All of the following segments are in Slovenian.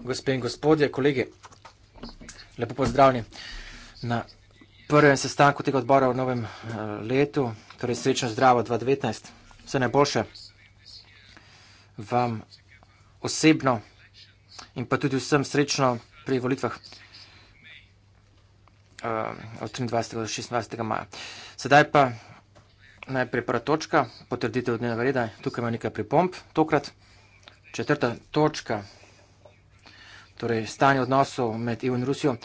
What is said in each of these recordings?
Gospe in gospodje, kolegi, lepo pozdravljeni na prvem sestanku tega odbora v novem eh, letu, torej srečno zdravo 2019. Vse najboljše vam osebno in pa tudi vsem srečno pri volitvah eh, od 23. do 26. maja. Sedaj pa najprej prva točka, potrditev dnevnega reda, tukaj ima nekaj pripomb, tokrat četrta točka, torej stanje odnosov med EU in Rusijo,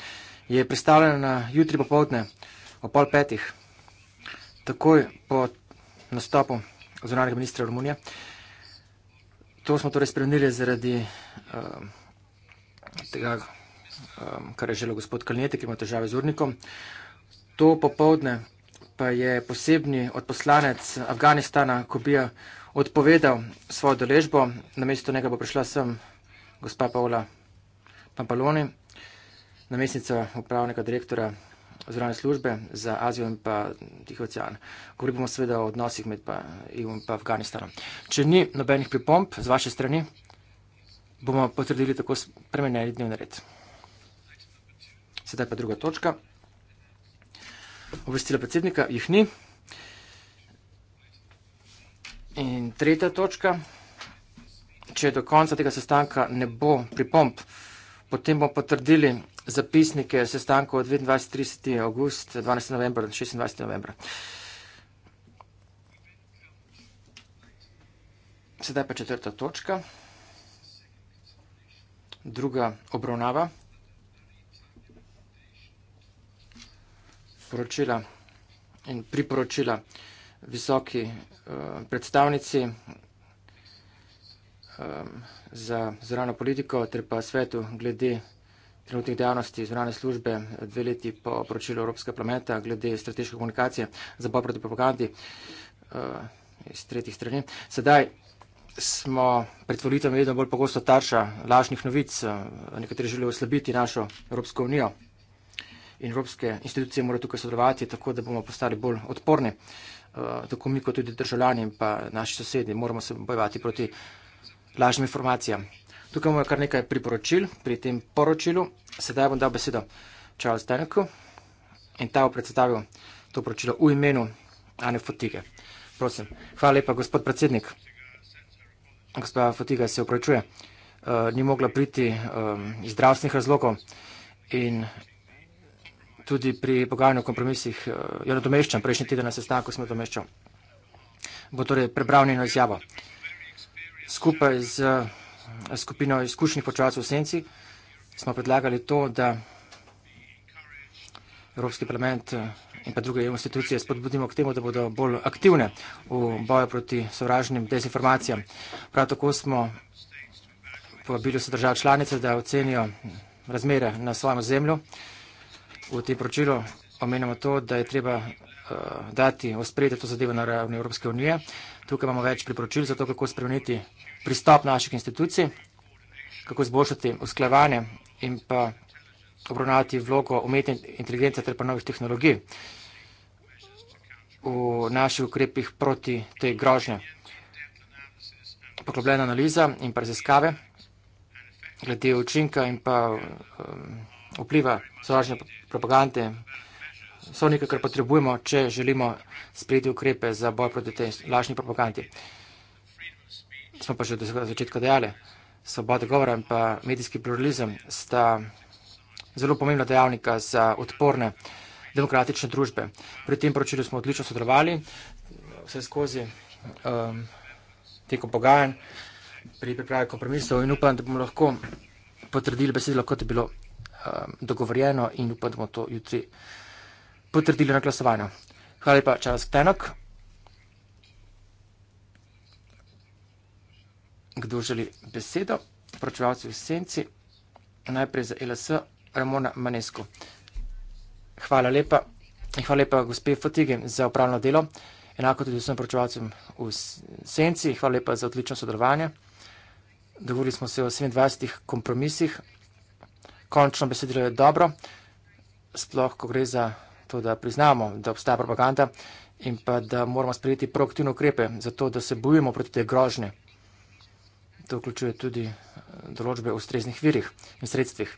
je predstavljena na jutri popovdne o pol petih, takoj po nastopu zunanjega ministra Romunije. To smo torej spremenili zaradi uh, tega, um, kar je želel gospod Kalnjetek, ki ima težave z urnikom. To popovdne pa je posebni odposlanec Afganistana, Kobija odpovedal svojo doležbo, na mesto njega bo prišla sem gospa Paula Pampaloni, namestnica upravnega direktora zvrane službe za Azijo in pa Tih ocean. Govorimo seveda o odnosih med pa EU in pa Afganistanom. Če ni nobenih pripomp z vaše strani, bomo potrdili tako spremenjeni dnevni red. Sedaj pa druga točka. Obvestila predsednika, jih ni. In tretja točka, če do konca tega sestanka ne bo pripomp, potem bomo potrdili zapisnike sestanka od 29.30. august, 12. novembra, 26. novembra. Sedaj pa četrta točka, druga obravnava, poročila in priporočila visoki eh, predstavnici za zrano politiko ter pa svetu glede trenutnih dejavnosti zrane službe dve leti po poročilu Evropskega parlamenta glede strateške komunikacije za boj proti propagandi eh, iz tretjih strani. Sedaj smo pred volitvami vedno bolj pogosto tarša lažnih novic, eh, nekateri želijo oslabiti našo Evropsko unijo in evropske institucije morajo tukaj sodelovati, tako da bomo postali bolj odporni. Eh, tako mi kot tudi državljani in pa naši sosedi moramo se bojevati proti lažnim informacijam. Tukaj imamo kar nekaj priporočil pri tem poročilu. Sedaj bom dal besedo Charles Deneku in ta bo predstavil to poročilo v imenu Ane Fotige. Prosim. Hvala lepa, gospod predsednik. Gospoda Fotiga se upravičuje. Uh, eh, ni mogla priti um, iz zdravstvenih razlogov in tudi pri pogajanju kompromisih, eh, jo nadomeščam, prejšnji teden na sestanku smo nadomeščal, bo torej prebral njeno izjavo. Skupaj z eh, skupino izkušnjih počevalcev v Senci smo predlagali to, da Evropski parlament eh, in pa druge institucije spodbudimo k temu, da bodo bolj aktivne v boju proti sovražnim dezinformacijam. Prav tako smo povabili vse države članice, da ocenijo razmere na svojem zemlju v tem pročilu omenjamo to, da je treba eh, dati ospredje to zadevo na ravni Evropske unije. Tukaj imamo več priporočil za to, kako spremeniti pristop naših institucij, kako izboljšati usklajevanje in pa obravnavati vlogo umetne inteligence ter pa novih tehnologij v naših ukrepih proti tej grožnje. Poglobljena analiza in pa raziskave glede učinka in pa um, vpliva sovražne propagande. So nekaj, kar potrebujemo, če želimo sprejeti ukrepe za boj proti tej lažni propagandi. Smo pa že od začetka dejali, svoboda govora in pa medijski pluralizem sta zelo pomembna dejavnika za odporne demokratične družbe. Pri tem poročilu smo odlično sodelovali vse skozi um, teko pogajanj pri pripravi kompromisov in upam, da bomo lahko potrdili besedilo, kot je bilo um, dogovorjeno in upam, da bomo to jutri potrdili na glasovanju. Hvala lepa, Čas Tenok. Kdo želi besedo? Pročevalci v senci. Najprej za LS Ramona Manesko. Hvala lepa. Hvala lepa, gospe Fotige, za upravno delo. Enako tudi vsem pročevalcem v senci. Hvala lepa za odlično sodelovanje. Dovolili smo se o 27 kompromisih končno besedilo je dobro, sploh, ko gre za to, da priznamo, da obstaja propaganda in pa da moramo sprejeti proaktivne ukrepe za to, da se bojimo proti te grožnje. To vključuje tudi eh, določbe o ustreznih virih in sredstvih.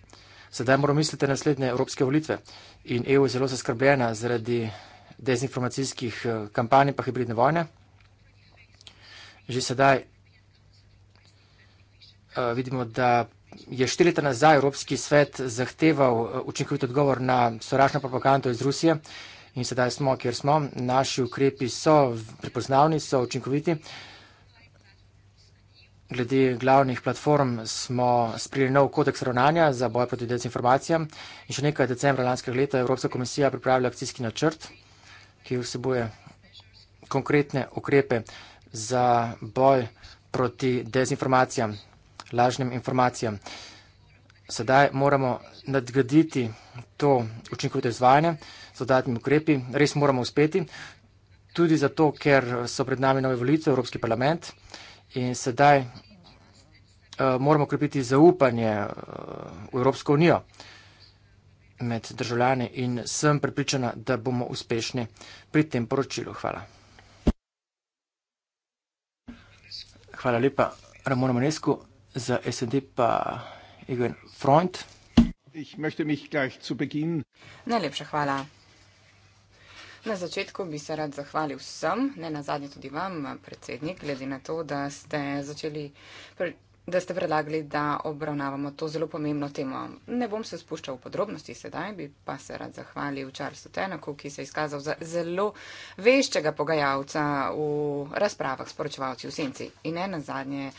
Sedaj moramo misliti na naslednje evropske volitve in EU je zelo zaskrbljena zaradi dezinformacijskih eh, kampanj in pa hibridne vojne. Že sedaj uh, vidimo, da je štiri leta nazaj Evropski svet zahteval eh, učinkovit odgovor na sovražno propagando iz Rusije in sedaj smo, kjer smo. Naši ukrepi so prepoznavni, so učinkoviti. Glede glavnih platform smo sprejeli nov kodeks ravnanja za boj proti dezinformacijam in še nekaj decembra lanskega leta Evropska komisija pripravila akcijski načrt, ki vsebuje konkretne ukrepe za boj proti dezinformacijam lažnim informacijam. Sedaj moramo nadgraditi to učinkovito izvajanje z dodatnimi ukrepi. Res moramo uspeti. Tudi zato, ker so pred nami nove volitve v Evropski parlament in sedaj uh, moramo krepiti zaupanje uh, v Evropsko unijo med državljani in sem pripričana, da bomo uspešni pri tem poročilu. Hvala. Hvala lepa, Ramon Manesku za SND pa Egon Freund. Ich möchte mich gleich zu Beginn. Najlepša hvala. Na začetku bi se rad zahvalil vsem, ne na zadnje tudi vam, predsednik, glede na to, da ste začeli. Pre da ste predlagali, da obravnavamo to zelo pomembno temo. Ne bom se spuščal v podrobnosti sedaj, bi pa se rad zahvalil Charlesu Tenaku, ki se je izkazal za zelo veščega pogajalca v razpravah s poročevalci v Senci. In ena zadnje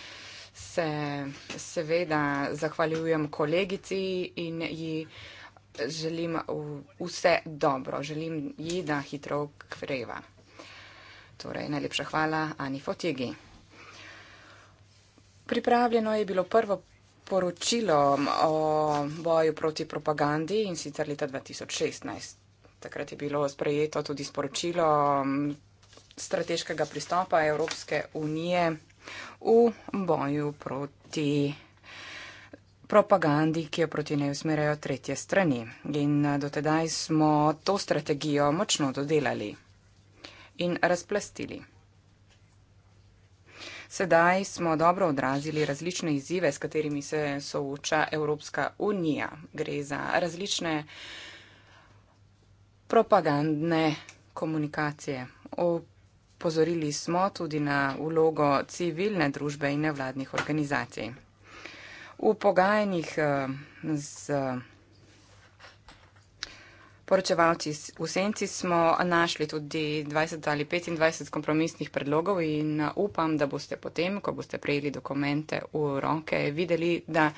se seveda zahvaljujem kolegici in ji želim vse dobro. Želim ji, da hitro kreva. Torej, najlepša hvala Ani Fotigi. Pripravljeno je bilo prvo poročilo o boju proti propagandi in sicer leta 2016. Takrat je bilo sprejeto tudi sporočilo um, strateškega pristopa Evropske unije v boju proti propagandi, ki jo proti nej usmerjajo tretje strani. In eh, dotedaj smo to strategijo močno dodelali in razplastili. Sedaj smo dobro odrazili različne izzive, s katerimi se souča Evropska unija. Gre za različne propagandne komunikacije. Pozorili smo tudi na vlogo civilne družbe in nevladnih organizacij. V pogajanjih eh, z poročevalci v senci smo našli tudi 20 ali 25 kompromisnih predlogov in eh, upam, da boste potem, ko boste prejeli dokumente v roke, videli, da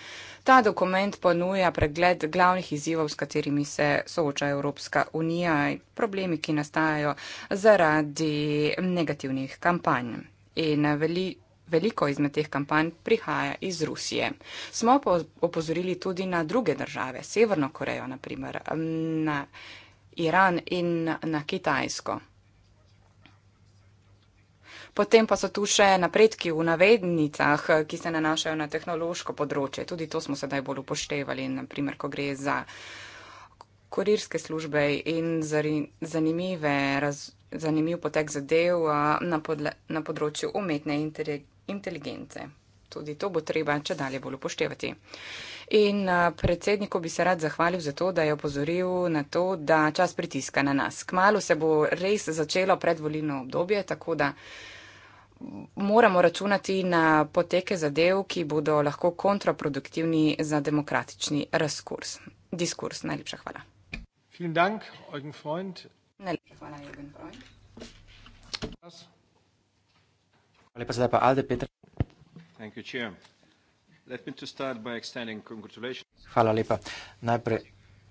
ta dokument ponuja pregled glavnih izzivov, s katerimi se sooča Evropska unija in problemi, ki nastajajo zaradi negativnih kampanj. In eh, veliko veliko izmed teh kampanj prihaja iz Rusije. Smo pa opozorili tudi na druge države, Severno Korejo naprimer, na Iran in na Kitajsko. Potem pa so tu še napredki v navednicah, ki se nanašajo na tehnološko področje. Tudi to smo sedaj bolj upoštevali, naprimer, ko gre za kurirske službe in zanimive, raz, zanimiv potek zadev na, podle, na področju umetne inteligence inteligence. Tudi to bo treba, če dalje bolj upoštevati. In predsedniku bi se rad zahvalil za to, da je opozoril na to, da čas pritiska na nas. Kmalo se bo res začelo predvolilno obdobje, tako da moramo računati na poteke zadev, ki bodo lahko kontraproduktivni za demokratični razkurs. Diskurs. Najlepša hvala. Vielen Dank, Eugen Freund. Najlepša hvala, Eugen Freund. Hvala lepa. Najprej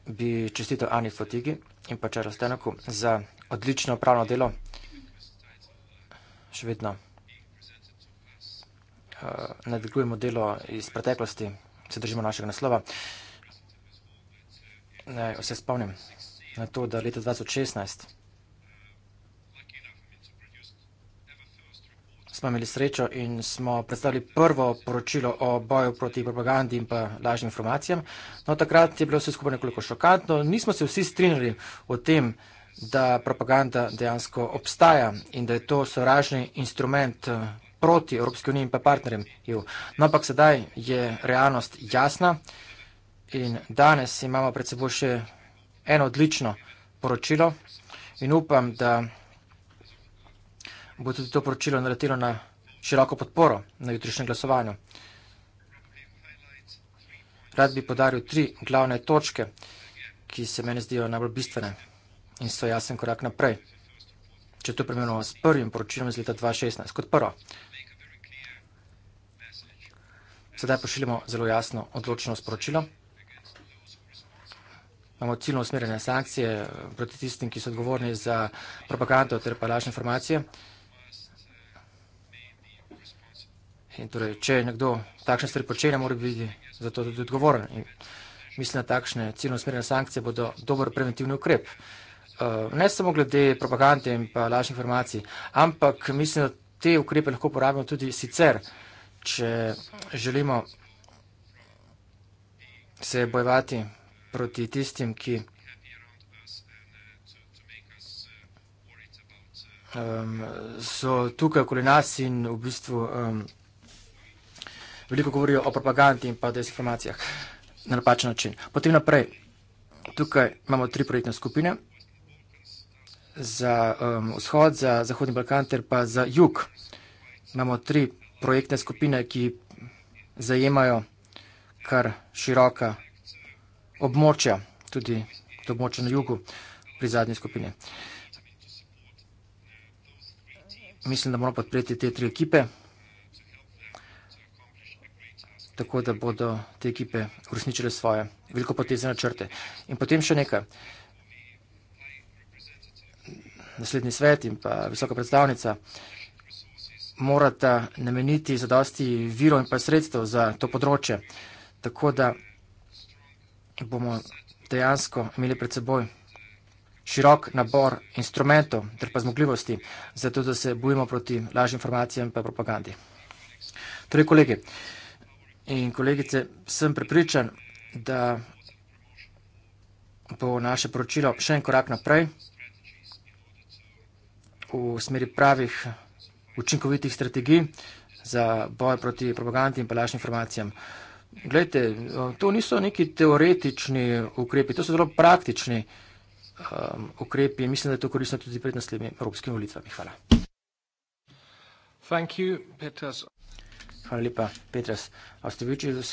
bi čestitev Ani Fotigi in pa Čarl Stenoku za odlično upravno delo. Še vedno eh, nadaljujemo delo iz preteklosti, se držimo našega naslova. Naj vse spomnim na to, da leta 2016 smo imeli srečo in smo predstavili prvo poročilo o boju proti propagandi in pa lažnim informacijam. No, takrat je bilo vse skupaj nekoliko šokantno. Nismo se vsi strinjali o tem, da propaganda dejansko obstaja in da je to sovražni instrument eh, proti Evropski uniji in pa partnerjem EU. No, ampak sedaj je realnost jasna in danes imamo pred seboj še eno odlično poročilo in upam, da bo tudi to poročilo naletelo na široko podporo na jutrišnjem glasovanju. Rad bi podaril tri glavne točke, ki se meni zdijo najbolj bistvene in so jasen korak naprej. Če to premenujemo s prvim poročilom iz leta 2016, kot prvo. Sedaj pošiljamo zelo jasno odločeno sporočilo. Imamo ciljno usmerjene sankcije proti tistim, ki so odgovorni za propagando ter pa lažne informacije. In torej, če nekdo takšne stvari počne, mora biti za to tudi odgovoren. In mislim, da takšne ciljno smerene sankcije bodo dober preventivni ukrep. Eh, ne samo glede propagande in pa lažnih informacij, ampak mislim, da te ukrepe lahko uporabimo tudi sicer, če želimo se bojevati proti tistim, ki ehm, so tukaj okoli nas in v bistvu. Um, veliko govorijo o propagandi in pa o dezinformacijah na napačen način. Potem naprej, tukaj imamo tri projektne skupine za um, vzhod, za Zahodni Balkan ter pa za jug. Imamo tri projektne skupine, ki zajemajo kar široka območja, tudi to območje na jugu pri zadnji skupini. Mislim, da moramo podpreti te tri ekipe tako da bodo te ekipe uresničile svoje veliko poteze načrte. In potem še nekaj. Naslednji svet in pa visoka predstavnica morata nameniti zadosti virov in pa sredstev za to področje, tako da bomo dejansko imeli pred seboj širok nabor instrumentov ter pa zmogljivosti, zato da se bojimo proti lažjim informacijam in pa propagandi. Torej, kolegi, In kolegice, sem prepričan, da bo naše poročilo še en korak naprej v smeri pravih učinkovitih strategij za boj proti propagandi in palašnim informacijam. Glejte, to niso neki teoretični ukrepi, to so zelo praktični um, ukrepi in mislim, da je to koristno tudi pred naslednjimi evropskimi volitvami. Hvala. Thank you, Peters. Hvala lepa, Petras Ostevičius.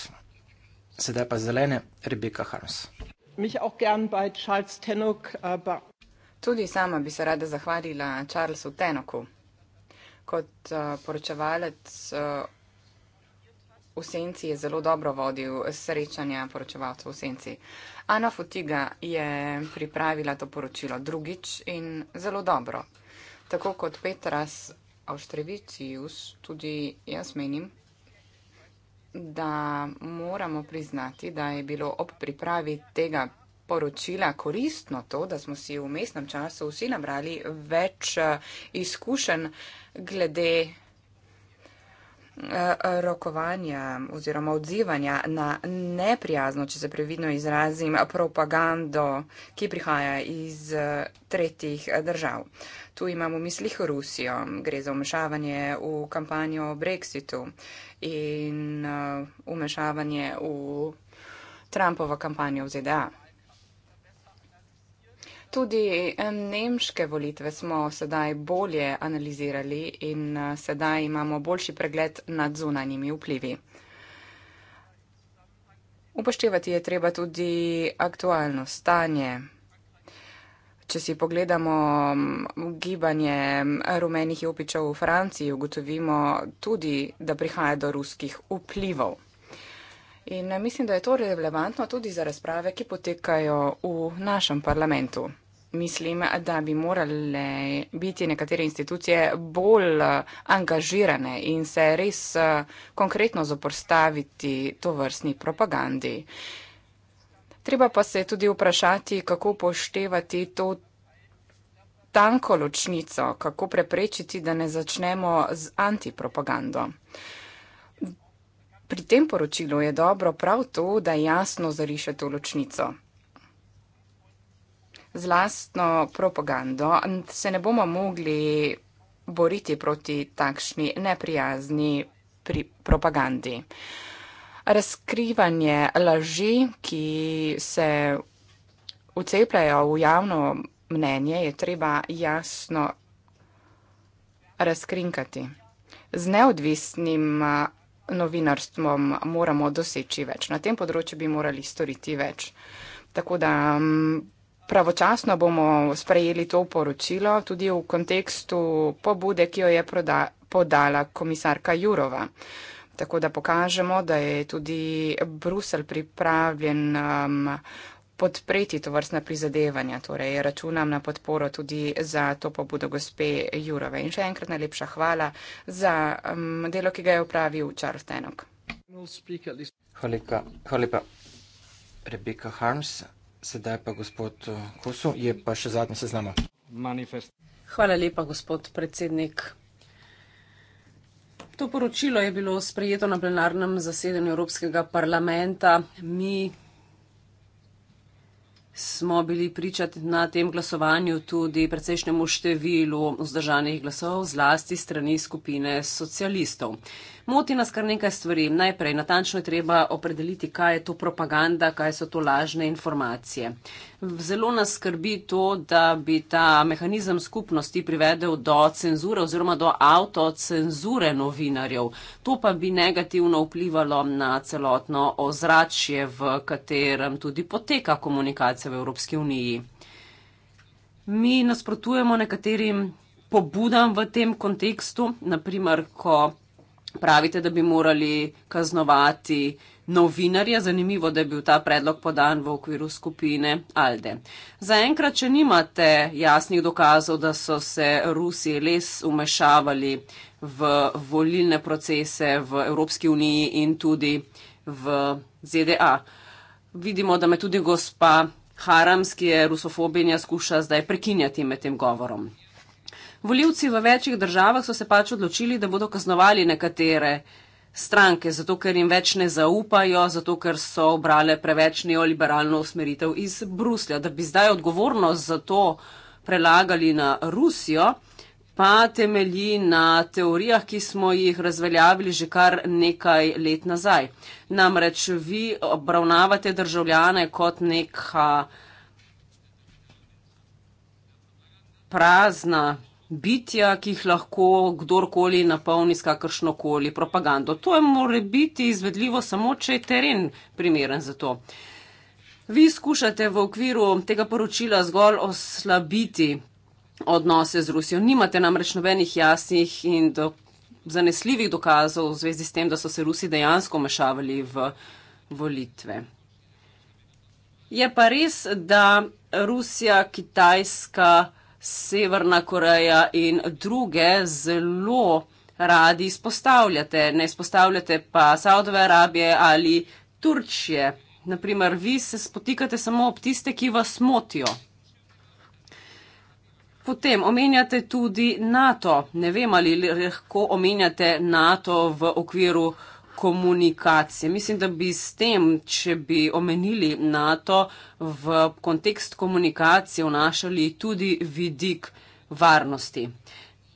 Sedaj pa zelene, Rebeka Harms. Tudi sama bi se rada zahvalila Charlesu Tenoku. Kot eh, poročevalec eh, v senci je zelo dobro vodil srečanja poročevalcev v senci. Ana Futiga je pripravila to poročilo drugič in zelo dobro. Tako kot Petras Avštrevicius, tudi jaz menim, da moramo priznati, da je bilo ob pripravi tega poročila koristno to, da smo si v mestnem času vsi nabrali več eh, izkušenj glede Eh, rokovanja oziroma odzivanja na neprijazno, če se previdno izrazim, propagando, ki prihaja iz eh, tretjih eh, držav. Tu imamo v mislih Rusijo, gre za umešavanje v kampanjo o Brexitu in umešavanje v Trumpovo kampanjo v ZDA. Tudi nemške volitve smo sedaj bolje analizirali in eh, sedaj imamo boljši pregled nad zunanjimi vplivi. Upoštevati je treba tudi aktualno stanje. Če si pogledamo gibanje rumenih jopičev v Franciji, ugotovimo tudi, da prihaja do ruskih vplivov. In eh, mislim, da je to relevantno tudi za razprave, ki potekajo v našem parlamentu. Mislim, da bi morale biti nekatere institucije bolj eh, angažirane in se res eh, konkretno zoprstaviti to vrstni propagandi. Treba pa se tudi vprašati, kako poštevati to tanko ločnico, kako preprečiti, da ne začnemo z antipropagando. Pri tem poročilu je dobro prav to, da jasno zariše to ločnico. Z lastno propagando se ne bomo mogli boriti proti takšni neprijazni pri propagandi. Razkrivanje laži, ki se ucepljajo v javno mnenje, je treba jasno razkrinkati. Z neodvisnim novinarstvom moramo doseči več. Na tem področju bi morali storiti več. Tako da mm, pravočasno bomo sprejeli to poročilo tudi v kontekstu pobude, ki jo je proda, podala komisarka Jurova. Tako da pokažemo, da je tudi Brusel pripravljen. Um, podpreti to vrstne prizadevanja. Torej, računam na podporo tudi za to pobudo gospe Jurove. In še enkrat najlepša hvala za um, delo, ki ga je upravil Charles Tenok. Hvala lepa, Rebeka Harms. Sedaj pa gospod uh, Kosu, je pa še zadnji seznam. Hvala lepa, gospod predsednik. To poročilo je bilo sprejeto na plenarnem zasedanju Evropskega parlamenta. Mi smo bili pričati na tem glasovanju tudi precejšnjemu številu vzdržanih glasov, zlasti strani skupine socialistov moti nas kar nekaj stvari. Najprej, natančno je treba opredeliti, kaj je to propaganda, kaj so to lažne informacije. Zelo nas skrbi to, da bi ta mehanizem skupnosti privedel do cenzure oziroma do avtocenzure novinarjev. To pa bi negativno vplivalo na celotno ozračje, v katerem tudi poteka komunikacija v Evropski uniji. Mi nasprotujemo nekaterim pobudam v tem kontekstu, naprimer, ko pravite, da bi morali kaznovati novinarje. Zanimivo, da je bil ta predlog podan v okviru skupine Alde. Zaenkrat, če nimate jasnih dokazov, da so se Rusi les umešavali v volilne procese v Evropski uniji in tudi v ZDA. Vidimo, da me tudi gospa Harams, ki je rusofobinja, skuša zdaj prekinjati med tem govorom. Voljivci v večjih državah so se pač odločili, da bodo kaznovali nekatere stranke, zato ker jim več ne zaupajo, zato ker so obrale preveč neoliberalno usmeritev iz Bruslja. Da bi zdaj odgovornost za to prelagali na Rusijo, pa temelji na teorijah, ki smo jih razveljavili že kar nekaj let nazaj. Namreč vi obravnavate državljane kot neka prazna bitja, ki jih lahko kdorkoli napolni s kakršnokoli propagando. To je more biti izvedljivo samo, če je teren primeren za to. Vi skušate v okviru tega poročila zgolj oslabiti odnose z Rusijo. Nimate namreč nobenih jasnih in do, zanesljivih dokazov v zvezi s tem, da so se Rusi dejansko mešavali v volitve. Je pa res, da Rusija, Kitajska, Severna Koreja in druge zelo radi izpostavljate. Ne izpostavljate pa Saudove Arabije ali Turčije. Naprimer, vi se spotikate samo ob tiste, ki vas motijo. Potem omenjate tudi NATO. Ne vem, ali lahko omenjate NATO v okviru komunikacije. Mislim, da bi s tem, če bi omenili NATO v kontekst komunikacije, vnašali tudi vidik varnosti.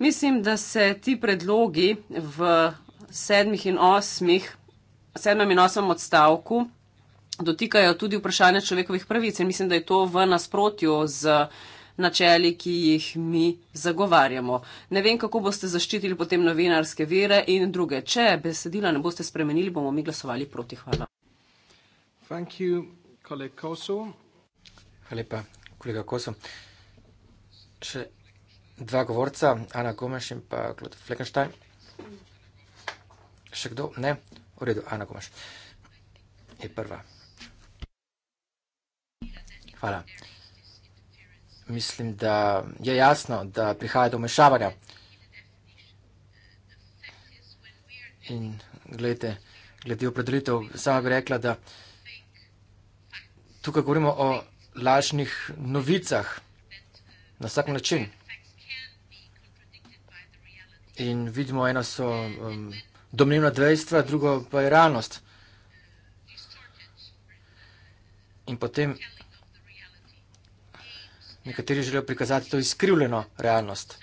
Mislim, da se ti predlogi v sedmih in osmih, sedmem in osmem odstavku dotikajo tudi vprašanja človekovih pravic in mislim, da je to v nasprotju z uh, načeli, ki jih mi zagovarjamo. Ne vem, kako boste zaščitili potem novinarske vere in druge. Če besedila ne boste spremenili, bomo mi glasovali proti. Hvala. Hvala lepa, kolega Koso. Še dva govorca, Ana Gomes in pa Klod Fleckenstein. Še kdo? Ne? V redu, Ana Gomes. Je prva. Hvala mislim, da je jasno, da prihaja do mešavanja. In glede, glede opredelitev, sama bi rekla, da tukaj govorimo o lažnih novicah na vsak način. In vidimo, eno so um, domnevna dejstva, drugo pa je realnost. In potem Nekateri želijo prikazati to izkrivljeno realnost.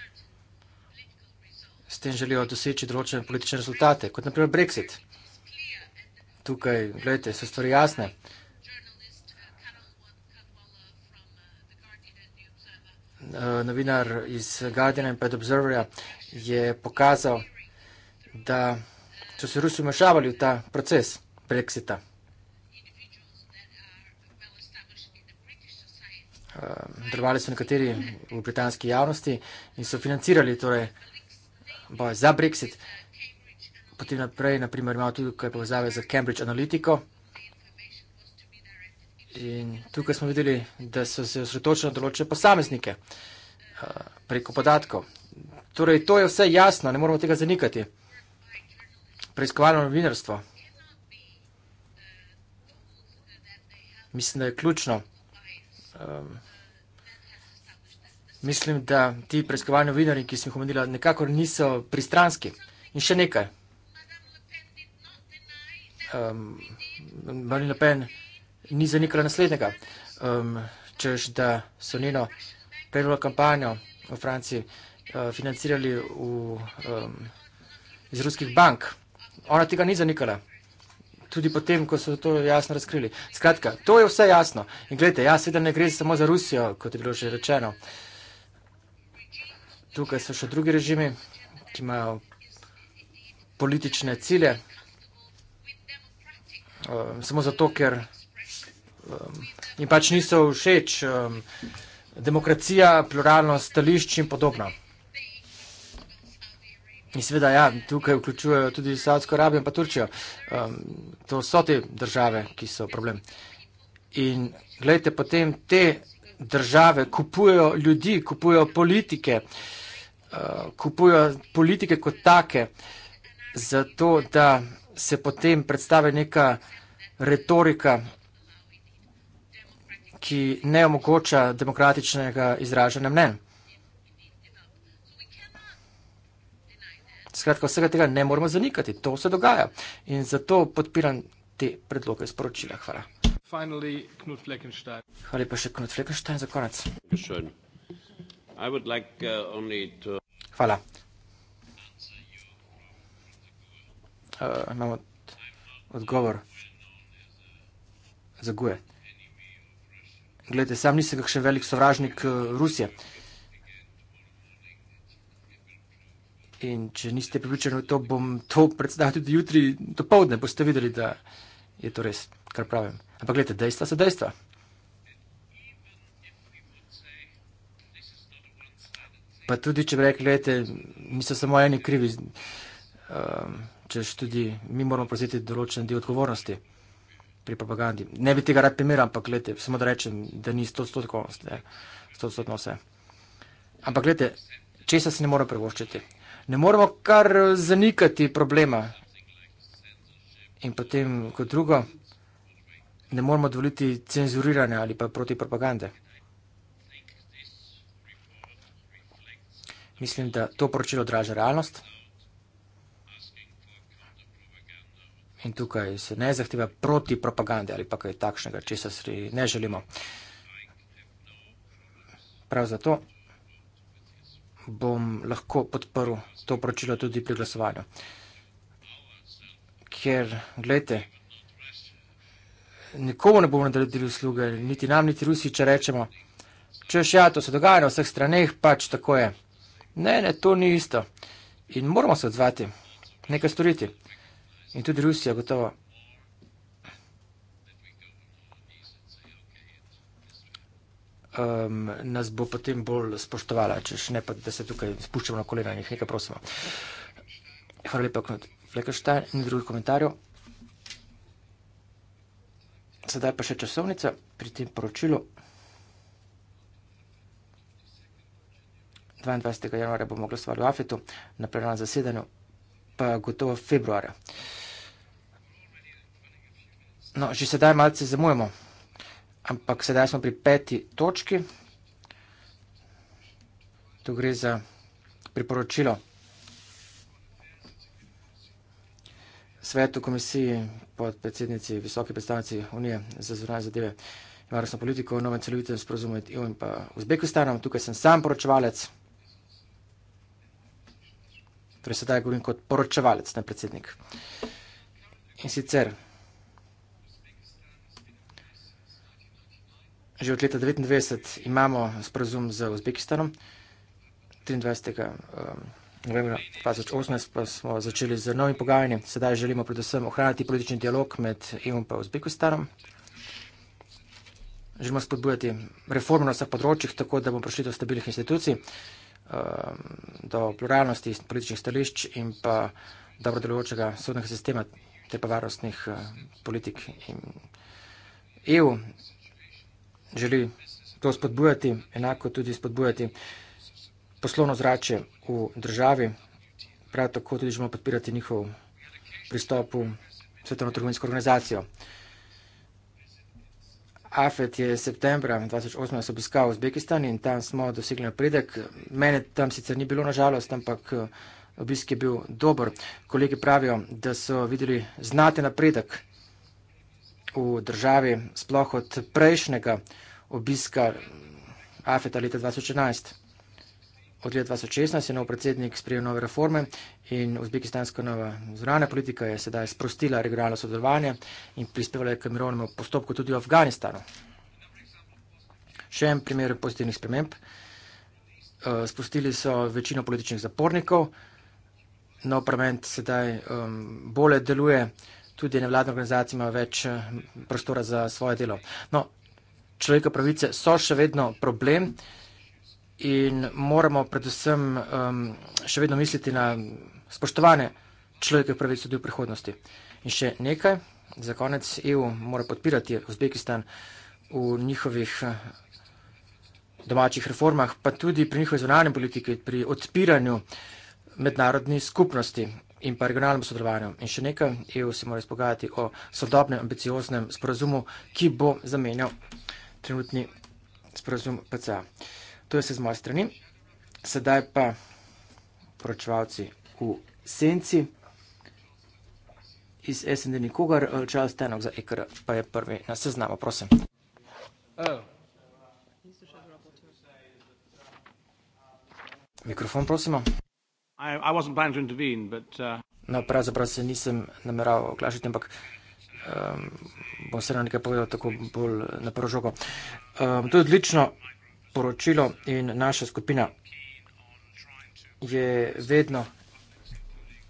S tem želijo doseči določene politične rezultate, kot naprimer Brexit. Tukaj, gledajte, so stvari jasne. Eh, novinar iz Guardiana in Pad Observerja je pokazal, da so se Rusi vmešavali v ta proces Brexita. Eh, delovali so nekateri v britanski javnosti in so financirali torej, boj za Brexit. Potem naprej, naprimer, imamo tudi kaj povezave za Cambridge Analytico. In tukaj smo videli, da so se osredotočili določene posameznike eh, preko podatkov. Torej, to je vse jasno, ne moramo tega zanikati. Preiskovalno novinarstvo. Mislim, da je ključno. Um, mislim, da ti preiskovalni novinari, ki sem jih omenila, nekako niso pristranski. In še nekaj. Um, Marina Pen ni zanikala naslednjega, um, čež da so njeno prvo kampanjo v Franciji uh, financirali v, um, iz ruskih bank. Ona tega ni zanikala tudi potem, ko so to jasno razkrili. Skratka, to je vse jasno. In gledajte, jaz seveda ne gre samo za Rusijo, kot je bilo že rečeno. Tukaj so še drugi režimi, ki imajo politične cilje. Um, samo zato, ker um, ehm, in pač niso všeč um, demokracija, pluralnost, stališč in podobno. In seveda, ja, tukaj vključujejo tudi Saudsko Arabijo in pa Turčijo. Um, to so te države, ki so problem. In gledajte, potem te države kupujejo ljudi, kupujejo politike, uh, kupujejo politike kot take, zato da se potem predstave neka retorika, ki ne omogoča demokratičnega izražanja mnenja. Skratka, vsega tega ne moramo zanikati, to se dogaja in zato podpiram te predloge sporočila. Hvala. Finally, Hvala lepa še Knut Fleckenstein za konec. Like, uh, to... Hvala. Uh, imamo odgovor za Guje. Glede, sam nisem kakšen velik sovražnik uh, Rusije. Uh, In če niste pripričani v to, bom to predstavil tudi jutri, do povdne, boste videli, da je to res, kar pravim. Ampak gledajte, dejstva so dejstva. Pa tudi, če bi rekli, gledajte, niso samo eni krivi, um, češ tudi, mi moramo prositi določen del odgovornosti pri propagandi. Ne bi tega rad primeril, ampak gledajte, samo da rečem, da ni 100% vse. Ampak gledajte, česa se ne mora prevoščiti ne moramo kar zanikati problema. In potem, kot drugo, ne moramo dovoliti cenzuriranja ali pa proti propagande. Mislim, da to poročilo odraža realnost. In tukaj se ne zahteva proti propagande ali pa kaj takšnega, če se ne želimo. Prav zato bom lahko podprl to poročilo tudi pri glasovanju. Ker, gledajte, nikomu ne bomo naredili usluge, niti nam, niti Rusi, če rečemo, če še ja, to se dogaja na vseh straneh, pač tako je. Ne, ne, to ni isto. In moramo se odzvati, nekaj storiti. In tudi Rusija gotovo um, nas bo potem bolj spoštovala, če ne pa, da se tukaj spuščamo na kolena in jih nekaj prosimo. Hvala lepa, Knut Flekerštajn in drugih komentarjev. Sedaj pa še časovnica pri tem poročilu. 22. januarja bomo glasovali v Afetu, na plenarnem zasedanju pa gotovo februarja. No, že sedaj malce zamujemo ampak sedaj smo pri peti točki. Tu gre za priporočilo svetu komisiji pod predsednici visoke predstavnici Unije za zvonanje zadeve in varnostno politiko o novem celovitem sporozumu med EU in pa Uzbekistanom. Tukaj sem sam poročevalec. Torej sedaj govorim kot poročevalec, ne predsednik. In sicer Že od leta 1999 imamo sporazum z Uzbekistanom. 23. Ehm, novembra 2018 pa smo začeli z novim pogajanjem. Sedaj želimo predvsem ohraniti politični dialog med EU in Uzbekistanom. Želimo spodbujati reforme na vseh področjih, tako da bomo prišli do stabilnih institucij, ehm, do pluralnosti političnih stališč in pa dobro delujočega sodnega sistema ter pa varnostnih eh, politik in EU želi to spodbujati, enako tudi spodbujati poslovno zrače v državi, prav tako tudi želimo podpirati njihov pristop v svetovno trgovinsko organizacijo. AFET je septembra 2018 obiskal v Uzbekistan in tam smo dosegli napredek. Mene tam sicer ni bilo nažalost, ampak eh, obisk je bil dober. Kolegi pravijo, da so videli znate napredek v državi, sploh od prejšnjega obiska Afeta leta 2011. Od leta 2016 je nov predsednik sprejel nove reforme in uzbekistanska nova zrana politika je sedaj sprostila regionalno sodelovanje in prispevala je k mirovnemu postopku tudi v Afganistanu. Še en primer pozitivnih sprememb. Eh, spustili so večino političnih zapornikov, nov parlament sedaj um, bolje deluje tudi nevladna organizacija ima več eh, prostora za svoje delo. No, človeka pravice so še vedno problem in moramo predvsem um, še vedno misliti na spoštovane človeka pravice tudi v prihodnosti. In še nekaj, za konec EU mora podpirati Uzbekistan v njihovih eh, domačih reformah, pa tudi pri njihovi zvonanje politike, pri odpiranju mednarodni skupnosti in pa regionalnem sodelovanju. In še nekaj, EU se mora izpogajati o sodobnem ambicioznem sporazumu, ki bo zamenjal trenutni sporazum PCA. To je vse z moje strani. Sedaj pa poročevalci v senci iz SND nikogar, Charles Tenok za EKR pa je prvi na seznamu, prosim. Oh. Mikrofon, prosimo. I, I intervene, but, uh... No, pravzaprav se nisem nameraval oglašati, ampak um, bom se nekaj povedal tako bolj na prvo žogo. Um, to je odlično poročilo in naša skupina je vedno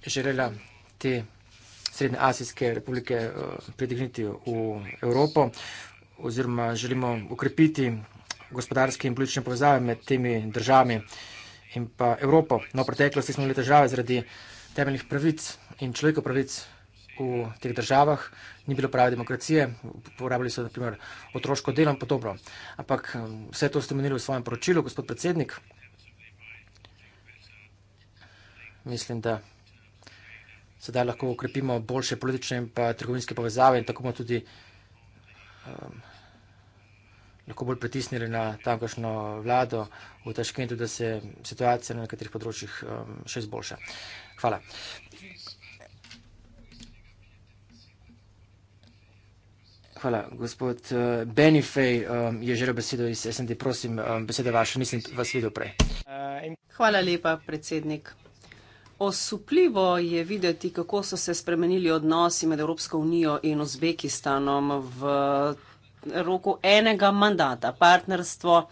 želela te Srednje Azijske republike uh, pridigniti v Evropo oziroma želimo ukrepiti gospodarske in politične povezave med temi državami. Uh, in pa Evropo. No, v preteklosti smo imeli težave zaradi temeljnih pravic in človekov pravic v teh državah. Ni bilo prave demokracije, uporabljali so naprimer otroško delo in podobno. Ampak um, vse to ste menili v svojem poročilu, gospod predsednik. Mislim, da sedaj lahko ukrepimo boljše politične in pa trgovinske povezave in tako bomo tudi um, lahko bolj pritisnili na tamkajšnjo vlado v Taškentu, da se situacija na nekaterih področjih um, še izboljša. Hvala. Hvala. Gospod uh, Benny Fej um, je želel besedo iz SND. Prosim, um, besede vaše. Mislim, vas videl prej. Hvala lepa, predsednik. Osupljivo je videti, kako so se spremenili odnosi med Evropsko unijo in Uzbekistanom v roku enega mandata. Partnerstvo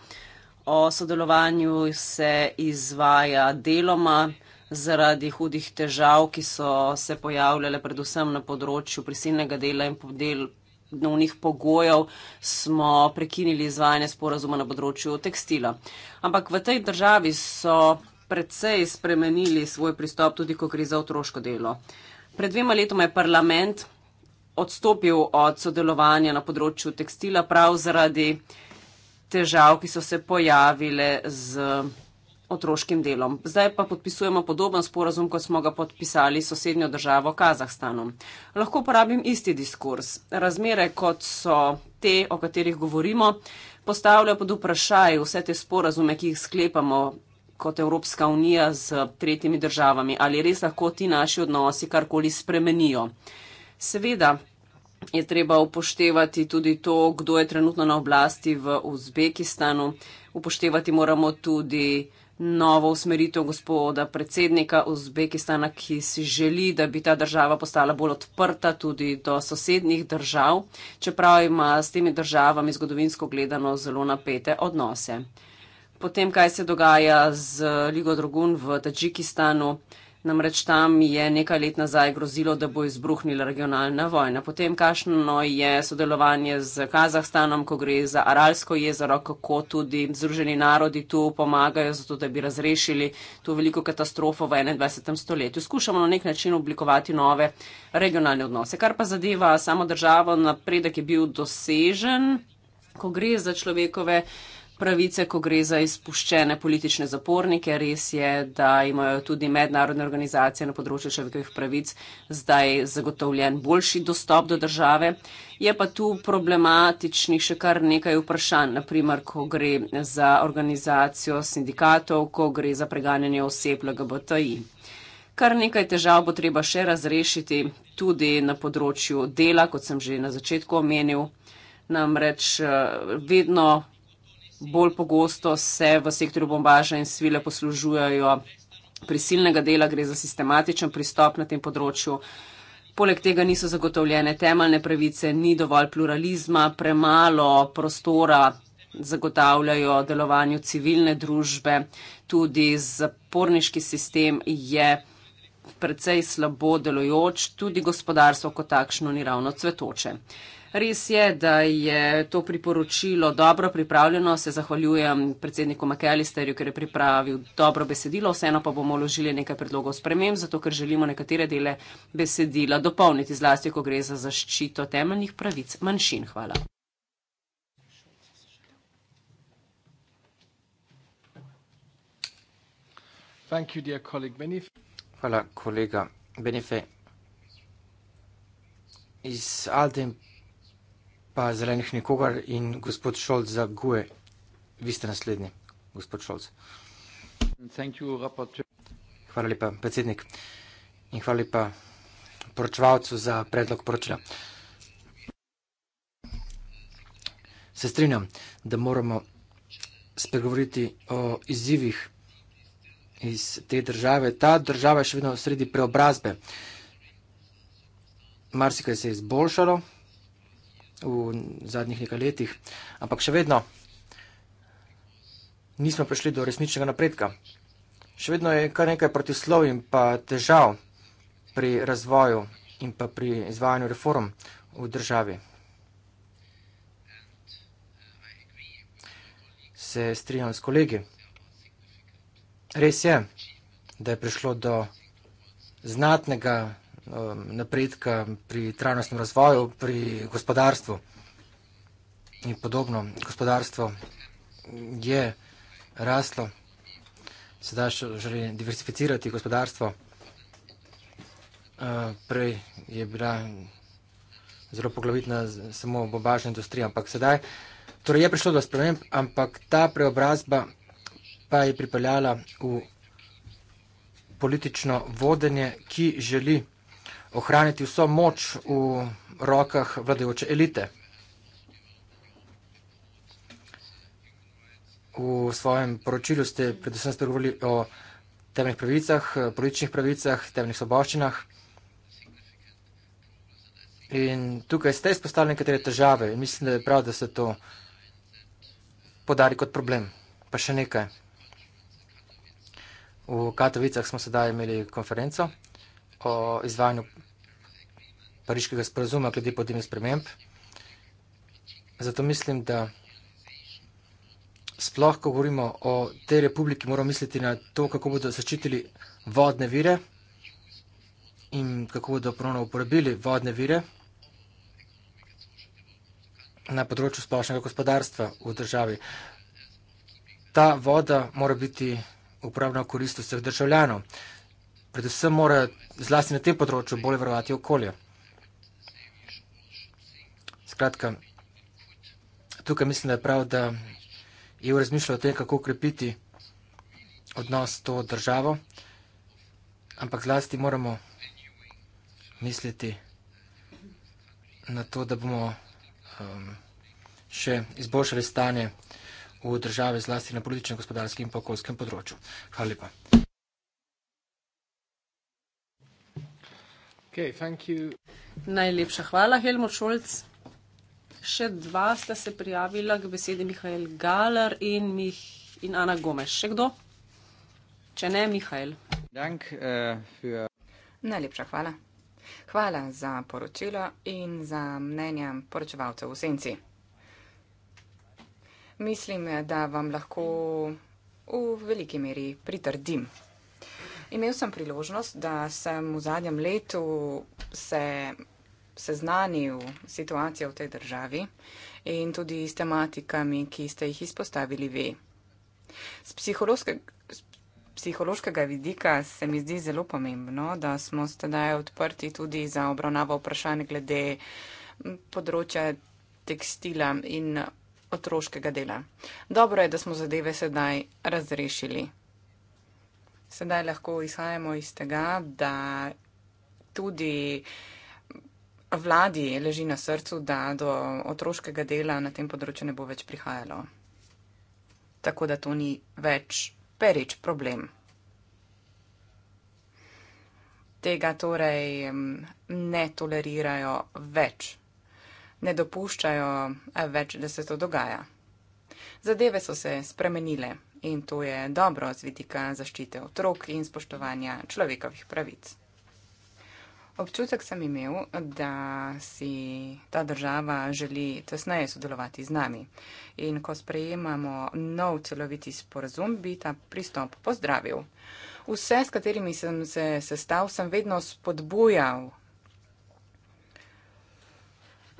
o sodelovanju se izvaja deloma zaradi hudih težav, ki so se pojavljale predvsem na področju prisilnega dela in del dnevnih pogojev, smo prekinili izvajanje sporazuma na področju tekstila. Ampak v tej državi so predvsej spremenili svoj pristop tudi, ko gre za otroško delo. Pred dvema letoma je parlament odstopil od sodelovanja na področju tekstila prav zaradi težav, ki so se pojavile z otroškim delom. Zdaj pa podpisujemo podoben sporazum, kot smo ga podpisali s sosednjo državo Kazahstanom. Lahko uporabim isti diskurs. Razmere, kot so te, o katerih govorimo, postavljajo pod vprašaj vse te sporazume, ki jih sklepamo kot Evropska unija z tretjimi državami. Ali res lahko ti naši odnosi karkoli spremenijo? Seveda je treba upoštevati tudi to, kdo je trenutno na oblasti v Uzbekistanu. Upoštevati moramo tudi novo usmeritev gospoda predsednika Uzbekistana, ki si želi, da bi ta država postala bolj odprta tudi do sosednjih držav, čeprav ima s temi državami zgodovinsko gledano zelo napete odnose. Potem, kaj se dogaja z Ligo Drogun v Tadžikistanu, Namreč tam je nekaj let nazaj grozilo, da bo izbruhnila regionalna vojna. Potem, kakšno je sodelovanje z Kazahstanom, ko gre za Aralsko jezero, kako tudi Združeni narodi tu pomagajo, zato da bi razrešili to veliko katastrofo v 21. stoletju. Skušamo na nek način oblikovati nove regionalne odnose. Kar pa zadeva samo državo, napredek je bil dosežen, ko gre za človekove pravice, ko gre za izpuščene politične zapornike. Res je, da imajo tudi mednarodne organizacije na področju človekovih pravic zdaj zagotovljen boljši dostop do države. Je pa tu problematičnih še kar nekaj vprašanj, naprimer, ko gre za organizacijo sindikatov, ko gre za preganjanje oseb LGBTI. Kar nekaj težav bo treba še razrešiti tudi na področju dela, kot sem že na začetku omenil. Namreč eh, vedno bolj pogosto se v sektorju bombaža in svile poslužujejo prisilnega dela, gre za sistematičen pristop na tem področju. Poleg tega niso zagotovljene temeljne pravice, ni dovolj pluralizma, premalo prostora zagotavljajo delovanju civilne družbe, tudi zaporniški sistem je precej slabo delojoč, tudi gospodarstvo kot takšno ni ravno cvetoče. Res je, da je to priporočilo dobro pripravljeno. Se zahvaljujem predsedniku McAllisterju, ker je pripravil dobro besedilo. Vseeno pa bomo vložili nekaj predlogov sprememb, zato ker želimo nekatere dele besedila dopolniti, zlasti, ko gre za zaščito temeljnih pravic manjšin. Hvala. You, Hvala, kolega Benefe. Iz Alden pa zelenih nikogar in gospod Šolc za GUE. Vi ste naslednji, gospod Šolc. Hvala lepa, predsednik. In hvala lepa poročevalcu za predlog poročila. Se strinjam, da moramo spregovoriti o izzivih iz te države. Ta država je še vedno v sredi preobrazbe. Marsikaj se je izboljšalo, v zadnjih nekaj letih, ampak še vedno nismo prišli do resničnega napredka. Še vedno je kar nekaj protislov in pa težav pri razvoju in pa pri izvajanju reform v državi. Se strijam s kolegi. Res je, da je prišlo do znatnega Um, napredka pri trajnostnem razvoju, pri gospodarstvu in podobno. Gospodarstvo je raslo, sedaj želi diversificirati gospodarstvo. Uh, prej je bila zelo poglavitna samo bobažna industrija, ampak sedaj torej je prišlo do sprememb, ampak ta preobrazba pa je pripeljala v politično vodenje, ki želi ohraniti vso moč v rokah vladajoče elite. V svojem poročilu ste predvsem spregovorili o temeljnih pravicah, političnih pravicah, temeljnih soboščinah. In tukaj ste izpostavili nekatere težave in mislim, da je prav, da se to podari kot problem. Pa še nekaj. V Katovicah smo sedaj imeli konferenco o izvajanju pariškega sporazuma glede podnebnih sprememb. Zato mislim, da sploh, ko govorimo o tej republiki, moramo misliti na to, kako bodo zaščitili vodne vire in kako bodo ponovno uporabili vodne vire na področju splošnega gospodarstva v državi. Ta voda mora biti uporabna v korist vseh državljanov predvsem mora zlasti na tem področju bolje varovati okolje. Skratka, tukaj mislim, da je prav, da EU razmišlja o tem, kako ukrepiti odnos to državo, ampak zlasti moramo misliti na to, da bomo um, še izboljšali stanje v državi zlasti na političnem, gospodarskem in pa okoljskem področju. Hvala lepa. Okay, Najlepša hvala, Helmut Šolc. Še dva sta se prijavila k besedi Mihajl Galar in, Mih in Ana Gomes. Še kdo? Če ne, Mihajl. Dank, uh, für... Najlepša hvala. Hvala za poročilo in za mnenja poročevalcev v senci. Mislim, da vam lahko v veliki meri pritrdim. Imel sem priložnost, da sem v zadnjem letu se seznanil situacijo v tej državi in tudi s tematikami, ki ste jih izpostavili vi. Z psihološkega vidika se mi zdi zelo pomembno, da smo sedaj odprti tudi za obravnavo vprašanj glede področja tekstila in otroškega dela. Dobro je, da smo zadeve sedaj razrešili. Sedaj lahko izhajamo iz tega, da tudi vladi leži na srcu, da do otroškega dela na tem področju ne bo več prihajalo. Tako da to ni več pereč problem. Tega torej mm, ne tolerirajo več, ne dopuščajo več, da se to dogaja. Zadeve so se spremenile, in to je dobro z vidika zaščite otrok in spoštovanja človekovih pravic. Občutek sem imel, da si ta država želi tesneje sodelovati z nami in ko sprejemamo nov celoviti sporazum, bi ta pristop pozdravil. Vse, s katerimi sem se sestav, sem vedno spodbujal.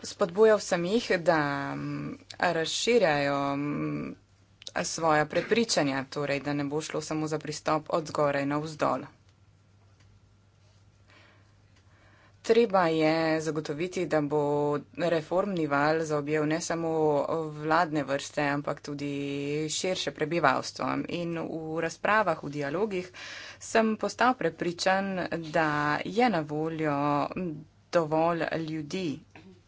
Spodbujal sem jih, da mm, razširjajo mm, svoja prepričanja, torej da ne bo šlo samo za pristop od zgoraj na vzdolj. Treba je zagotoviti, da bo reformni val zaobjel ne samo vladne vrste, ampak tudi širše prebivalstvo. In v razpravah, v dialogih sem postal prepričan, da je na voljo dovolj ljudi,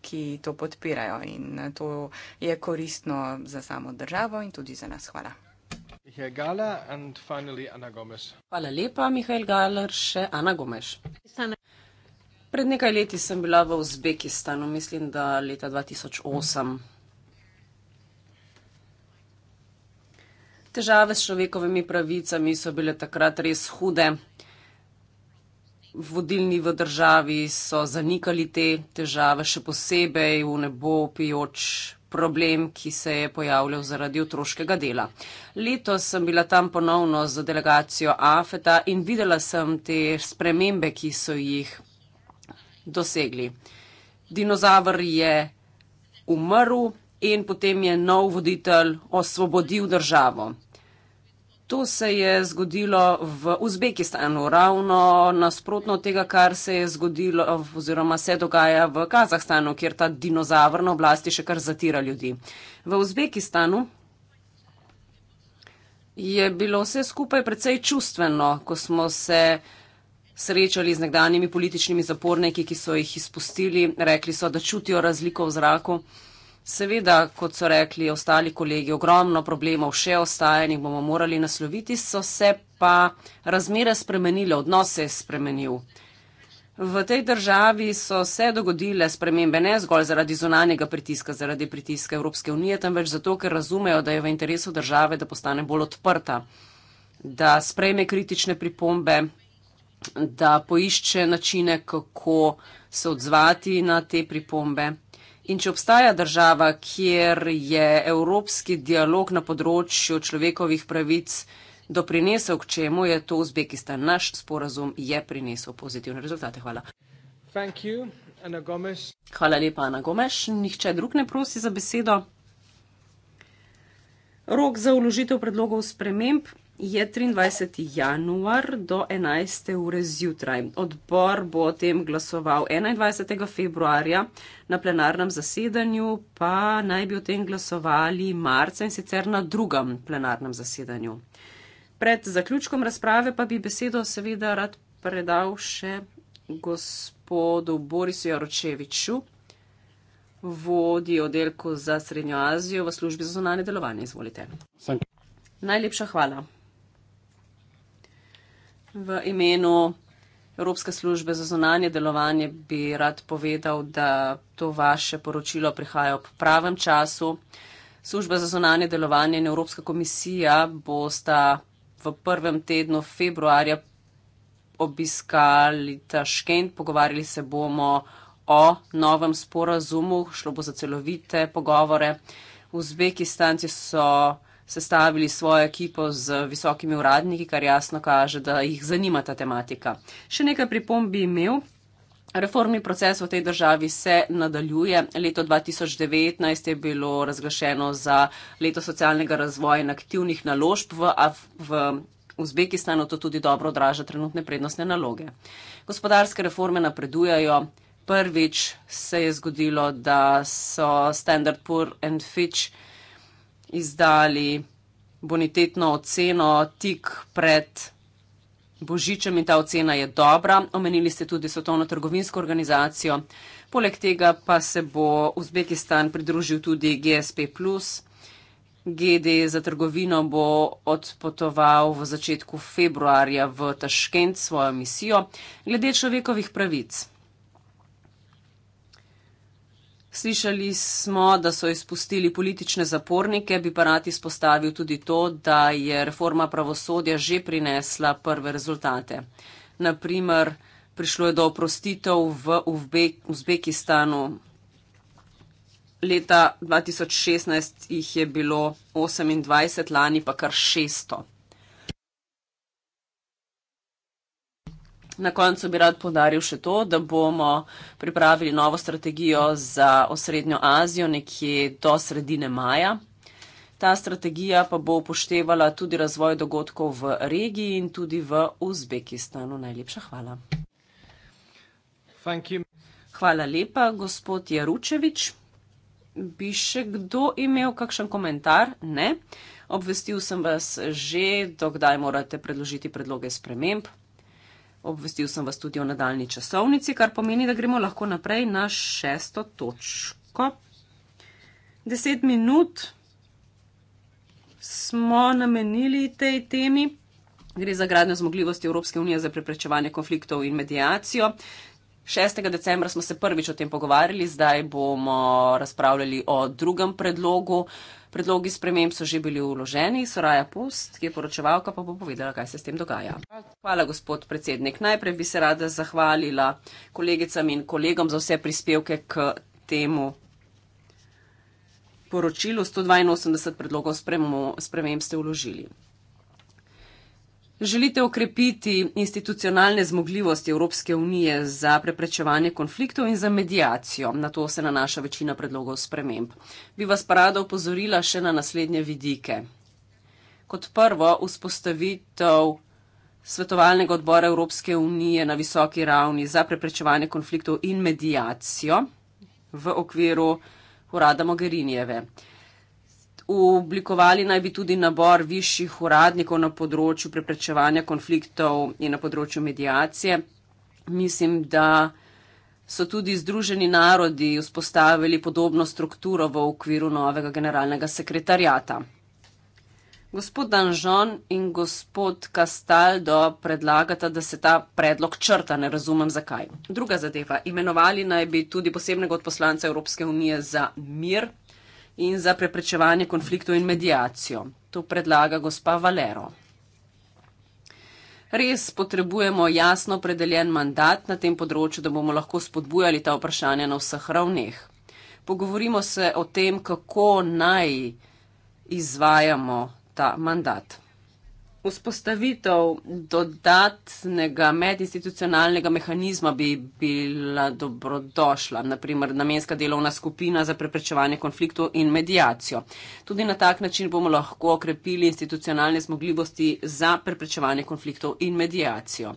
ki to podpirajo in to je koristno za samo državo in tudi za nas. Hvala. Hvala lepa, Mihajl Galer, še Ana Gomes. Pred nekaj leti sem bila v Uzbekistanu, mislim, da leta 2008. Težave s človekovimi pravicami so bile takrat res hude vodilni v državi so zanikali te težave, še posebej v nebo pijoč problem, ki se je pojavljal zaradi otroškega dela. Leto sem bila tam ponovno z delegacijo AFETA in videla sem te spremembe, ki so jih dosegli. Dinozavr je umrl in potem je nov voditelj osvobodil državo. To se je zgodilo v Uzbekistanu, ravno nasprotno od tega, kar se je zgodilo oziroma se dogaja v Kazahstanu, kjer ta dinozavrna oblasti še kar zatira ljudi. V Uzbekistanu je bilo vse skupaj precej čustveno, ko smo se srečali z nekdanjimi političnimi zaporniki, ki so jih izpustili, rekli so, da čutijo razliko v zraku. Seveda, kot so rekli ostali kolegi, ogromno problemov še ostaje in jih bomo morali nasloviti, so se pa razmere spremenile, odnose je spremenil. V tej državi so se dogodile spremembe ne zgolj zaradi zunanjega pritiska, zaradi pritiska Evropske unije, temveč zato, ker razumejo, da je v interesu države, da postane bolj odprta, da sprejme kritične pripombe, da poišče načine, kako se odzvati na te pripombe. In če obstaja država, kjer je evropski dialog na področju človekovih pravic doprinesel k čemu, je to Uzbekistan. Naš sporazum je prinesel pozitivne rezultate. Hvala. You, Hvala lepa, Ana Gomeš. Nihče drug ne prosi za besedo. Rok za uložitev predlogov sprememb je 23. januar do 11. ure zjutraj. Odbor bo o tem glasoval 21. februarja, na plenarnem zasedanju pa naj bi o tem glasovali marca in sicer na drugem plenarnem zasedanju. Pred zaključkom razprave pa bi besedo seveda rad predal še gospodu Borisu Jaročeviču, vodi oddelku za Srednjo Azijo v službi za zonanje delovanje. Izvolite. Najlepša hvala v imenu Evropske službe za zonanje delovanje bi rad povedal, da to vaše poročilo prihaja ob pravem času. Služba za zonanje delovanje in Evropska komisija bosta v prvem tednu februarja obiskali Taškent, pogovarjali se bomo o novem sporazumu, šlo bo za celovite pogovore. Uzbekistanci so sestavili svojo ekipo z visokimi uradniki, kar jasno kaže, da jih zanima ta tematika. Še nekaj pripomb bi imel. Reformni proces v tej državi se nadaljuje. Leto 2019 je bilo razglašeno za leto socialnega razvoja in aktivnih naložb v, v Uzbekistanu. To tudi dobro odraža trenutne prednostne naloge. Gospodarske reforme napredujajo. Prvič se je zgodilo, da so Standard Poor and Fitch izdali bonitetno oceno tik pred Božičem in ta ocena je dobra. Omenili ste tudi Svetovno trgovinsko organizacijo. Poleg tega pa se bo Uzbekistan pridružil tudi GSP. GD za trgovino bo odpotoval v začetku februarja v Taškent svojo misijo glede človekovih pravic. Slišali smo, da so izpustili politične zapornike, bi pa rad izpostavil tudi to, da je reforma pravosodja že prinesla prve rezultate. Naprimer, prišlo je do oprostitev v Uzbekistanu. Leta 2016 jih je bilo 28, lani pa kar 600. Na koncu bi rad podaril še to, da bomo pripravili novo strategijo za osrednjo Azijo nekje do sredine maja. Ta strategija pa bo upoštevala tudi razvoj dogodkov v regiji in tudi v Uzbekistanu. Najlepša hvala. Hvala lepa, gospod Jaručevič. Bi še kdo imel kakšen komentar? Ne. Obvestil sem vas že, dokdaj morate predložiti predloge sprememb. Obvestil sem vas tudi o nadaljni časovnici, kar pomeni, da gremo lahko naprej na šesto točko. Deset minut smo namenili tej temi. Gre za gradno zmogljivosti Evropske unije za preprečevanje konfliktov in medijacijo. 6. decembra smo se prvič o tem pogovarjali, zdaj bomo razpravljali o drugem predlogu. Predlogi sprememb so že bili uloženi, Soraja Pust, ki je poročevalka, pa bo povedala, kaj se s tem dogaja. Hvala, gospod predsednik. Najprej bi se rada zahvalila kolegicam in kolegom za vse prispevke k temu poročilu. 182 predlogov sprememb ste uložili. Želite okrepiti institucionalne zmogljivosti Evropske unije za preprečevanje konfliktov in za medijacijo. Na to se nanaša večina predlogov sprememb. Bi vas pa rada opozorila še na naslednje vidike. Kot prvo, vzpostavitev svetovalnega odbora Evropske unije na visoki ravni za preprečevanje konfliktov in medijacijo v okviru urada Mogherinijeve. Oblikovali naj bi tudi nabor višjih uradnikov na področju preprečevanja konfliktov in na področju medijacije. Mislim, da so tudi Združeni narodi vzpostavili podobno strukturo v okviru novega generalnega sekretarjata. Gospod Danžon in gospod Kastaldo predlagata, da se ta predlog črta, ne razumem zakaj. Druga zadeva, imenovali naj bi tudi posebnega odposlanca Evropske unije za mir in za preprečevanje konfliktov in medijacijo. To predlaga gospa Valero. Res potrebujemo jasno predeljen mandat na tem področju, da bomo lahko spodbujali ta vprašanja na vseh ravneh. Pogovorimo se o tem, kako naj izvajamo ta mandat. Vzpostavitev dodatnega medinstitucionalnega mehanizma bi bila dobrodošla, naprimer namenska delovna skupina za preprečevanje konfliktov in medijacijo. Tudi na tak način bomo lahko okrepili institucionalne zmogljivosti za preprečevanje konfliktov in medijacijo.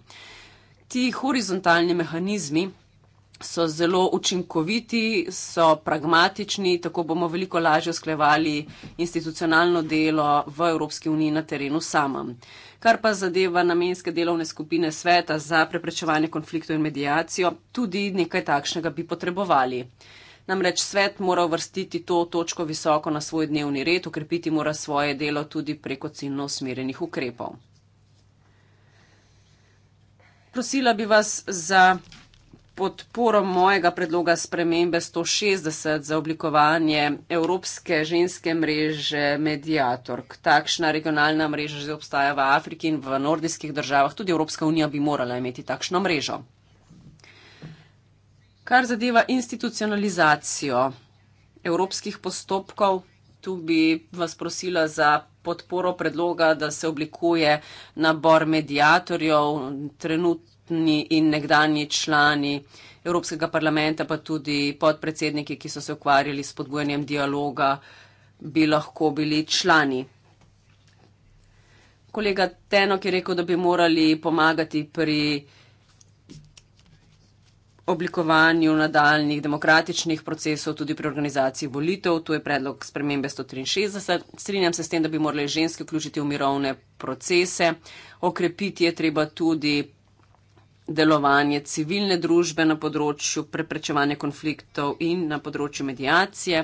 Ti horizontalni mehanizmi so zelo učinkoviti, so pragmatični, tako bomo veliko lažje usklevali institucionalno delo v Evropski uniji na terenu samem. Kar pa zadeva namenske delovne skupine sveta za preprečevanje konfliktov in medijacijo, tudi nekaj takšnega bi potrebovali. Namreč svet mora vrstiti to točko visoko na svoj dnevni red, ukrepiti mora svoje delo tudi preko ciljno usmerjenih ukrepov. Prosila bi vas za podporo mojega predloga spremembe 160 za oblikovanje Evropske ženske mreže Mediator. Takšna regionalna mreža že obstaja v Afriki in v nordijskih državah. Tudi Evropska unija bi morala imeti takšno mrežo. Kar zadeva institucionalizacijo evropskih postopkov, tu bi vas prosila za podporo predloga, da se oblikuje nabor medijatorjev. Trenutno trenutni in nekdani člani Evropskega parlamenta, pa tudi podpredsedniki, ki so se ukvarjali s podbujanjem dialoga, bi lahko bili člani. Kolega Tenok je rekel, da bi morali pomagati pri oblikovanju nadaljnih demokratičnih procesov tudi pri organizaciji volitev. To je predlog spremembe 163. Strinjam se s tem, da bi morali ženske vključiti v mirovne procese. Okrepiti je treba tudi delovanje civilne družbe na področju preprečevanja konfliktov in na področju medijacije.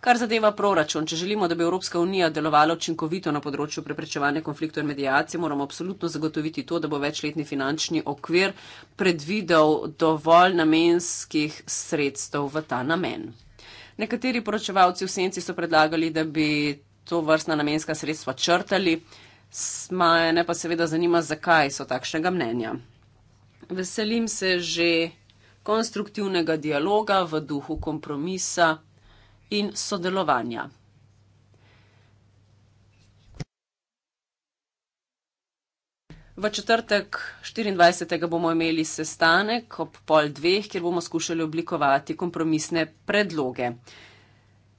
Kar zadeva proračun, če želimo, da bi Evropska unija delovala učinkovito na področju preprečevanja konfliktov in medijacije, moramo absolutno zagotoviti to, da bo večletni finančni okvir predvidel dovolj namenskih sredstev v ta namen. Nekateri poročevalci v senci so predlagali, da bi to vrstna namenska sredstva črtali, smajene pa seveda zanima, zakaj so takšnega mnenja. Veselim se že konstruktivnega dialoga v duhu kompromisa in sodelovanja. V četrtek 24. bomo imeli sestanek ob pol dveh, kjer bomo skušali oblikovati kompromisne predloge.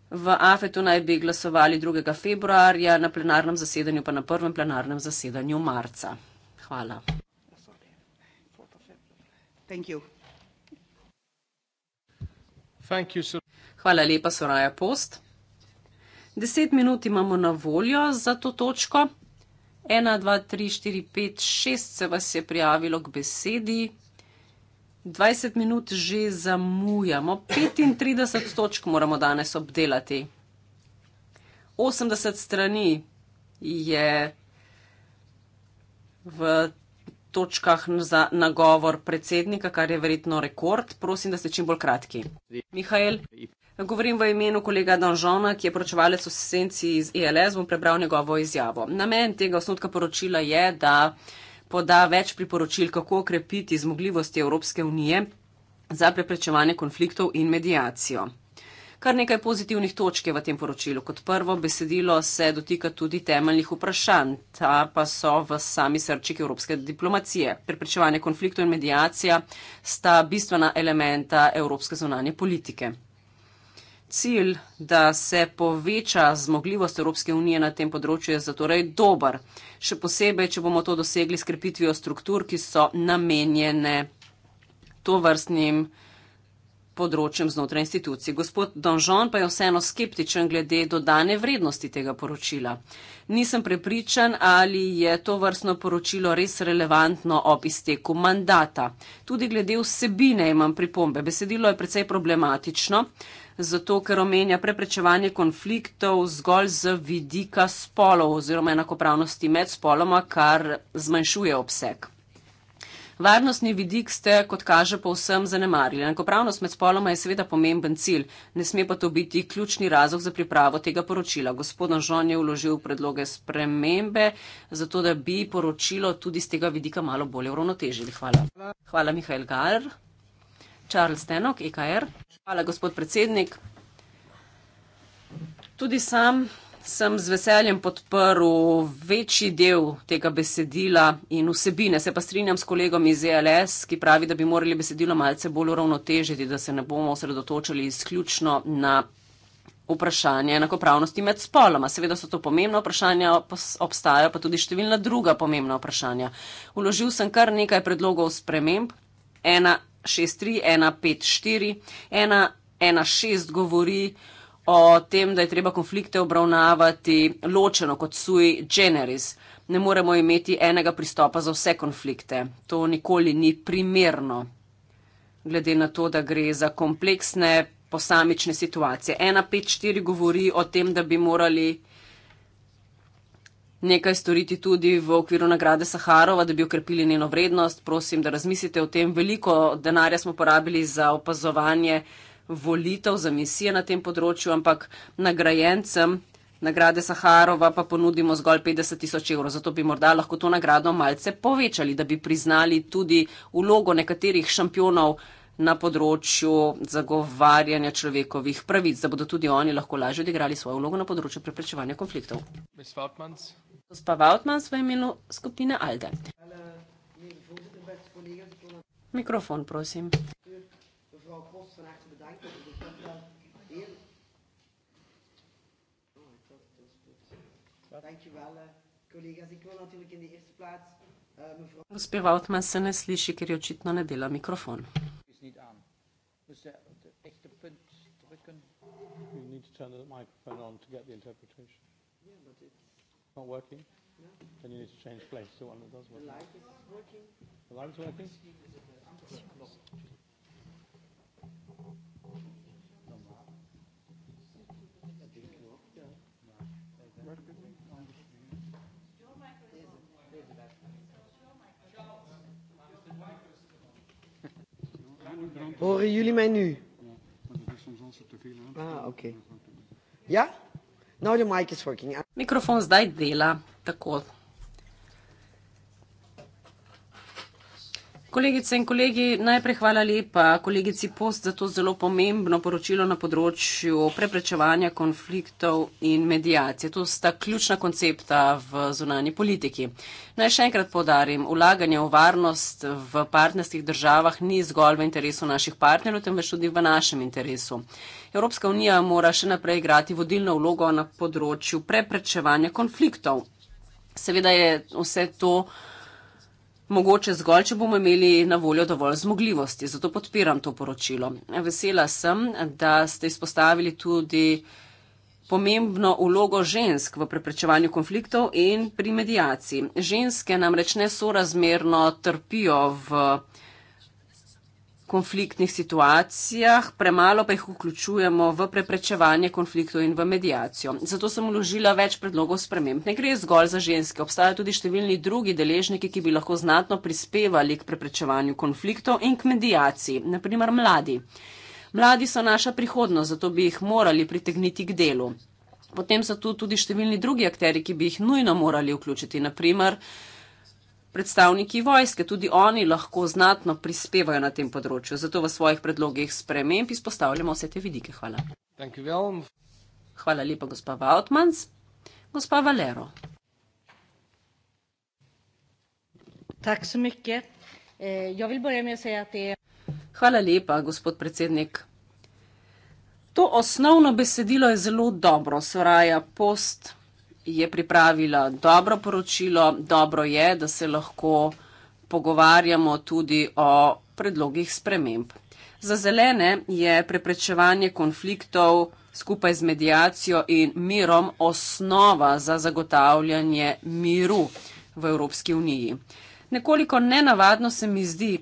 V AFET-u naj bi glasovali 2. februarja, na plenarnem zasedanju pa na prvem plenarnem zasedanju marca. Hvala. Hvala lepa, Soraya Post. Deset minut imamo na voljo za to točko. 1, 2, 3, 4, 5, 6 se vas je prijavilo k besedi. 20 minut že zamujamo. 35 točk moramo danes obdelati. 80 strani je v točkah za nagovor predsednika, kar je verjetno rekord. Prosim, da ste čim bolj kratki. Mihajl, govorim v imenu kolega Danžona, ki je poročevalec v senci iz ELS, bom prebral njegovo izjavo. Namen tega osnotka poročila je, da poda več priporočil, kako okrepiti zmogljivosti Evropske unije za preprečevanje konfliktov in medijacijo kar nekaj pozitivnih točk je v tem poročilu. Kot prvo, besedilo se dotika tudi temeljnih vprašanj, ta pa so v sami srčik evropske diplomacije. Preprečevanje konfliktov in medijacija sta bistvena elementa evropske zunanje politike. Cilj, da se poveča zmogljivost Evropske unije na tem področju, je zatorej dober. Še posebej, če bomo to dosegli s krepitvijo struktur, ki so namenjene to vrstnim področjem znotraj institucij. Gospod Donžon pa je vseeno skeptičen glede dodane vrednosti tega poročila. Nisem prepričan, ali je to vrstno poročilo res relevantno ob izteku mandata. Tudi glede vsebine imam pripombe. Besedilo je precej problematično, zato ker omenja preprečevanje konfliktov zgolj z vidika spolov oziroma enakopravnosti med spoloma, kar zmanjšuje obseg. Varnostni vidik ste, kot kaže, povsem zanemarili. Enakopravnost med spoloma je seveda pomemben cilj, ne sme pa to biti ključni razlog za pripravo tega poročila. Gospod Anžon je vložil predloge spremembe, zato da bi poročilo tudi z tega vidika malo bolje uravnotežili. Hvala. Hvala, Mihajl Gar. Charles Tenok, EKR. Hvala, gospod predsednik. Tudi sam sem z veseljem podprl večji del tega besedila in vsebine. Se pa strinjam s kolegom iz ELS, ki pravi, da bi morali besedilo malce bolj uravnotežiti, da se ne bomo osredotočili izključno na vprašanje enakopravnosti med spoloma. Seveda so to pomembna vprašanja, obstajajo pa tudi številna druga pomembna vprašanja. Uložil sem kar nekaj predlogov sprememb. 163, 154, 116 govori o tem, da je treba konflikte obravnavati ločeno kot sui generis. Ne moremo imeti enega pristopa za vse konflikte. To nikoli ni primerno, glede na to, da gre za kompleksne posamične situacije. 154 govori o tem, da bi morali nekaj storiti tudi v okviru nagrade Saharova, da bi okrepili njeno vrednost. Prosim, da razmislite o tem. Veliko denarja smo porabili za opazovanje volitev za misije na tem področju, ampak nagrajencem nagrade Saharova pa ponudimo zgolj 50 tisoč evrov. Zato bi morda lahko to nagrado malce povečali, da bi priznali tudi ulogo nekaterih šampionov na področju zagovarjanja človekovih pravic, da bodo tudi oni lahko lažje odigrali svojo vlogo na področju preprečevanja konfliktov. Gospa Vautmans v imenu skupine Alde. Mikrofon, prosim reiter und ich komme dann hier. Oh, ich dacht, das gut. Dankjewel, kolega's. Ik wil natuurlijk in de eerste plaats uh, mevrouw... Gospe Woutman se ne sliši, ker je očitno ne dela mikrofon. ...is niet aan. Dus de, de echte punt drukken. You need to turn the microphone on to get the interpretation. Yeah, but it's... Not working? No. Then you need to change place to one that does work. The light is working. The light is working? Misschien is het een andere knop. Horen jullie mij nu? Ah, oké. Okay. Ja? Nou, de mic is working. Microfoons, dat delen. Dat klopt. Kolegice in kolegi, najprej hvala lepa kolegici Post za to zelo pomembno poročilo na področju preprečevanja konfliktov in medijacije. To sta ključna koncepta v zunanji politiki. Naj še enkrat podarim, ulaganje v varnost v partnerskih državah ni zgolj v interesu naših partnerjev, temveč tudi v našem interesu. Evropska unija mora še naprej igrati vodilno vlogo na področju preprečevanja konfliktov. Seveda je vse to. Mogoče zgolj, če bomo imeli na voljo dovolj zmogljivosti. Zato podpiram to poročilo. Vesela sem, da ste izpostavili tudi pomembno ulogo žensk v preprečevanju konfliktov in pri medijaciji. Ženske namreč nesorazmerno trpijo v konfliktnih situacijah, premalo pa jih vključujemo v preprečevanje konfliktov in v medijacijo. Zato sem uložila več predlogov sprememb. Ne gre zgolj za ženske, obstajajo tudi številni drugi deležniki, ki bi lahko znatno prispevali k preprečevanju konfliktov in k medijaciji, naprimer mladi. Mladi so naša prihodnost, zato bi jih morali pritegniti k delu. Potem so tu tudi številni drugi akteri, ki bi jih nujno morali vključiti, naprimer predstavniki vojske, tudi oni lahko znatno prispevajo na tem področju. Zato v svojih predlogih sprememb izpostavljamo vse te vidike. Hvala. Hvala lepa, gospa Vautmans. Gospa Valero. Eh, Hvala lepa, gospod predsednik. To osnovno besedilo je zelo dobro, soraja post je pripravila dobro poročilo. Dobro je, da se lahko pogovarjamo tudi o predlogih sprememb. Za zelene je preprečevanje konfliktov skupaj z medijacijo in mirom osnova za zagotavljanje miru v Evropski uniji. Nekoliko nenavadno se mi zdi,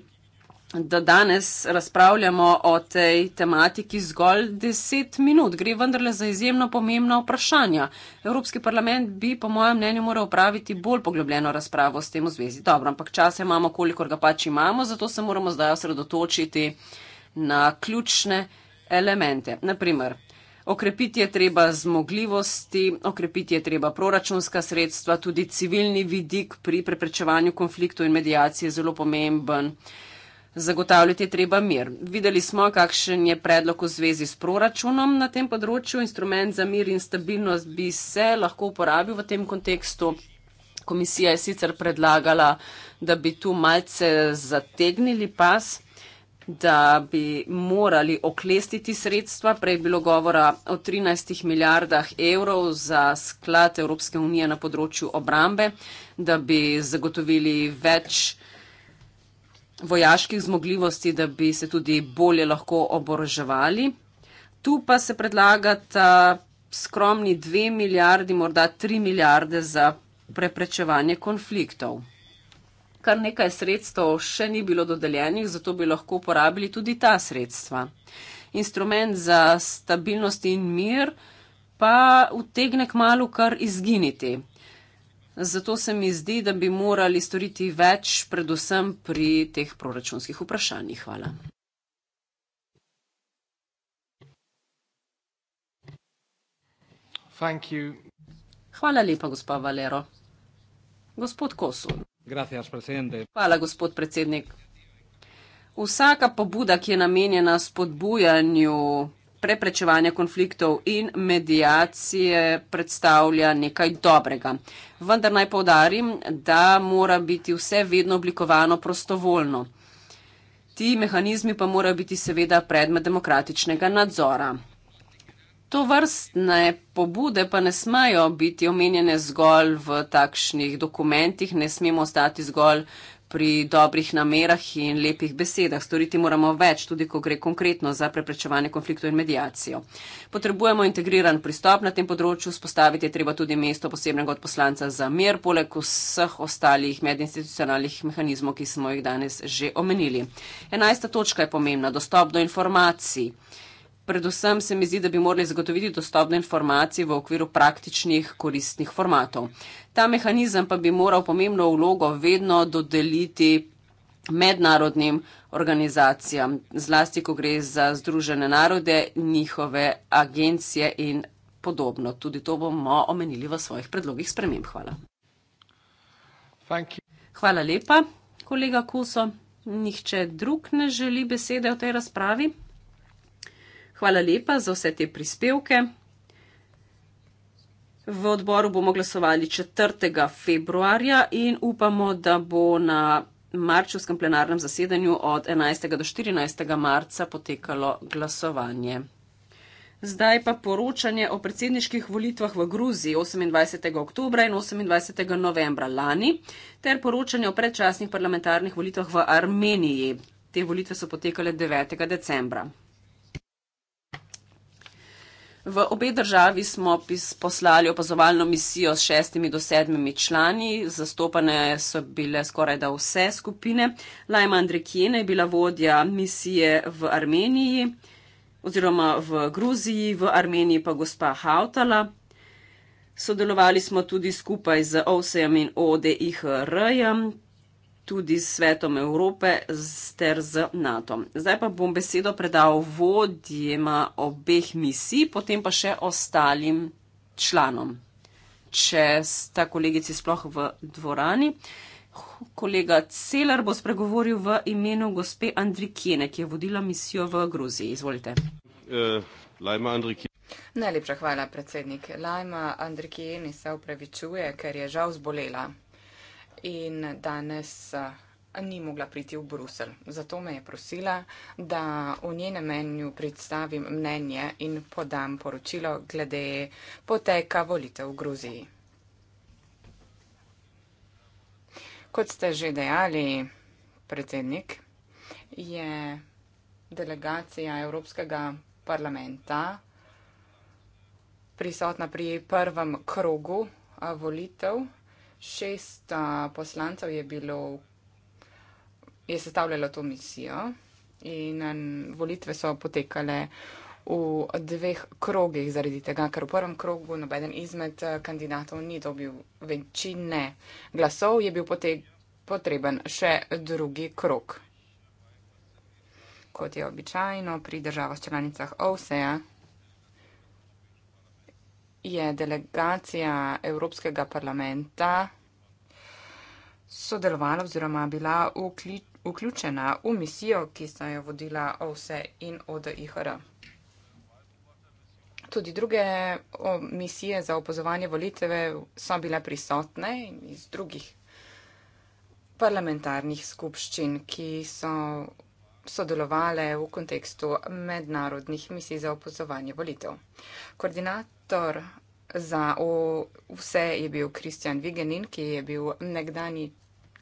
da danes razpravljamo o tej tematiki zgolj deset minut. Gre vendarle za izjemno pomembna vprašanja. Evropski parlament bi, po mojem mnenju, moral upraviti bolj poglobljeno razpravo s tem v zvezi. Dobro, ampak čas imamo, kolikor ga pač imamo, zato se moramo zdaj osredotočiti na ključne elemente. Naprimer, okrepiti je treba zmogljivosti, okrepiti je treba proračunska sredstva, tudi civilni vidik pri preprečevanju konfliktov in medijacije je zelo pomemben. Zagotavljati je treba mir. Videli smo, kakšen je predlog v zvezi s proračunom na tem področju. Instrument za mir in stabilnost bi se lahko uporabil v tem kontekstu. Komisija je sicer predlagala, da bi tu malce zategnili pas, da bi morali oklestiti sredstva. Prej je bilo govora o 13 milijardah evrov za sklad Evropske unije na področju obrambe, da bi zagotovili več vojaških zmogljivosti, da bi se tudi bolje lahko oboroževali. Tu pa se predlagata skromni 2 milijardi, morda 3 milijarde za preprečevanje konfliktov. Kar nekaj sredstev še ni bilo dodeljenih, zato bi lahko uporabili tudi ta sredstva. Instrument za stabilnost in mir pa utegne k malu kar izginiti. Zato se mi zdi, da bi morali storiti več, predvsem pri teh proračunskih vprašanjih. Hvala. Hvala lepa, gospa Valero. Gospod Kosu. Hvala, gospod predsednik. Vsaka pobuda, ki je namenjena spodbujanju preprečevanja konfliktov in medijacije predstavlja nekaj dobrega. Vendar naj povdarim, da mora biti vse vedno oblikovano prostovoljno. Ti mehanizmi pa morajo biti seveda predmet demokratičnega nadzora. To vrstne pobude pa ne smajo biti omenjene zgolj v takšnih dokumentih, ne smemo ostati zgolj pri dobrih namerah in lepih besedah. Storiti moramo več, tudi ko gre konkretno za preprečevanje konfliktov in medijacijo. Potrebujemo integriran pristop na tem področju, spostaviti je treba tudi mesto posebnega odposlanca za mir, poleg vseh ostalih medinstitucionalnih mehanizmov, ki smo jih danes že omenili. 11. točka je pomembna. Dostop do informacij. Predvsem se mi zdi, da bi morali zagotoviti dostopne informacije v okviru praktičnih koristnih formatov. Ta mehanizem pa bi moral pomembno vlogo vedno dodeliti mednarodnim organizacijam, zlasti, ko gre za Združene narode, njihove agencije in podobno. Tudi to bomo omenili v svojih predlogih sprememb. Hvala. Hvala lepa, kolega Kuso. Nihče drug ne želi besede v tej razpravi. Hvala lepa za vse te prispevke. V odboru bomo glasovali 4. februarja in upamo, da bo na marčevskem plenarnem zasedanju od 11. do 14. marca potekalo glasovanje. Zdaj pa poročanje o predsedniških volitvah v Gruziji 28. oktobra in 28. novembra lani ter poročanje o predčasnih parlamentarnih volitvah v Armeniji. Te volitve so potekale 9. decembra. V obe državi smo poslali opazovalno misijo s šestimi do sedmimi člani, zastopane so bile skoraj da vse skupine. Lajma Andrekjene je bila vodja misije v Armeniji oziroma v Gruziji, v Armeniji pa gospa Hautala. Sodelovali smo tudi skupaj z OSEM in ODIHR-jem, tudi s Svetom Evrope ter z NATO. Zdaj pa bom besedo predal vodjema obeh misij, potem pa še ostalim članom. Če sta kolegici sploh v dvorani. Kolega Celar bo spregovoril v imenu gospe Andrikine, ki je vodila misijo v Gruziji. Izvolite. Uh, Najlepša hvala, predsednik. Lajma Andrikijeni se upravičuje, ker je žal zbolela in danes eh, ni mogla priti v Bruselj. Zato me je prosila, da v njenem menju predstavim mnenje in podam poročilo glede poteka volitev v Gruziji. Kot ste že dejali, predsednik, je delegacija Evropskega parlamenta prisotna pri prvem krogu eh, volitev šest uh, poslancev je bilo, je sestavljalo to misijo in um, volitve so potekale v dveh krogih zaradi tega, ker v prvem krogu nobeden izmed eh, kandidatov ni dobil večine glasov, je bil potreben še drugi krog. Kot je običajno pri državah članicah OSEA, je delegacija Evropskega parlamenta sodelovala oziroma bila vključena v misijo, ki sta jo vodila OVSE in ODIHR. Tudi druge misije za opozovanje volitev so bile prisotne iz drugih parlamentarnih skupščin, ki so sodelovale v kontekstu mednarodnih misij za opozovanje volitev. Koordinat direktor za o, vse je bil Kristjan Vigenin, ki je bil nekdani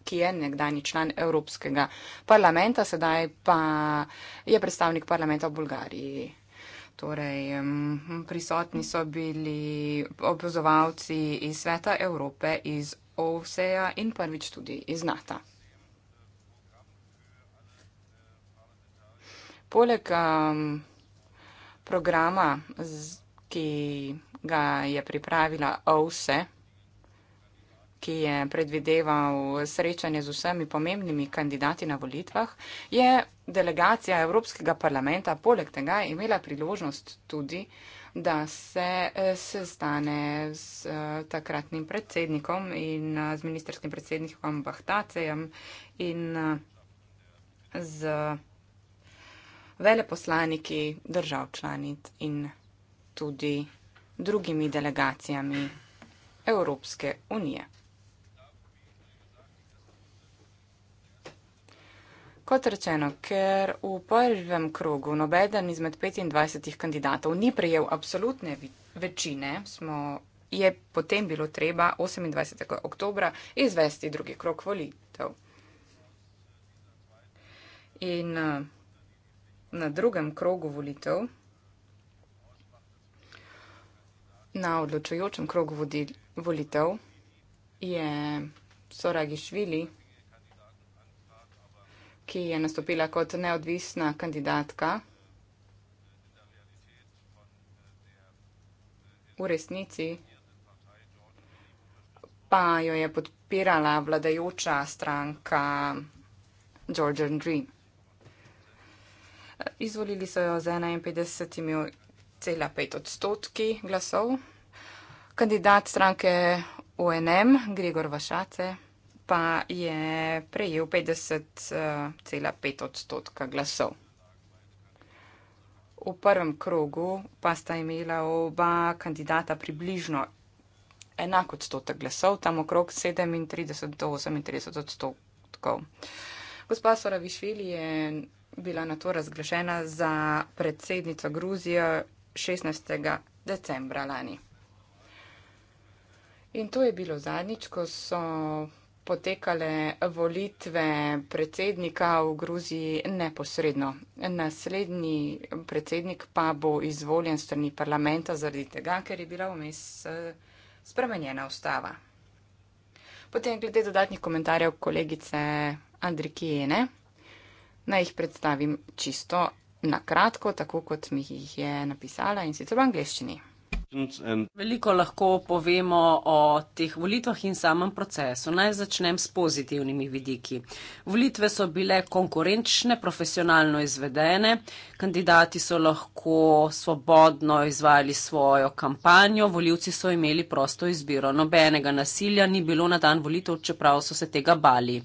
ki je nekdani član Evropskega parlamenta, sedaj pa je predstavnik parlamenta v Bulgariji. Torej, mm, prisotni so bili opozovalci iz Sveta Evrope, iz OVSE-ja in prvič tudi iz NATO. Poleg um, programa. Z, ki ga je pripravila OVSE, ki je predvideval srečanje z vsemi pomembnimi kandidati na volitvah, je delegacija Evropskega parlamenta poleg tega imela priložnost tudi, da se eh, sestane z eh, takratnim predsednikom in eh, z ministerskim predsednikom Bahtacejem in z veleposlaniki držav članic in tudi drugimi delegacijami Evropske unije. Kot rečeno, ker v prvem krogu nobeden izmed 25 kandidatov ni prejel absolutne večine, smo, je potem bilo treba 28. oktobra izvesti drugi krok volitev. In eh, na drugem krogu volitev Na odločujočem krogu vodil, volitev je Soragi Švili, ki je nastopila kot neodvisna kandidatka, v resnici pa jo je podpirala vladajoča stranka Georgian Dream. Izvolili so jo z 51 2,5 odstotki glasov. Kandidat stranke ONM, Gregor Vašace, pa je prejel 50,5 eh, odstotka glasov. V prvem krogu pa sta imela oba kandidata približno enako odstotek glasov, tam okrog 37 do 38 odstotkov. Gospa Sora Višvili je bila na to razglašena za predsednico Gruzije 16. decembra lani. In to je bilo zadnjič, ko so potekale volitve predsednika v Gruziji neposredno. Naslednji predsednik pa bo izvoljen strani parlamenta zaradi tega, ker je bila vmes eh, spremenjena ustava. Potem glede dodatnih komentarjev kolegice Andrikijene, naj jih predstavim čisto na kratko, tako kot mi jih je napisala in sicer v angleščini. Veliko lahko povemo o teh volitvah in samem procesu. Naj začnem s pozitivnimi vidiki. Volitve so bile konkurenčne, profesionalno izvedene, kandidati so lahko svobodno izvajali svojo kampanjo, voljivci so imeli prosto izbiro. Nobenega nasilja ni bilo na dan volitev, čeprav so se tega bali.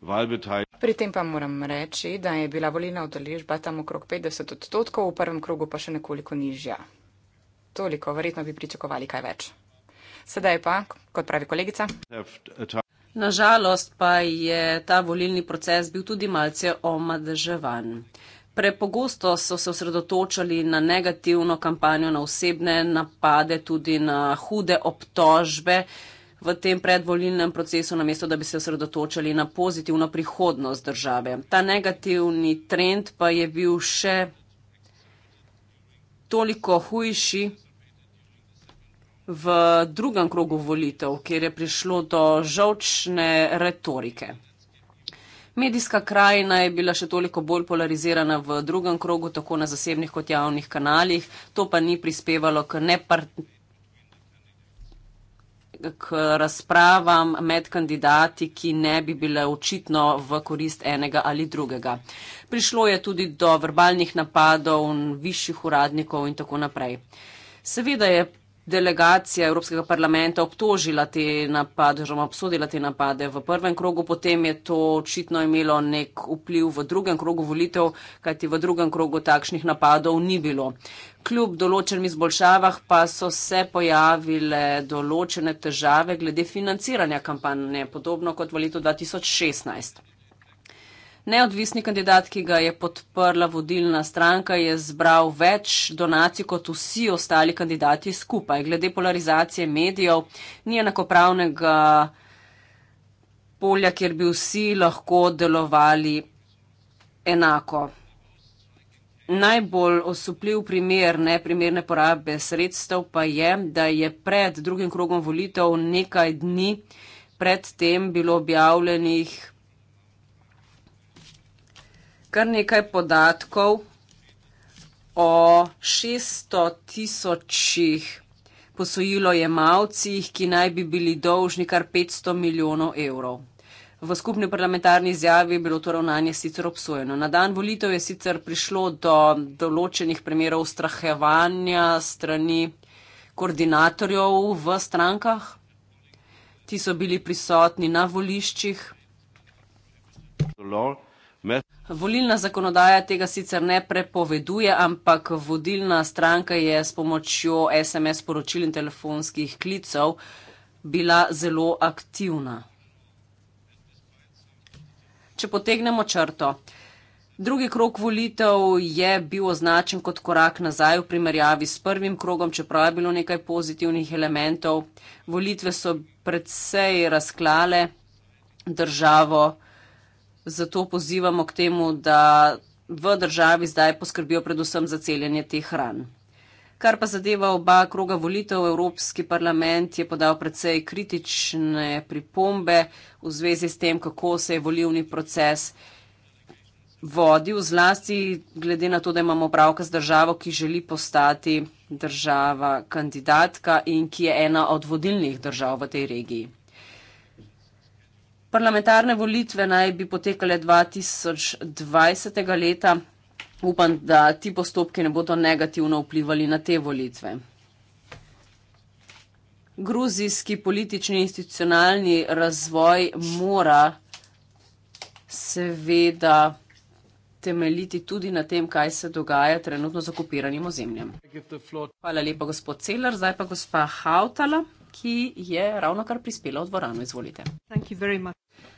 Valbetaj. Pri tem pa moram reči, da je bila volilna udeležba tam okrog 50 odstotkov, v prvem krogu pa še nekoliko nižja. Toliko, verjetno bi pričakovali kaj več. Sedaj pa, kot pravi kolegica. Nažalost pa je ta volilni proces bil tudi malce omadeževan. Prepogosto so se osredotočali na negativno kampanjo, na osebne napade, tudi na hude obtožbe v tem predvolilnem procesu, namesto da bi se osredotočali na pozitivno prihodnost države. Ta negativni trend pa je bil še toliko hujši v drugem krogu volitev, kjer je prišlo do žalčne retorike. Medijska krajina je bila še toliko bolj polarizirana v drugem krogu, tako na zasebnih kot javnih kanalih. To pa ni prispevalo k nepartnerstvu k razpravam med kandidati, ki ne bi bile očitno v korist enega ali drugega. Prišlo je tudi do verbalnih napadov, višjih uradnikov in tako naprej. Seveda je delegacija Evropskega parlamenta obtožila te napade, oziroma obsodila te napade v prvem krogu, potem je to očitno imelo nek vpliv v drugem krogu volitev, kajti v drugem krogu takšnih napadov ni bilo. Kljub določenim izboljšavah pa so se pojavile določene težave glede financiranja kampanje, podobno kot v letu 2016. Neodvisni kandidat, ki ga je podprla vodilna stranka, je zbral več donacij kot vsi ostali kandidati skupaj. Glede polarizacije medijev, ni enakopravnega polja, kjer bi vsi lahko delovali enako. Najbolj osupljiv primer neprimerne porabe sredstev pa je, da je pred drugim krogom volitev nekaj dni predtem bilo objavljenih kar nekaj podatkov o 600 tisočih posojilojemalcih, ki naj bi bili dolžni kar 500 milijonov evrov. V skupni parlamentarni izjavi je bilo to ravnanje sicer obsojeno. Na dan volitev je sicer prišlo do določenih primerov strahevanja strani koordinatorjev v strankah. Ti so bili prisotni na voliščih. Med. Volilna zakonodaja tega sicer ne prepoveduje, ampak vodilna stranka je s pomočjo SMS poročil in telefonskih klicev bila zelo aktivna. Če potegnemo črto. Drugi krok volitev je bil označen kot korak nazaj v primerjavi s prvim krogom, čeprav je bilo nekaj pozitivnih elementov. Volitve so predvsej razklale državo. Zato pozivamo k temu, da v državi zdaj poskrbijo predvsem za celjenje teh ran. Kar pa zadeva oba kroga volitev, Evropski parlament je podal precej kritične pripombe v zvezi s tem, kako se je volivni proces vodil, zlasti glede na to, da imamo pravka z državo, ki želi postati država kandidatka in ki je ena od vodilnih držav v tej regiji. Parlamentarne volitve naj bi potekale 2020. leta. Upam, da ti postopki ne bodo negativno vplivali na te volitve. Gruzijski politični in institucionalni razvoj mora seveda temeljiti tudi na tem, kaj se dogaja trenutno z okupiranim ozemljem. Hvala lepa, gospod Celar. Zdaj pa gospa Hautala ki je ravno kar prispela v dvorano. Izvolite.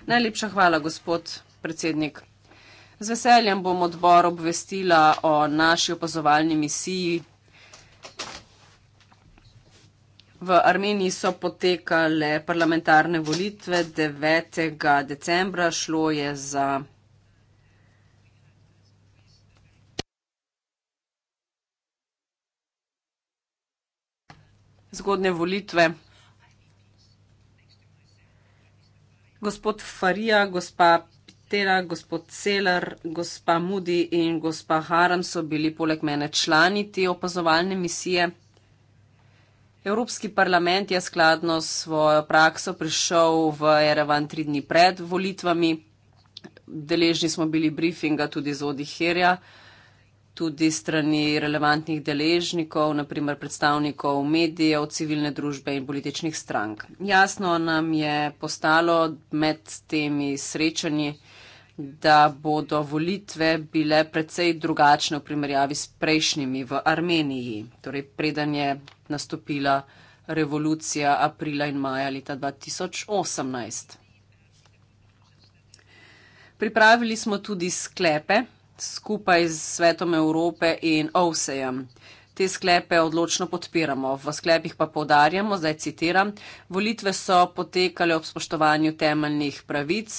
Najlepša hvala, gospod predsednik. Z veseljem bom odbor obvestila o naši opazovalni misiji. V Armeniji so potekale parlamentarne volitve 9. decembra, šlo je za zgodne volitve. Gospod Farija, gospa Pitera, gospod Celar, gospa Mudi in gospa Haram so bili poleg mene člani te opazovalne misije. Evropski parlament je skladno s svojo prakso prišel v Erevan tri dni pred volitvami. Deležni smo bili briefinga tudi z Odiherja. Uh, tudi strani relevantnih deležnikov, naprimer predstavnikov medijev, civilne družbe in političnih strank. Jasno nam je postalo med temi srečanji, da bodo volitve bile precej drugačne v primerjavi s prejšnjimi v Armeniji, torej preden je nastopila revolucija aprila in maja leta 2018. Pripravili smo tudi sklepe, skupaj z Svetom Evrope in OVSEJEM. Te sklepe odločno podpiramo. V sklepih pa povdarjamo, zdaj citiram, volitve so potekale ob spoštovanju temeljnih pravic,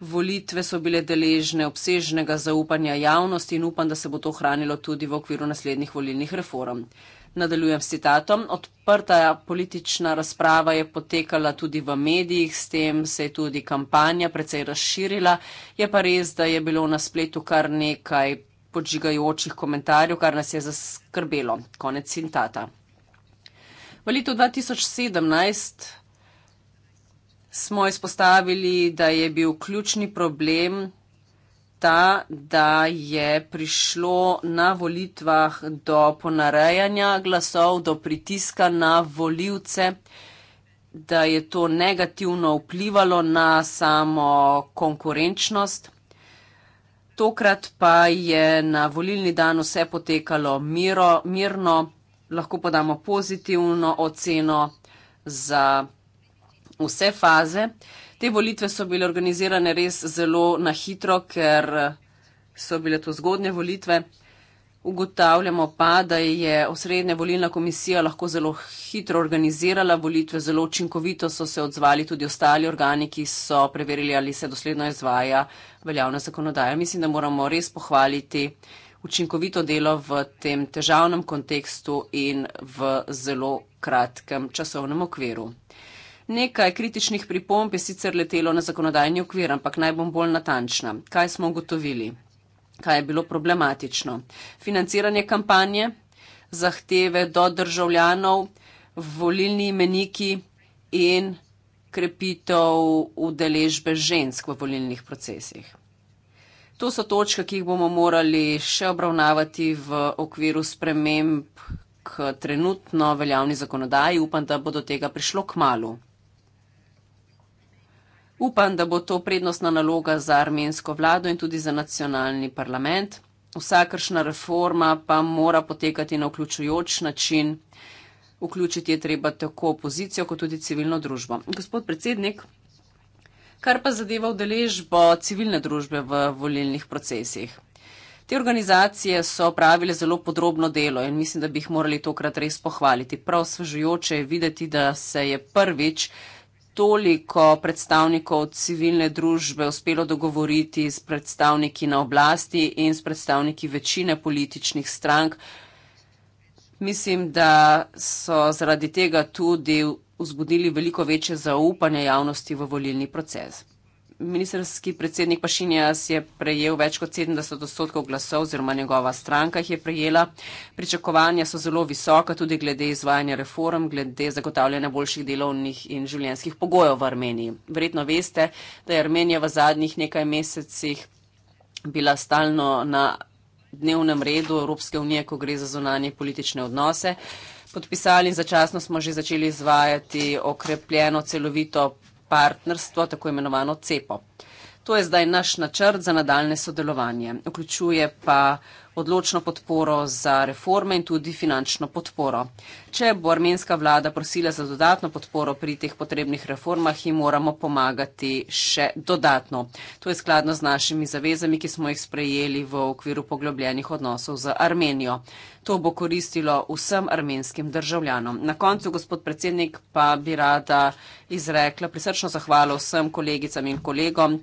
volitve so bile deležne obsežnega zaupanja javnosti in upam, da se bo to hranilo tudi v okviru naslednjih volilnih reform. Nadaljujem s citatom. Odprta politična razprava je potekala tudi v medijih, s tem se je tudi kampanja precej razširila. Je pa res, da je bilo na spletu kar nekaj podžigajočih komentarjev, kar nas je zaskrbelo. Konec citata. V letu 2017 smo izpostavili, da je bil ključni problem ta, da je prišlo na volitvah do ponarejanja glasov, do pritiska na voljivce, da je to negativno vplivalo na samo konkurenčnost. Tokrat pa je na volilni dan vse potekalo miro, mirno, lahko pa damo pozitivno oceno za vse faze. Te volitve so bile organizirane res zelo na hitro, ker eh, so bile to zgodne volitve. Ugotavljamo pa, da je osrednja volilna komisija lahko zelo hitro organizirala volitve, zelo učinkovito so se odzvali tudi ostali organi, ki so preverili, ali se dosledno izvaja veljavna zakonodaja. Mislim, da moramo res pohvaliti učinkovito delo v tem težavnem kontekstu in v zelo kratkem časovnem okviru. Nekaj kritičnih pripomb je sicer letelo na zakonodajni okvir, ampak naj bom bolj natančna. Kaj smo ugotovili? Kaj je bilo problematično? Financiranje kampanje, zahteve do državljanov, volilni imeniki in krepitev udeležbe žensk v volilnih procesih. To so točke, ki jih bomo morali še obravnavati v okviru sprememb k trenutno veljavni zakonodaji. Upam, da bo do tega prišlo k malu. Upam, da bo to prednostna naloga za armensko vlado in tudi za nacionalni parlament. Vsakršna reforma pa mora potekati na vključujoč način. Vključiti je treba tako opozicijo, kot tudi civilno družbo. Gospod predsednik, kar pa zadeva vdeležbo civilne družbe v volilnih procesih. Te organizacije so pravile zelo podrobno delo in mislim, da bi jih morali tokrat res pohvaliti. Prav svežujoče je videti, da se je prvič toliko predstavnikov civilne družbe uspelo dogovoriti s predstavniki na oblasti in s predstavniki večine političnih strank. Mislim, da so zaradi tega tudi vzbudili veliko večje zaupanje javnosti v volilni proces ministerski predsednik Pašinjas je prejel več kot 70 odstotkov glasov oziroma njegova stranka jih je prejela. Pričakovanja so zelo visoka tudi glede izvajanja reform, glede zagotavljanja boljših delovnih in življenjskih pogojev v Armeniji. Verjetno veste, da je Armenija v zadnjih nekaj mesecih bila stalno na dnevnem redu Evropske unije, ko gre za zonanje politične odnose. Podpisali in začasno smo že začeli izvajati okrepljeno celovito partnerstvo, tako imenovano CEPO. To je zdaj naš načrt za nadaljne sodelovanje. Vključuje pa odločno podporo za reforme in tudi finančno podporo. Če bo armenska vlada prosila za dodatno podporo pri teh potrebnih reformah, jim moramo pomagati še dodatno. To je skladno z našimi zavezami, ki smo jih sprejeli v okviru poglobljenih odnosov z Armenijo. To bo koristilo vsem armenskim državljanom. Na koncu, gospod predsednik, pa bi rada izrekla prisrčno zahvalo vsem kolegicam in kolegom,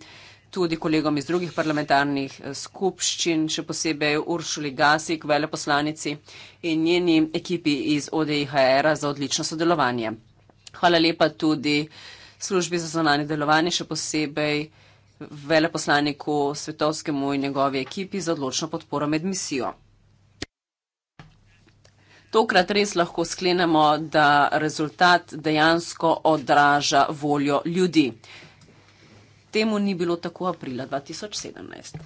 tudi kolegom iz drugih parlamentarnih eh, skupščin, še posebej Uršuli Gasik, veleposlanici in njeni ekipi iz ODIHR za odlično sodelovanje. Hvala lepa tudi službi za zvonanje delovanje, še posebej veleposlaniku Svetovskemu in njegovi ekipi za odločno podporo med misijo. Tokrat res lahko sklenemo, da rezultat dejansko odraža voljo ljudi. Temu ni bilo tako aprila 2017.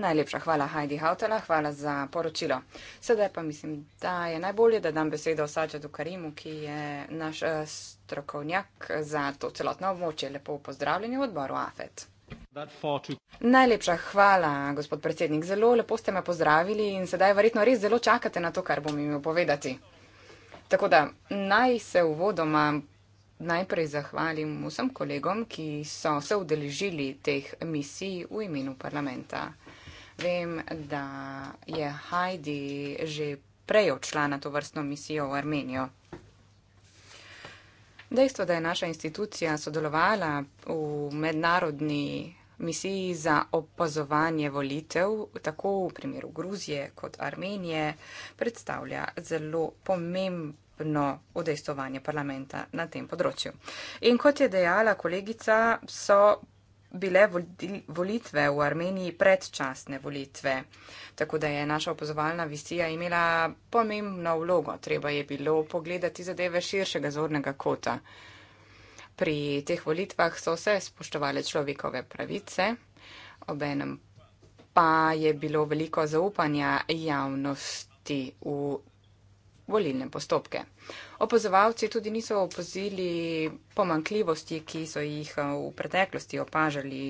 Najlepša hvala, Heidi Hautala, hvala za poročilo. Sedaj pa mislim, da je najbolje, da dam besedo Sačadu Karimu, ki je naš eh, strokovnjak za to celotno območje. Lepo pozdravljeni v odboru AFET. Najlepša hvala, gospod predsednik. Zelo lepo ste me pozdravili in sedaj verjetno res zelo čakate na to, kar bom imel povedati. Tako da naj se uvodoma najprej zahvalim vsem kolegom, ki so se udeležili teh misij v imenu parlamenta. Vem, da je Heidi že prej odšla na to vrstno misijo v Armenijo. Dejstvo, da je naša institucija sodelovala v mednarodni misiji za opazovanje volitev, tako v primeru Gruzije kot Armenije, predstavlja zelo pomemb, pomembno udejstovanje parlamenta na tem področju. In kot je dejala kolegica, so bile volitve v Armeniji predčasne volitve, tako da je naša opozovalna visija imela pomembno vlogo. Treba je bilo pogledati zadeve širšega zornega kota. Pri teh volitvah so se spoštovale človekove pravice, obenem pa je bilo veliko zaupanja javnosti v volilne postopke. Opozovalci tudi niso opozili pomankljivosti, ki so jih eh, v preteklosti opažali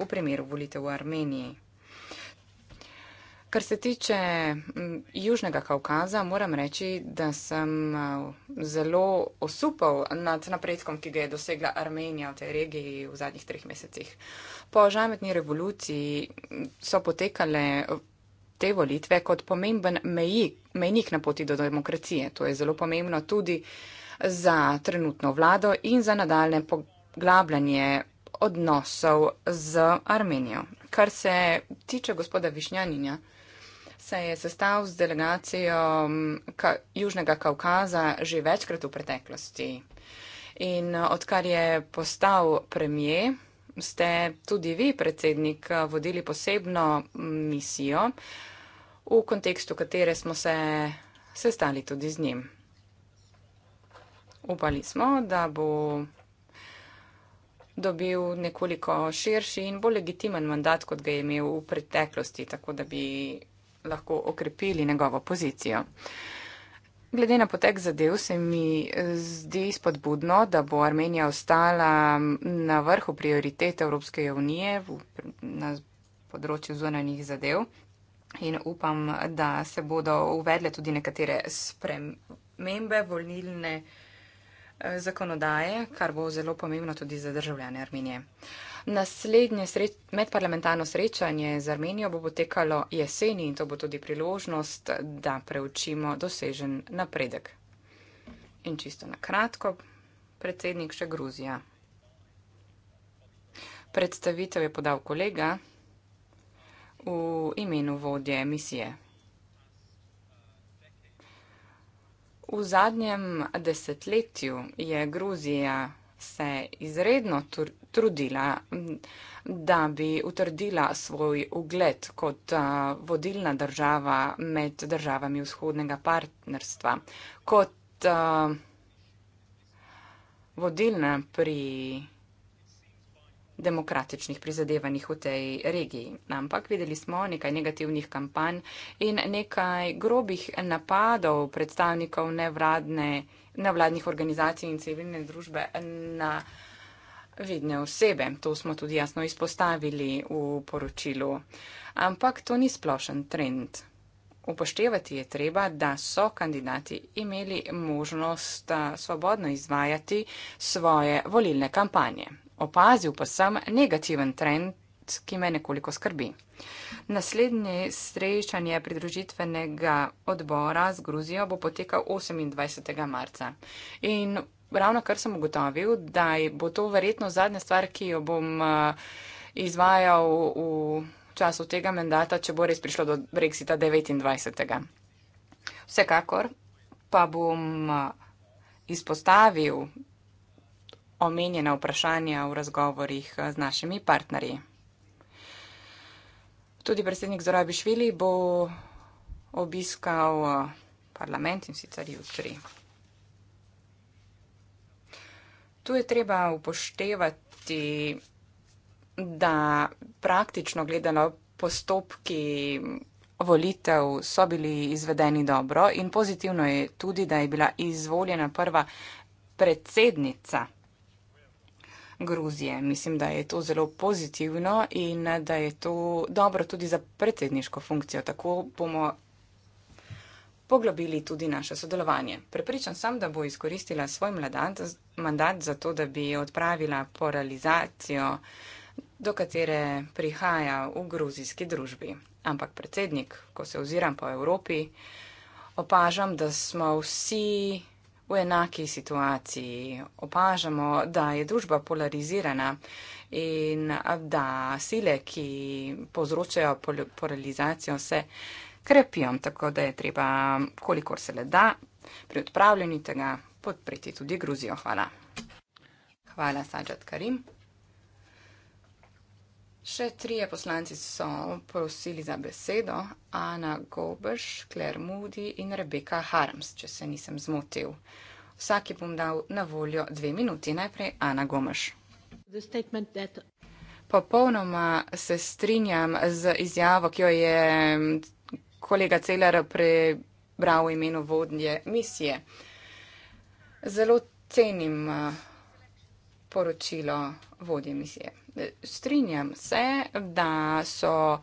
v primeru volitev v Armeniji. Kar se tiče Južnega Kaukaza, moram reči, da sem eh, zelo osupal nad napredkom, ki ga je dosegla Armenija v tej regiji v zadnjih treh mesecih. Po žametni revoluciji so potekale te volitve kot pomemben mejik, mejnik na poti do demokracije. To je zelo pomembno tudi za trenutno vlado in za nadaljne poglabljanje odnosov z Armenijo. Kar se tiče gospoda Višnjaninja, se je sestav z delegacijo ka Južnega Kaukaza že večkrat v preteklosti. In odkar je postal premije, ste tudi vi, predsednik, vodili posebno misijo, v kontekstu katere smo se sestali tudi z njim. Upali smo, da bo dobil nekoliko širši in bolj legitimen mandat, kot ga je imel v preteklosti, tako da bi lahko okrepili njegovo pozicijo. Glede na potek zadev se mi eh, zdi spodbudno, da bo Armenija ostala na vrhu prioritete Evropske unije na področju zunanjih zadev in upam, da se bodo uvedle tudi nekatere spremembe volnilne eh, zakonodaje, kar bo zelo pomembno tudi za državljane Armenije. Naslednje sre medparlamentarno srečanje z Armenijo bo potekalo jeseni in to bo tudi priložnost, da preučimo dosežen napredek. In čisto na kratko, predsednik še Gruzija. Predstavitev je podal kolega v imenu vodje misije. V zadnjem desetletju je Gruzija se izredno trudila, da bi utrdila svoj ugled kot vodilna država med državami vzhodnega partnerstva, kot vodilna pri demokratičnih prizadevanjih v tej regiji. Ampak videli smo nekaj negativnih kampanj in nekaj grobih napadov predstavnikov nevladne, nevladnih organizacij in civilne družbe na vidne osebe. To smo tudi jasno izpostavili v poročilu. Ampak to ni splošen trend. Upoštevati je treba, da so kandidati imeli možnost svobodno izvajati svoje volilne kampanje. Opazil pa sem negativen trend, ki me nekoliko skrbi. Naslednje srečanje pridružitvenega odbora z Gruzijo bo potekal 28. marca. In ravno kar sem ugotovil, da bo to verjetno zadnja stvar, ki jo bom eh, izvajal v času tega mandata, če bo res prišlo do Brexita 29. Vsekakor pa bom eh, izpostavil omenjena vprašanja v razgovorih eh, z našimi partnerji. Tudi predsednik Zorabi Švili bo obiskal parlament in sicer jutri tu je treba upoštevati, da praktično gledano postopki volitev so bili izvedeni dobro in pozitivno je tudi, da je bila izvoljena prva predsednica Gruzije. Mislim, da je to zelo pozitivno in da je to dobro tudi za predsedniško funkcijo. Tako bomo poglobili tudi naše sodelovanje. Prepričan sem, da bo izkoristila svoj mladant, mandat za to, da bi odpravila paralizacijo, do katere prihaja v gruzijski družbi. Ampak predsednik, ko se oziram po Evropi, opažam, da smo vsi v enaki situaciji. Opažamo, da je družba polarizirana in da sile, ki povzročajo paralizacijo, se krepijo, tako da je treba, kolikor se le da, pri odpravljanju tega podpreti tudi Gruzijo. Hvala. Hvala, Sadžat Karim. Še trije poslanci so prosili za besedo. Ana Gobrš, Claire Moody in Rebeka Harms, če se nisem zmotil. Vsaki bom dal na voljo dve minuti. Najprej Ana Gomrš. Popolnoma se strinjam z izjavo, ki jo je kolega Celar prebral v imenu vodnje misije. Zelo cenim eh, poročilo vodje misije. Strinjam se, da so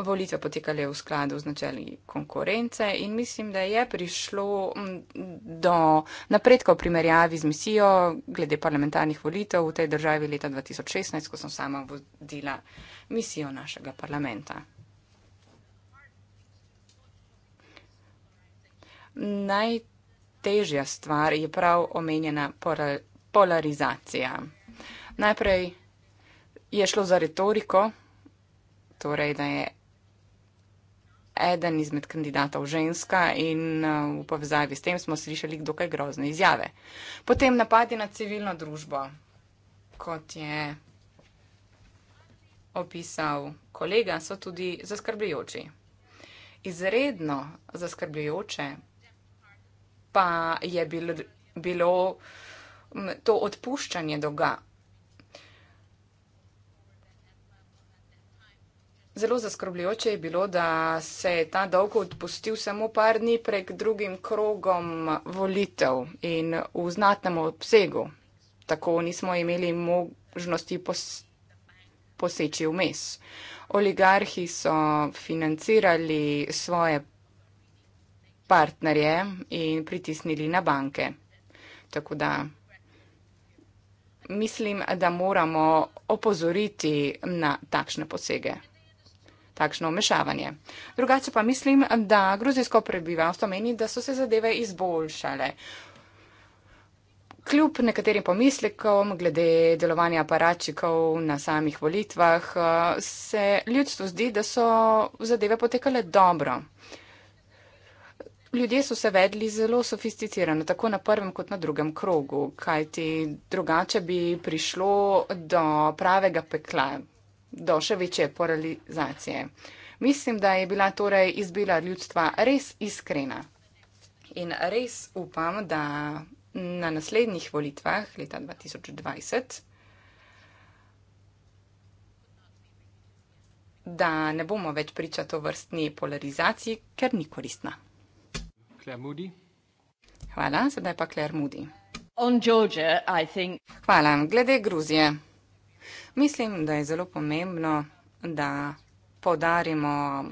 volitve potekale v skladu z načeli konkurence in mislim, da je prišlo mm, do napredka v primerjavi z misijo glede parlamentarnih volitev v tej državi leta 2016, ko sem sama vodila misijo našega parlamenta. najtežja stvar je prav omenjena polarizacija. Najprej je šlo za retoriko, torej da je eden izmed kandidatov ženska in v povezavi s tem smo slišali dokaj grozne izjave. Potem napadi na civilno družbo, kot je opisal kolega, so tudi zaskrbljujoči. Izredno zaskrbljujoče pa je bil, bilo to odpuščanje dolga. Zelo zaskrbljujoče je bilo, da se je ta dolg odpustil samo par dni prek drugim krogom volitev in v znatnem obsegu. Tako nismo imeli možnosti poseči vmes. Oligarhi so financirali svoje partnerje in pritisnili na banke. Tako da mislim, da moramo opozoriti na takšne posege, takšno omešavanje. Drugače pa mislim, da gruzijsko prebivalstvo meni, da so se zadeve izboljšale. Kljub nekaterim pomislekom glede delovanja aparačikov na samih volitvah se ljudstvu zdi, da so zadeve potekale dobro ljudje so se vedli zelo sofisticirano, tako na prvem kot na drugem krogu, kajti drugače bi prišlo do pravega pekla, do še večje polarizacije. Mislim, da je bila torej izbira ljudstva res iskrena. In res upam, da na naslednjih volitvah leta 2020, da ne bomo več priča to vrstni polarizaciji, ker ni koristna. Claire Moody. Hvala, sedaj pa Claire Moody. Georgia, think... Hvala. Glede Gruzije. Mislim, da je zelo pomembno, da podarimo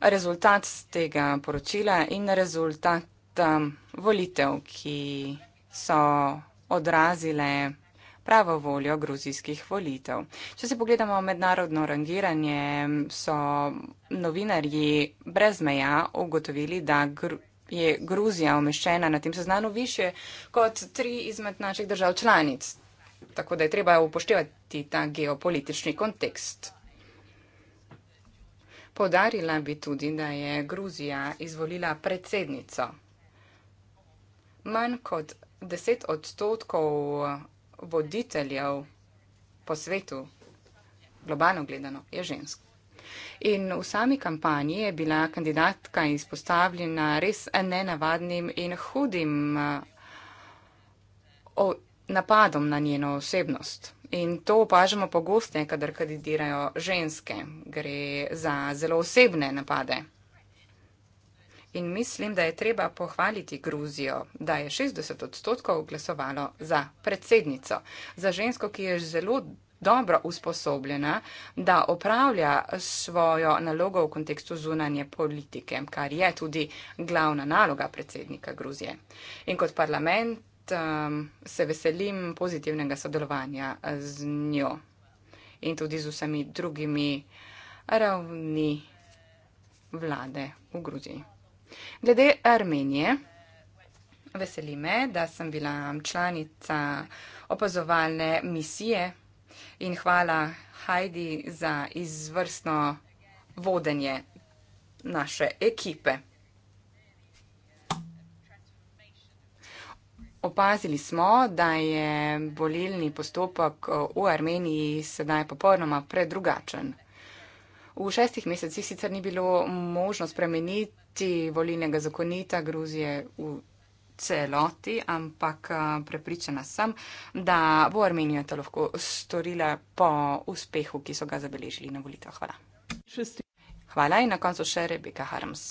rezultat tega poročila in rezultat um, volitev, ki so odrazile pravo voljo gruzijskih volitev. Če si pogledamo mednarodno rangiranje, so novinarji brez meja ugotovili, da gru je Gruzija umeščena na tem seznamu više kot tri izmed naših držav članic. Tako da je treba upoštevati ta geopolitični kontekst. Podarila bi tudi, da je Gruzija izvolila predsednico. Manj kot deset odstotkov voditeljev po svetu, globalno gledano, je žensk. In v sami kampanji je bila kandidatka izpostavljena res nenavadnim in hudim napadom na njeno osebnost. In to opažamo pogosteje, kadar kandidirajo ženske. Gre za zelo osebne napade in mislim, da je treba pohvaliti Gruzijo, da je 60 odstotkov glasovalo za predsednico, za žensko, ki je zelo dobro usposobljena, da opravlja svojo nalogo v kontekstu zunanje politike, kar je tudi glavna naloga predsednika Gruzije. In kot parlament um, se veselim pozitivnega sodelovanja z njo in tudi z vsemi drugimi ravni vlade v Gruziji. Glede Armenije, veseli me, da sem bila članica opazovalne misije in hvala Heidi za izvrstno vodenje naše ekipe. Opazili smo, da je bolilni postopek v Armeniji sedaj popolnoma predrugačen. V šestih mesecih sicer ni bilo možno spremeniti podpreti volilnega zakonita Gruzije v celoti, ampak eh, prepričana sem, da bo Armenija to lahko storila po uspehu, ki so ga zabeležili na volitvah. Hvala. Hvala in na koncu še Rebeka Harms.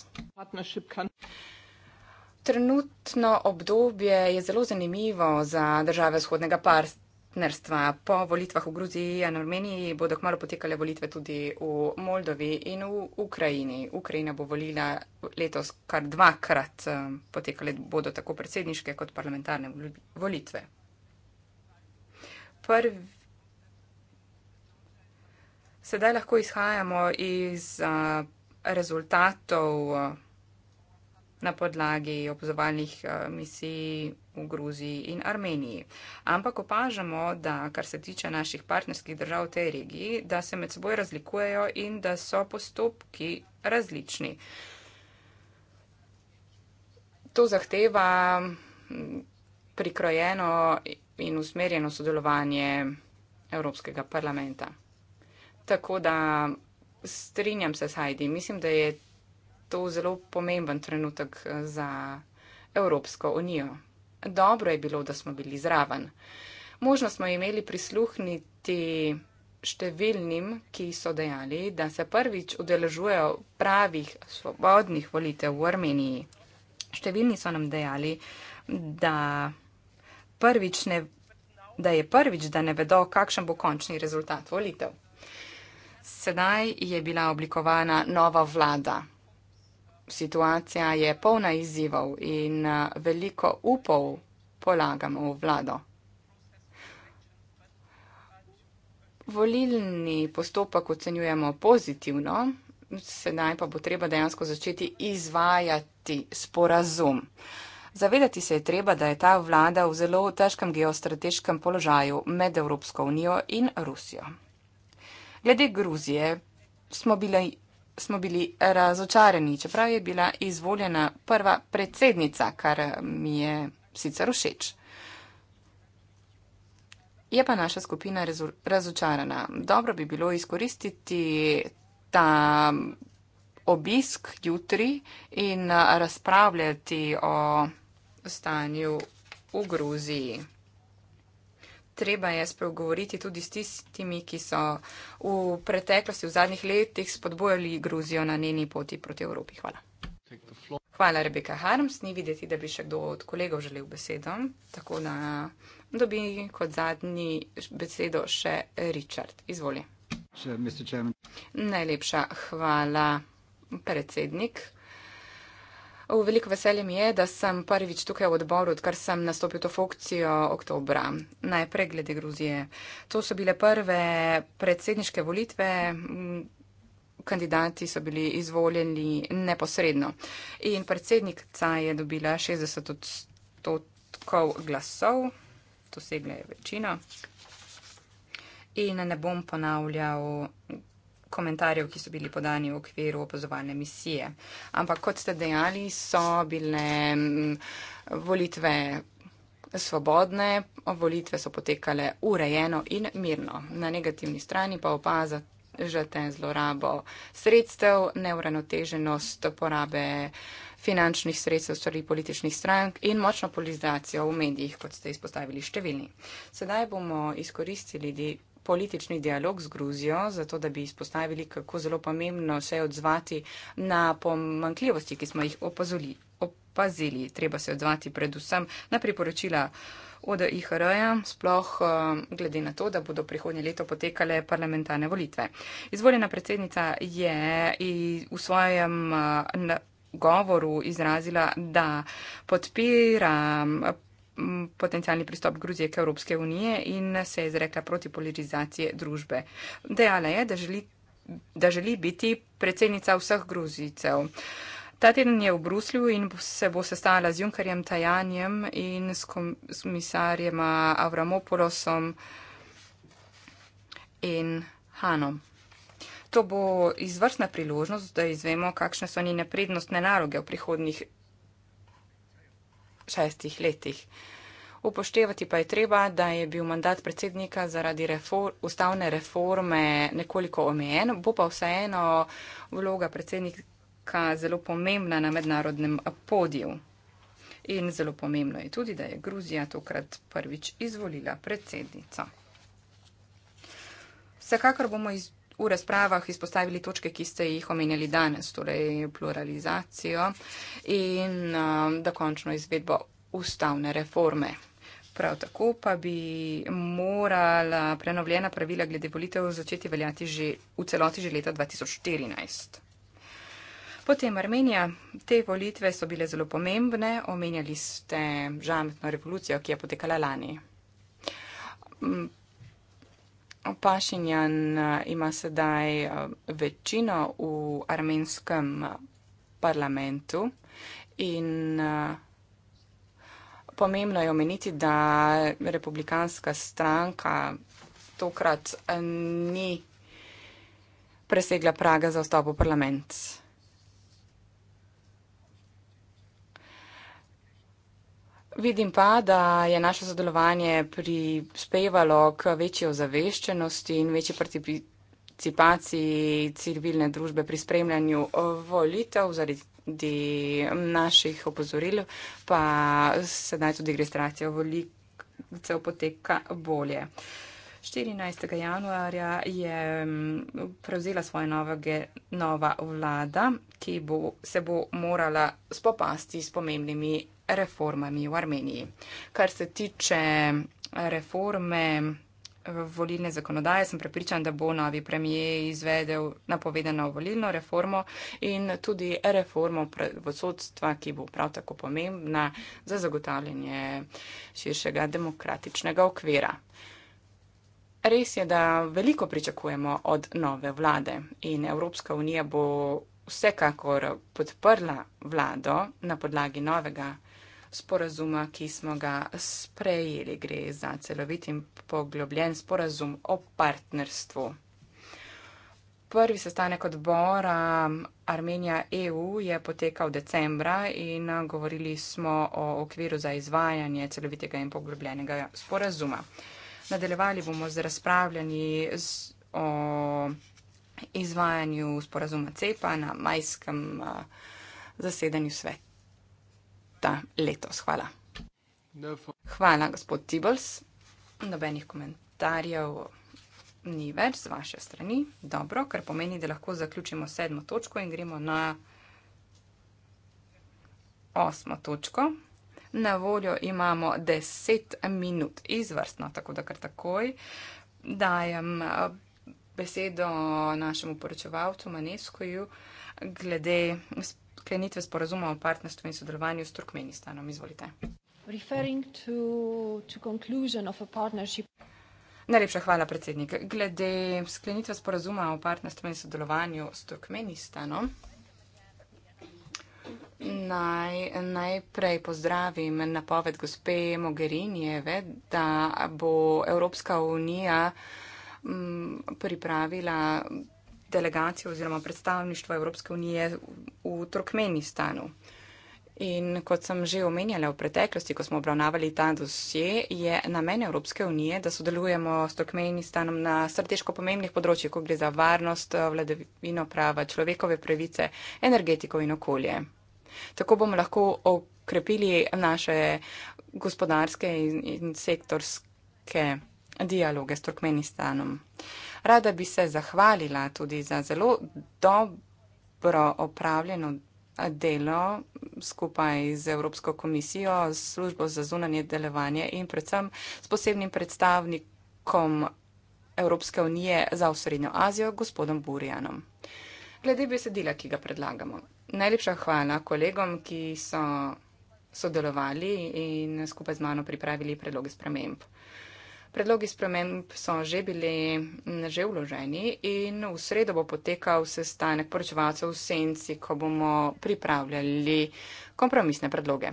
Trenutno obdobje je zelo zanimivo za države vzhodnega partnerstva partnerstva. Po volitvah v Gruziji in Armeniji bodo kmalo potekale volitve tudi v Moldovi in v Ukrajini. Ukrajina bo volila letos kar dvakrat, eh, potekale bodo tako predsedniške kot parlamentarne volitve. Prvi Sedaj lahko izhajamo iz eh, rezultatov eh, na podlagi opozovalnih misij v Gruziji in Armeniji. Ampak opažamo, da kar se tiče naših partnerskih držav v tej regiji, da se med seboj razlikujejo in da so postopki različni. To zahteva mm, prikrojeno in usmerjeno sodelovanje Evropskega parlamenta. Tako da strinjam se s Heidi. Mislim, da je to zelo pomemben trenutek eh, za Evropsko unijo. Dobro je bilo, da smo bili zraven. Možno smo imeli prisluhniti številnim, ki so dejali, da se prvič udeležujejo pravih svobodnih volitev v Armeniji. Številni so nam dejali, da, prvič ne, da je prvič, da ne vedo, kakšen bo končni rezultat volitev. Sedaj je bila oblikovana nova vlada situacija je polna izzivov in eh, veliko upov polagamo v vlado. Volilni postopek ocenjujemo pozitivno, sedaj pa bo treba dejansko začeti izvajati sporazum. Zavedati se je treba, da je ta vlada v zelo težkem geostrateškem položaju med Evropsko unijo in Rusijo. Glede Gruzije smo bili smo bili razočarani, čeprav je bila izvoljena prva predsednica, kar mi je sicer všeč. Je pa naša skupina razočarana. Dobro bi bilo izkoristiti ta obisk jutri in eh, razpravljati o stanju v Gruziji treba je spregovoriti tudi s tistimi, ki so v preteklosti, v zadnjih letih spodbojali Gruzijo na njeni poti proti Evropi. Hvala. Hvala, Rebeka Harms. Ni videti, da bi še kdo od kolegov želel besedo, tako da dobi kot zadnji besedo še Richard. Izvoli. Najlepša hvala, predsednik. V veliko veselje mi je, da sem prvič tukaj v odboru, odkar sem nastopil to funkcijo oktobra. Najprej glede Gruzije. To so bile prve predsedniške volitve. Kandidati so bili izvoljeni neposredno. In predsednica je dobila 60 odstotkov glasov. To segle je večina. In ne bom ponavljal komentarjev, ki so bili podani v okviru opazovalne misije. Ampak kot ste dejali, so bile mm, volitve svobodne, volitve so potekale urejeno in mirno. Na negativni strani pa opazate žate zlorabo sredstev, neuranoteženost porabe finančnih sredstev stvari političnih strank in močno polizacijo v medijih, kot ste izpostavili številni. Sedaj bomo izkoristili politični dialog z Gruzijo, zato da bi izpostavili, kako zelo pomembno se je odzvati na pomankljivosti, ki smo jih opazili. opazili. Treba se odzvati predvsem na priporočila. ODIHR-ja, sploh um, glede na to, da bodo prihodnje leto potekale parlamentarne volitve. Izvoljena predsednica je v svojem uh, govoru izrazila, da podpira potencijalni pristop Gruzije k Evropske unije in se je izrekla proti politizaciji družbe. Dejala je, da želi, da želi biti predsednica vseh Gruzicev. Ta teden je v Bruslju in se bo sestala z Junkarjem Tajanjem in s komisarjem Avramopolosom in Hanom. To bo izvrstna priložnost, da izvemo, kakšne so njene prednostne naloge v prihodnjih šestih letih. Upoštevati pa je treba, da je bil mandat predsednika zaradi refor ustavne reforme nekoliko omejen, bo pa vseeno vloga predsednika zelo pomembna na mednarodnem podiju. In zelo pomembno je tudi, da je Gruzija tokrat prvič izvolila predsednico. Vsekakor bomo iz v razpravah izpostavili točke, ki ste jih omenjali danes, torej pluralizacijo in um, dokončno izvedbo ustavne reforme. Prav tako pa bi morala prenovljena pravila glede volitev začeti veljati že v celoti že leta 2014. Potem Armenija. Te volitve so bile zelo pomembne. Omenjali ste žametno revolucijo, ki je potekala lani. Pašinjan eh, ima sedaj eh, večino v armenskem eh, parlamentu in pomembno je omeniti, da republikanska stranka tokrat ni presegla praga za vstop v parlament. Vidim pa, da je naše sodelovanje prispevalo k večji ozaveščenosti in večji participaciji civilne družbe pri spremljanju volitev zaradi naših opozoril, pa sedaj tudi registracija volitev poteka bolje. 14. januarja je prevzela svoja nova, nova vlada, ki bo, se bo morala spopasti s pomembnimi reformami v Armeniji. Kar se tiče eh, reforme eh, volilne zakonodaje, sem prepričan, da bo novi premijer izvedel napovedano volilno reformo in tudi reformo vodstva, ki bo prav tako pomembna za zagotavljanje širšega demokratičnega okvira. Res je, da veliko pričakujemo od nove vlade in Evropska unija bo vsekakor podprla vlado na podlagi novega sporazuma, ki smo ga sprejeli. Gre za celovit in poglobljen sporazum o partnerstvu. Prvi sestanek odbora Armenija EU je potekal decembra in govorili smo o okviru za izvajanje celovitega in poglobljenega sporazuma. Nadaljevali bomo z razpravljanji o izvajanju sporazuma CEPA na majskem zasedanju sveta ta letos. Hvala. Hvala, gospod Tibbles. Nobenih komentarjev ni več z vaše strani. Dobro, kar pomeni, da lahko zaključimo sedmo točko in gremo na osmo točko. Na voljo imamo deset minut izvrstno, tako da kar takoj dajem eh, besedo našemu poročevalcu Maneskoju glede sklenitve sporazuma o partnerstvu in sodelovanju s Turkmenistanom. Izvolite. Najlepša hvala, predsednik. Glede sklenitve sporazuma o partnerstvu in sodelovanju s Turkmenistanom, naj najprej pozdravim napoved gospe Mogherinijeve, da bo Evropska unija mm, pripravila delegacijo oziroma predstavništvo Evropske unije v Turkmenistanu. In kot sem že omenjala v preteklosti, ko smo obravnavali ta dosje, je namen Evropske unije, da sodelujemo s Turkmenistanom na strateško pomembnih področjih, ko gre za varnost, vladavino prava, človekove pravice, energetiko in okolje. Tako bomo lahko okrepili naše gospodarske in sektorske dialoge s Turkmenistanom. Rada bi se zahvalila tudi za zelo dobro opravljeno delo skupaj z Evropsko komisijo, s službo za zunanje delovanje in predvsem s posebnim predstavnikom Evropske unije za osrednjo Azijo, gospodom Burjanom. Glede besedila, ki ga predlagamo. Najlepša hvala kolegom, ki so sodelovali in skupaj z mano pripravili predloge sprememb. Predlogi sprememb so že bili že vloženi in v sredo bo potekal sestanek poročevalcev v senci, ko bomo pripravljali kompromisne predloge.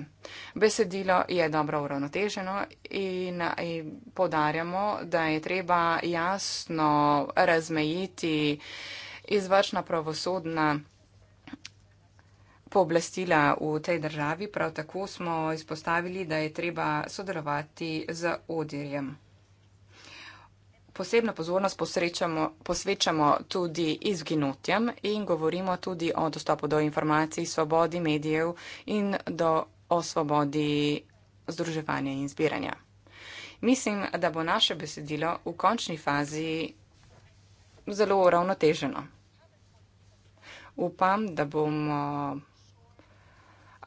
Besedilo je dobro uravnoteženo in eh, podarjamo, da je treba jasno razmejiti izvršna pravosodna. Pooblastila v tej državi, prav tako smo izpostavili, da je treba sodelovati z odirjem posebno pozornost posvečamo tudi izginotjem in govorimo tudi o dostopu do informacij, svobodi medijev in do, o svobodi združevanja in zbiranja. Mislim, da bo naše besedilo v končni fazi zelo uravnoteženo. Upam, da bomo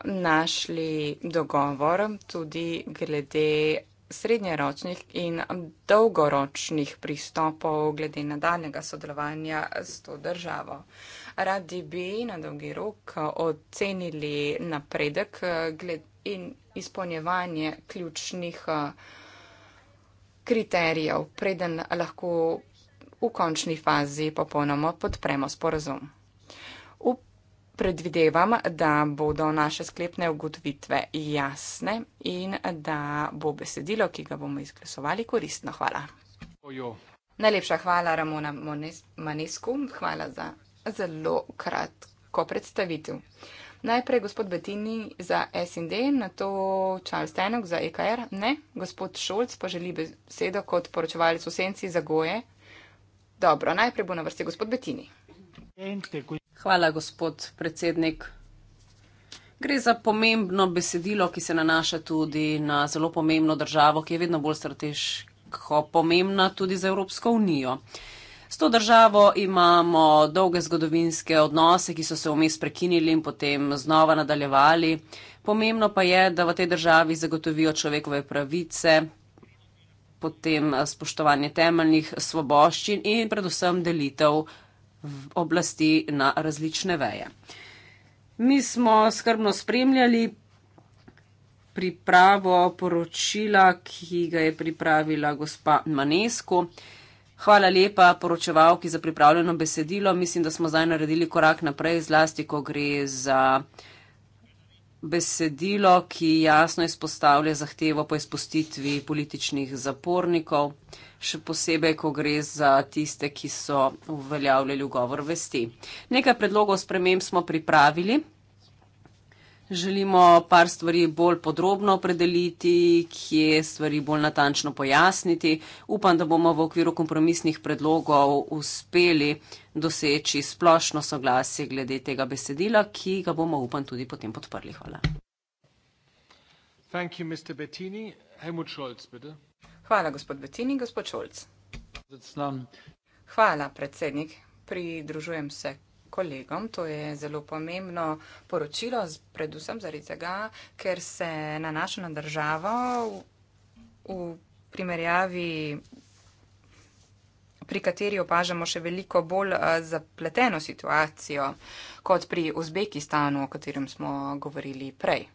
našli dogovor tudi glede srednjeročnih in dolgoročnih pristopov glede nadaljnega sodelovanja s to državo. Radi bi na dolgi rok ocenili napredek in izpolnjevanje ključnih eh, kriterijev, preden lahko v končni fazi popolnoma podpremo sporozum predvidevam, da bodo naše sklepne ugotovitve jasne in da bo besedilo, ki ga bomo izglasovali, koristno. Hvala. Ojo. Najlepša hvala Ramona Manesku. Hvala za zelo kratko predstavitev. Najprej gospod Betini za SND, na to Charles Tenok za EKR. Ne, gospod Šolc pa želi besedo kot poročevalec v senci za goje. Dobro, najprej bo na vrsti gospod Betini. Ente, ko... Hvala, gospod predsednik. Gre za pomembno besedilo, ki se nanaša tudi na zelo pomembno državo, ki je vedno bolj strateško pomembna tudi za Evropsko unijo. S to državo imamo dolge zgodovinske odnose, ki so se vmes prekinili in potem znova nadaljevali. Pomembno pa je, da v tej državi zagotovijo človekove pravice, potem spoštovanje temeljnih svoboščin in predvsem delitev oblasti na različne veje. Mi smo skrbno spremljali pripravo poročila, ki ga je pripravila gospa Manesko. Hvala lepa poročevalki za pripravljeno besedilo. Mislim, da smo zdaj naredili korak naprej, zlasti, ko gre za besedilo, ki jasno izpostavlja zahtevo po izpustitvi političnih zapornikov še posebej, ko gre za tiste, ki so uveljavljali ugovor vesti. Nekaj predlogov sprememb smo pripravili. Želimo par stvari bolj podrobno opredeliti, kje stvari bolj natančno pojasniti. Upam, da bomo v okviru kompromisnih predlogov uspeli doseči splošno soglasje glede tega besedila, ki ga bomo, upam, tudi potem podprli. Hvala. Thank you, Mr. Bettini. Helmut Scholz, bitte. Hvala, gospod Bettini. Gospod Šolc. Hvala, predsednik. Pridružujem se kolegom. To je zelo pomembno poročilo, predvsem zaradi tega, ker se nanaša na državo v, v primerjavi pri kateri opažamo še veliko bolj eh, zapleteno situacijo kot pri Uzbekistanu, o katerem smo govorili prej.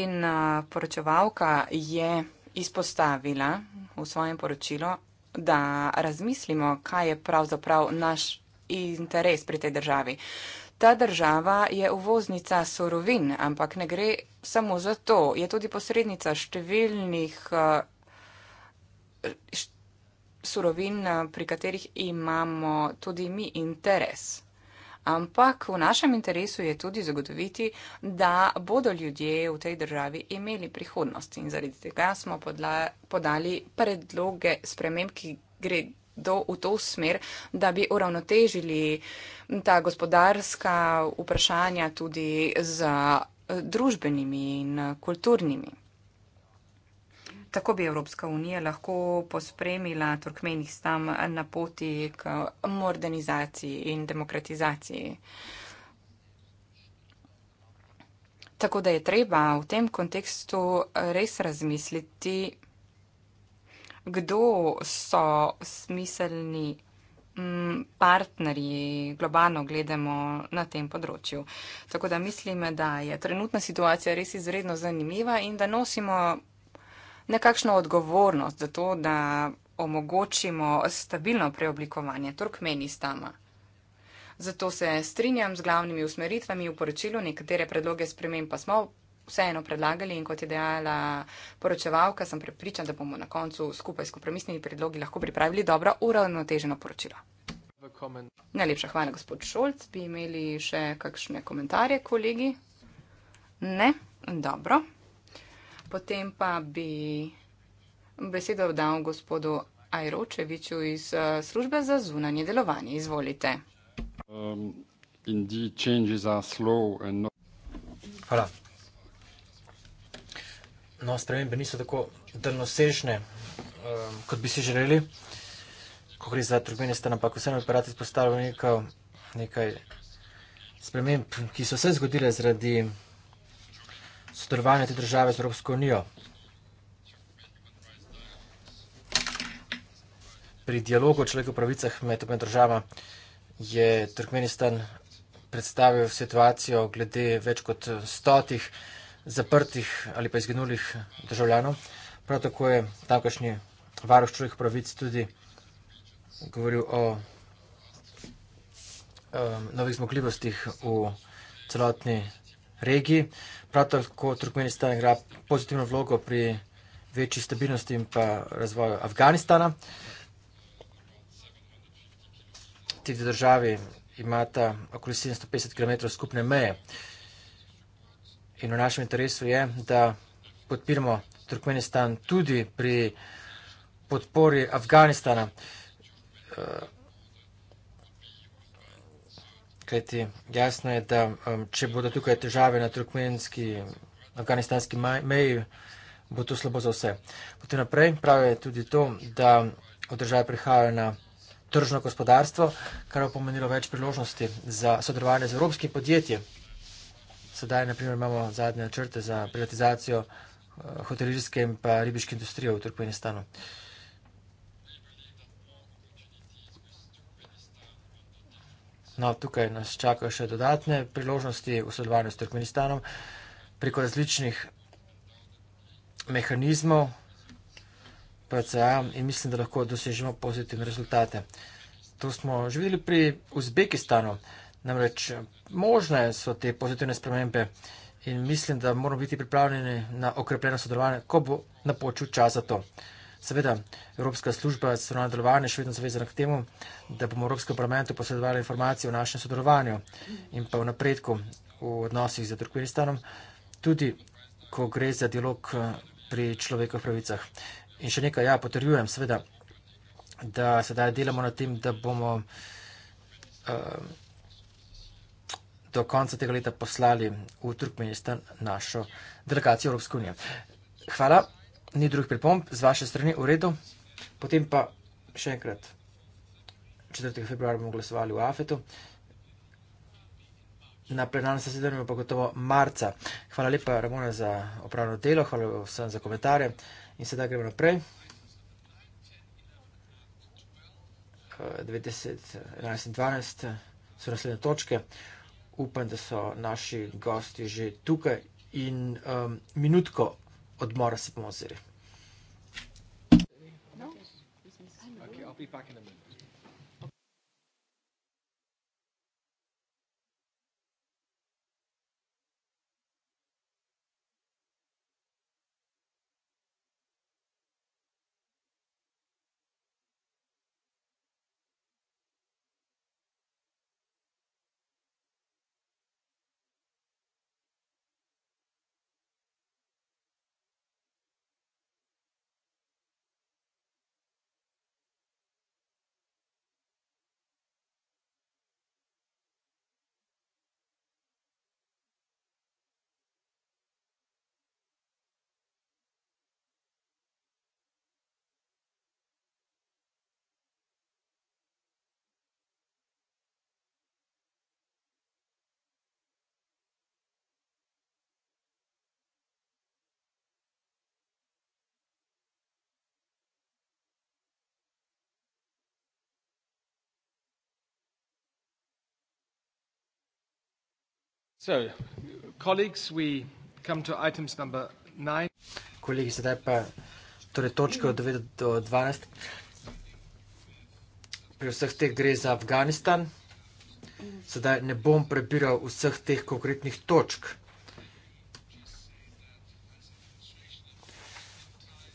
In eh, poročevalka je izpostavila v svojem poročilu, da razmislimo, kaj je pravzaprav naš interes pri tej državi. Ta država je uvoznica surovin, ampak ne gre samo za to. Je tudi posrednica številnih eh, surovin, eh, pri katerih imamo tudi mi interes ampak v našem interesu je tudi zagotoviti, da bodo ljudje v tej državi imeli prihodnost. In zaradi tega smo podla, podali predloge sprememb, ki gre do v to smer, da bi uravnotežili ta gospodarska vprašanja tudi z družbenimi in kulturnimi. Tako bi Evropska unija lahko pospremila Turkmenistan na poti k modernizaciji in demokratizaciji. Tako da je treba v tem kontekstu res razmisliti, kdo so smiselni mm, partnerji, globalno gledamo na tem področju. Tako da mislim, da je trenutna situacija res izredno zanimiva in da nosimo nekakšno odgovornost za to, da omogočimo stabilno preoblikovanje Turkmenistama. Zato se strinjam z glavnimi usmeritvami v poročilu, nekatere predloge sprememb pa smo vseeno predlagali in kot je dejala poročevalka, sem prepričan, da bomo na koncu skupaj s kompromisnimi predlogi lahko pripravili dobro uravnoteženo poročilo. Najlepša hvala, gospod Šolc. Bi imeli še kakšne komentarje, kolegi? Ne? Dobro. Potem pa bi besedo dal gospodu Ajročeviču iz eh, službe za zunanje delovanje. Izvolite. Um, Hvala. No, spremembe niso tako drnosežne, um, kot bi si želeli. Ko gre za turbine, sta napak vsem operati spostavljeno nekaj, nekaj sprememb, ki so se zgodile zaradi sodelovanja te države z Evropsko unijo. Pri dialogu o človekovih pravicah med obema državama je Turkmenistan predstavil situacijo glede več kot stotih zaprtih ali pa izginulih državljanov. Prav tako je tamkajšnji varuh človekovih pravic tudi govoril o um, novih zmogljivostih v celotni regiji. Prav tako Turkmenistan igra pozitivno vlogo pri večji stabilnosti in pa razvoju Afganistana. Ti dve državi imata okoli 750 km skupne meje in v našem interesu je, da podpiramo Turkmenistan tudi pri podpori Afganistana. Uh, kajti jasno je, da um, če bodo tukaj težave na turkmenski, afganistanski meji, bo to slabo za vse. Potem naprej pravi tudi to, da od države prihajajo na tržno gospodarstvo, kar bo pomenilo več priložnosti za sodelovanje z evropskimi podjetji. Sedaj, naprimer, imamo zadnje načrte za privatizacijo uh, hotelirske in pa ribiške industrije v Turkmenistanu. Uh, No, tukaj nas čakajo še dodatne priložnosti v sodelovanju s Turkmenistanom preko različnih mehanizmov PCA in mislim, da lahko dosežemo pozitivne rezultate. To smo že videli pri Uzbekistanu, namreč možne so te pozitivne spremembe in mislim, da moramo biti pripravljeni na okrepljeno sodelovanje, ko bo napočil čas za to. Seveda, Evropska služba za delovanje še vedno zavezana k temu, da bomo Evropskem parlamentu posredovali informacije o našem sodelovanju in pa o napredku v odnosih z Turkmenistanom, tudi ko gre za dialog eh, pri človekovih pravicah. In še nekaj, ja, potrjujem, seveda, da sedaj delamo na tem, da bomo uh, do konca tega leta poslali v Turkmenistan našo delegacijo Evropske unije. Hvala ni drugih pripomb z vaše strani, v redu. Potem pa še enkrat, 4. februarja bomo glasovali v Afetu, na plenarnem sesedanju pa gotovo marca. Hvala lepa, Ramona, za opravljeno delo, hvala vsem za komentarje in sedaj gremo naprej. 90, 11 in 12 so naslednje točke. Upam, da so naši gosti že tukaj. In um, minutko odmora se pomozili. No. Okay, I'll be back in a minute. Colleagues, we come to items number nine. Kolegi, sedaj pa torej točke od 9 do 12. Pri vseh teh gre za Afganistan. Sedaj ne bom prebiral vseh teh konkretnih točk.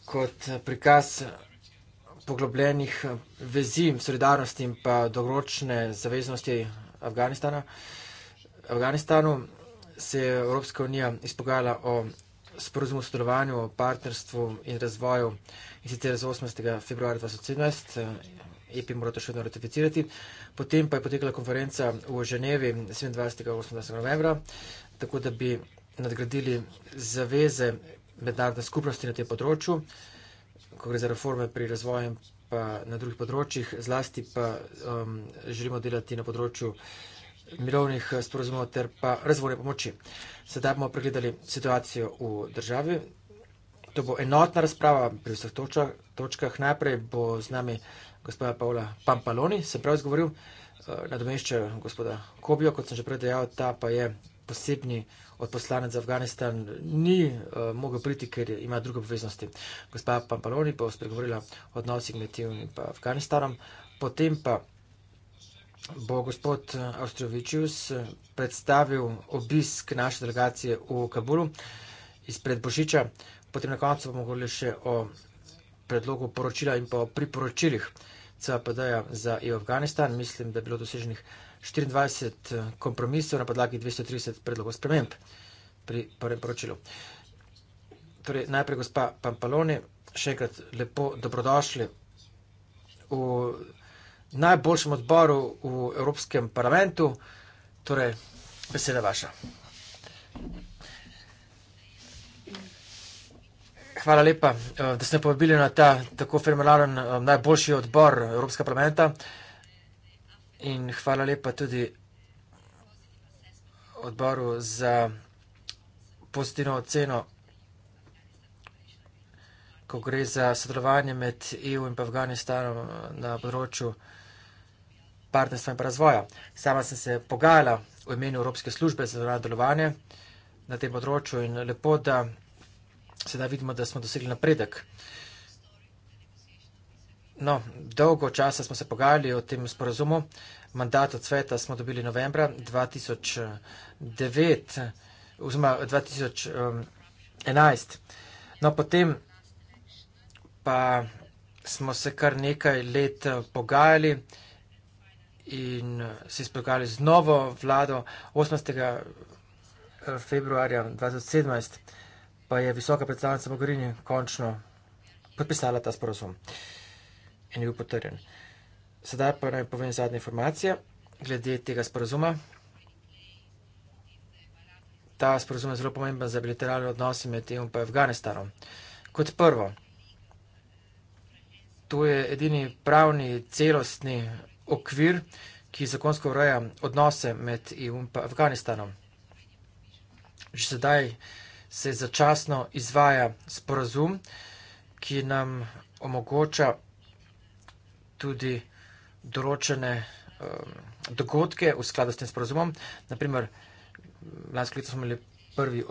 Kot eh, prikaz eh, poglobljenih eh, vezim, solidarnosti in pa dolgoročne zaveznosti Afganistana, Afganistanu se je Evropska unija izpogajala o sporozumu o sodelovanju, o partnerstvu in razvoju in sicer z 18. februarja 2017, EPI mora to še vedno ratificirati. Potem pa je potekala konferenca v Ženevi 27. 28. novembra, tako da bi nadgradili zaveze mednarodne skupnosti na tem področju, ko gre za reforme pri razvoju in pa na drugih področjih, zlasti pa um, želimo delati na področju uh, mirovnih eh, sporozumov ter pa razvojne pomoči. Sedaj bomo pregledali situacijo v državi. To bo enotna razprava pri vseh točah, točkah. Najprej bo z nami gospoda Paula Pampaloni, sem prav izgovoril, eh, nadomešče gospoda Kobijo, kot sem že prej dejal, ta pa je posebni odposlanec za Afganistan, ni uh, mogel priti, ker ima druge obveznosti. Gospa Pampaloni bo spregovorila o odnosih med Tijo in Afganistanom, potem pa bo gospod eh, Avstrovičus eh, predstavil obisk naše delegacije v Kabulu izpred Božiča. Potem na koncu bomo govorili še o predlogu poročila in pa o priporočilih CAPD-ja za i e Afganistan. Mislim, da je bilo doseženih 24 eh, kompromisov na podlagi 230 predlogov sprememb pri prvem poročilu. Torej, najprej gospa Pampaloni, še enkrat lepo dobrodošli v najboljšem odboru v Evropskem parlamentu. Torej, beseda vaša. Hvala lepa, eh, da ste povabili na ta tako fenomenalen eh, najboljši odbor Evropskega parlamenta. In hvala lepa tudi odboru za pozitivno oceno, ko gre za sodelovanje med EU in pa Afganistanom eh, na področju partnerstva in pa razvoja. Sama sem se pogajala v imenu Evropske službe za zdravljeno delovanje na tem področju in lepo, da sedaj vidimo, da smo dosegli napredek. No, dolgo časa smo se pogajali o tem sporazumu. Mandat od sveta smo dobili novembra 2009, oziroma 2011. Um, no, potem pa smo se kar nekaj let pogajali in eh, se spekali z novo vlado 18. Eh, februarja 2017, pa je visoka predstavnica Mogorini končno podpisala ta sporozum in je bil potrjen. Sedaj pa naj povem zadnje informacije glede tega sporozuma. Ta sporozum je zelo pomemben za bilateralne odnose med EU in Afganistanom. Kot prvo, to je edini pravni celostni okvir, ki zakonsko ureja odnose med EU in Afganistanom. Že sedaj se začasno izvaja sporazum, ki nam omogoča tudi določene um, dogodke v skladu s tem sporazumom. Naprimer, lansko leto smo imeli prvi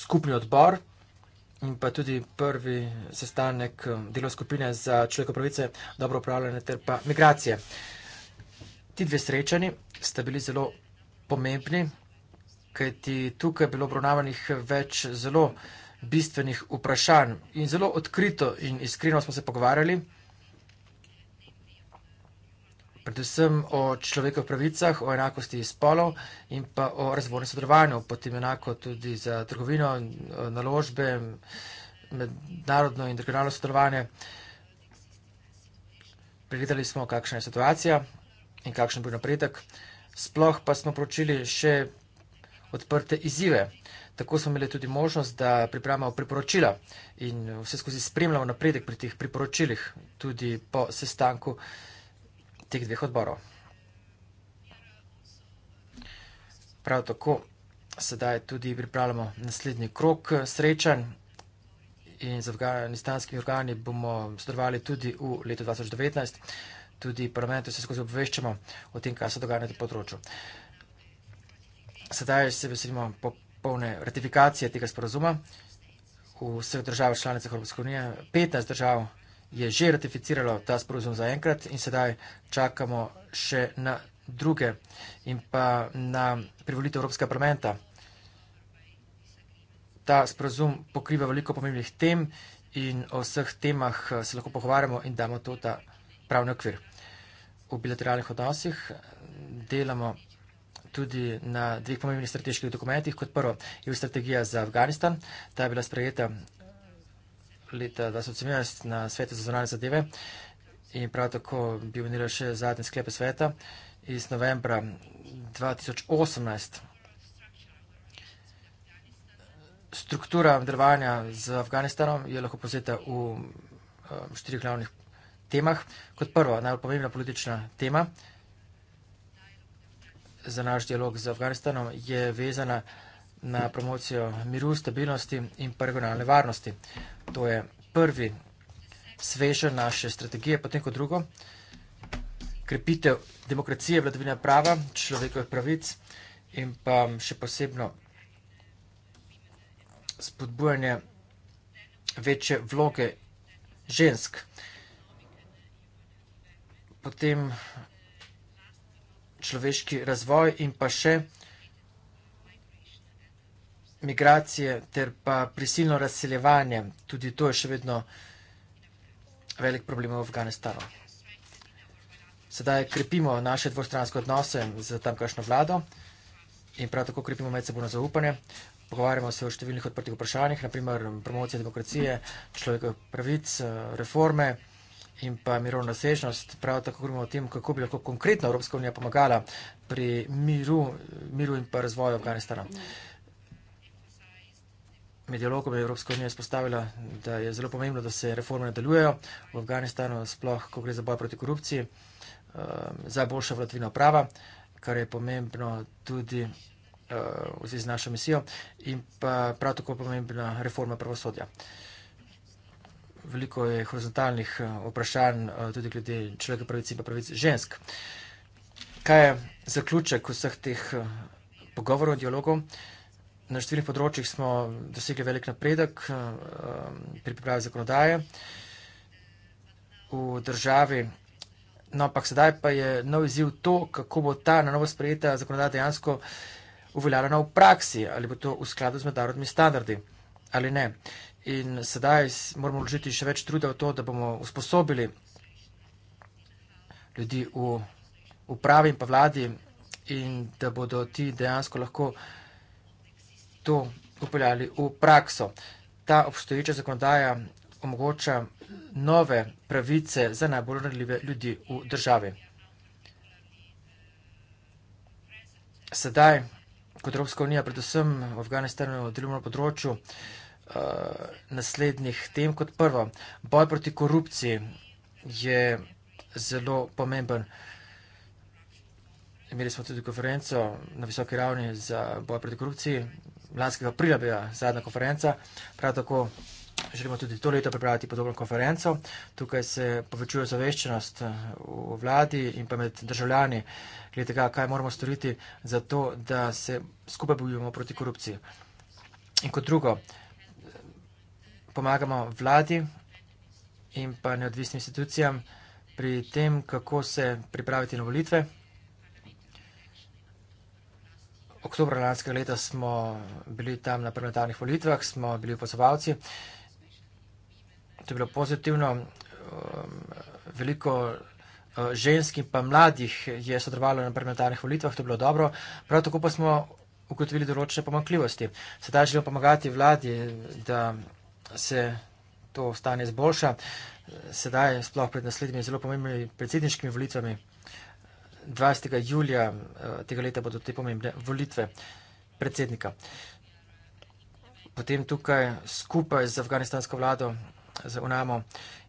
skupni odbor In pa tudi prvi sestanek um, delov skupine za človekove pravice, dobro upravljanje ter pa migracije. Ti dve srečani sta bili zelo pomembni, kaj ti tukaj je bilo obravnavanih več zelo bistvenih vprašanj in zelo odkrito in iskreno smo se pogovarjali predvsem o človekovih pravicah, o enakosti spolov in pa o razvojnem sodelovanju, potem enako tudi za trgovino, naložbe, mednarodno in regionalno sodelovanje. Pregledali smo, kakšna je situacija in kakšen bo napredek. Sploh pa smo pročili še odprte izzive. Tako smo imeli tudi možnost, da pripravimo priporočila in vse skozi spremljamo napredek pri teh priporočilih, tudi po sestanku teh dveh odborov. Prav tako sedaj tudi pripravljamo naslednji krok srečanj in z afganistanskimi organi bomo sodelovali tudi v letu 2019. Tudi parlamentu se skozi obveščamo o tem, kaj se dogaja na tem področju. Sedaj se veselimo popolne ratifikacije tega sporozuma v vseh državah članicah Evropske unije. 15 držav je že ratificiralo ta sporozum za enkrat in sedaj čakamo še na druge in pa na privolitev Evropskega parlamenta. Ta sporozum pokriva veliko pomembnih tem in o vseh temah eh, se lahko pogovarjamo in damo to ta pravni okvir. V bilateralnih odnosih eh, delamo tudi na dveh pomembnih strateških dokumentih. Kot prvo je strategija za Afganistan, ta je bila sprejeta leta 2018 na svetu za zvonane zadeve in prav tako bi unila še zadnje sklepe sveta iz novembra 2018. Struktura drvanja z Afganistanom je lahko pozeta v um, štirih glavnih temah. Kot prvo, najpomembna politična tema za naš dialog z Afganistanom je vezana na na promocijo miru, stabilnosti in pa regionalne varnosti. To je prvi svežer naše strategije, potem kot drugo, krepitev demokracije, vladavine prava, človekovih pravic in pa še posebno spodbujanje večje vloge žensk. Potem človeški razvoj in pa še migracije ter pa prisilno razseljevanje. Tudi to je še vedno velik problem v Afganistanu. Sedaj krepimo naše dvostranske odnose z tamkajšnjo vlado in prav tako krepimo medsebojno zaupanje. Pogovarjamo se o številnih odprtih vprašanjih, naprimer promocija demokracije, človekovih pravic, reforme in pa mirovna sežnost. Prav tako govorimo o tem, kako bi lahko konkretno Evropska unija pomagala pri miru, miru in pa razvoju Afganistana. No med dialogom je Evropska unija izpostavila, da je zelo pomembno, da se reforme nadaljujejo v Afganistanu, sploh ko gre za boj proti korupciji, um, za boljša vladvina prava, kar je pomembno tudi uh, v zvezi z našo misijo in pa prav tako pomembna reforma pravosodja. Veliko je horizontalnih uh, vprašanj uh, tudi glede človeka pravic in pa pravic žensk. Kaj je zaključek vseh teh pogovorov, dialogov? Na številnih področjih smo dosegli velik napredek eh, eh, pri pripravi zakonodaje v državi. No, ampak sedaj pa je nov izziv to, kako bo ta na novo sprejeta zakonodaja dejansko uveljavljena v praksi, ali bo to v skladu z mednarodnimi standardi ali ne. In sedaj moramo vložiti še več truda v to, da bomo usposobili ljudi v upravi in pa vladi in da bodo ti dejansko lahko to upeljali v prakso. Ta obstoječa zakonodaja omogoča nove pravice za najbolj ranljive ljudi v državi. Sedaj, kot Evropska unija, predvsem v Afganistanu, delimo na področju uh, naslednjih tem. Kot prvo, boj proti korupciji je zelo pomemben. Imeli smo tudi konferenco na visoki ravni za boj proti korupciji, lanskega aprila bila zadnja konferenca. Prav tako želimo tudi to leto pripraviti podobno konferenco. Tukaj se povečuje zaveščenost eh, v vladi in pa med državljani glede tega, kaj moramo storiti za to, da se skupaj bojujemo proti korupciji. In kot drugo, pomagamo vladi in pa neodvisnim institucijam pri tem, kako se pripraviti na volitve oktober lanskega leta smo bili tam na parlamentarnih volitvah, smo bili opazovalci. To je bilo pozitivno. Um, veliko uh, žensk in pa mladih je sodelovalo na parlamentarnih volitvah, to je bilo dobro. Prav tako pa smo ugotovili določene pomankljivosti. Sedaj želimo pomagati vladi, da se to stanje izboljša. Sedaj, sploh pred naslednjimi zelo pomembnimi predsedniškimi volitvami, 20. julija eh, tega leta bodo te pomembne volitve predsednika. Potem tukaj skupaj z afganistansko vlado, z UNAMO,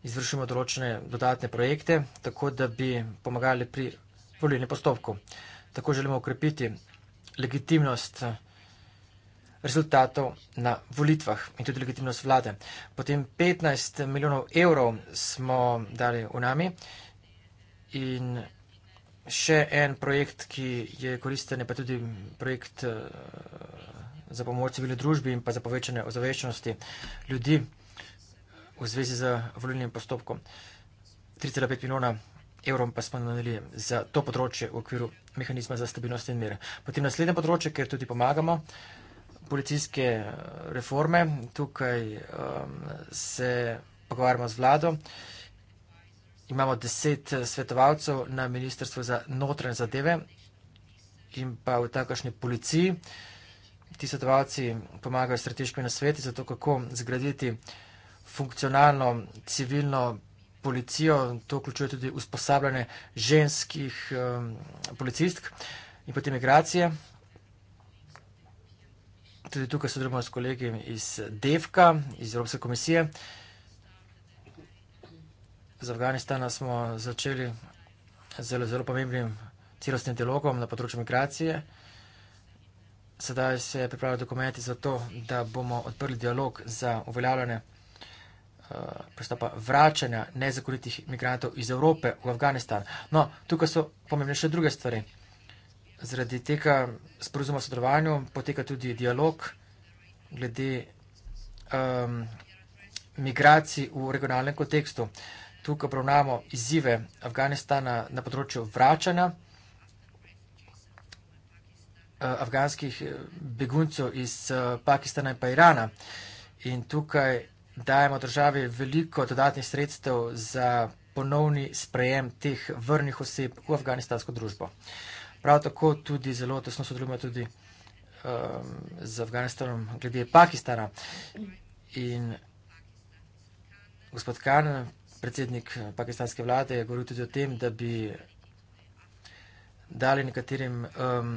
izvršimo določene dodatne projekte, tako da bi pomagali pri volilnem postopku. Tako želimo ukrepiti legitimnost eh, rezultatov na volitvah in tudi legitimnost vlade. Potem 15 milijonov evrov smo dali UNAMI in še en projekt, ki je koristen, pa tudi projekt eh, za pomoč civilni družbi in pa za povečanje ozaveščenosti ljudi v zvezi z volilnim postopkom. 3,5 milijona evrov pa smo namenili za to področje v okviru mehanizma za stabilnost in mir. Potem naslednje področje, kjer tudi pomagamo, policijske eh, reforme. Tukaj um, se pogovarjamo z vlado. Uh, imamo deset eh, svetovalcev na Ministrstvu za notranje zadeve in pa v takošni policiji. Ti svetovalci pomagajo strateškimi nasveti za to, kako zgraditi funkcionalno civilno policijo. To vključuje tudi usposabljanje ženskih um, policistk in potem migracije. Tudi tukaj sodelujemo s kolegi iz DEFKA, iz Evropske komisije. Uh, Z Afganistana smo začeli zelo, zelo pomembnim celostnim dialogom na področju migracije. Sedaj se pripravljajo dokumenti za to, da bomo odprli dialog za uveljavljanje eh, pristopa vračanja nezakonitih migrantov iz Evrope v Afganistan. No, tukaj so pomembne še druge stvari. Zradi tega sporozuma o sodelovanju poteka tudi dialog glede um, migracij v regionalnem kontekstu. Uh, tukaj obravnavamo izzive Afganistana na področju vračanja eh, afganskih eh, beguncev iz eh, Pakistana in pa Irana. In tukaj dajemo državi veliko dodatnih sredstev za ponovni sprejem teh vrnih oseb v afganistansko družbo. Prav tako tudi zelo tesno sodelujemo tudi um, z Afganistanom glede Pakistana. In gospod Kan, predsednik eh, pakistanske vlade je govoril tudi o tem, da bi dali nekaterim um,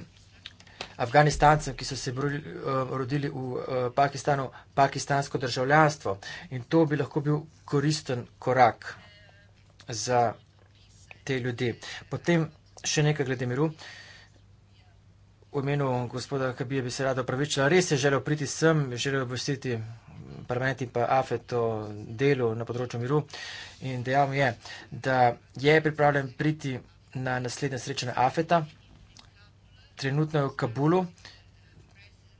afganistancem, ki so se brili, um, rodili v uh, Pakistanu, pakistansko državljanstvo. In to bi lahko bil koristen korak za te ljudi. Potem še nekaj glede miru. V imenu gospoda Kabija bi se rada opravičila. Res je želel priti sem, želel obvestiti parlament in pa AFET o delu na področju miru in dejal mi je, da je pripravljen priti na naslednje srečanje AFETA, trenutno je v Kabulu,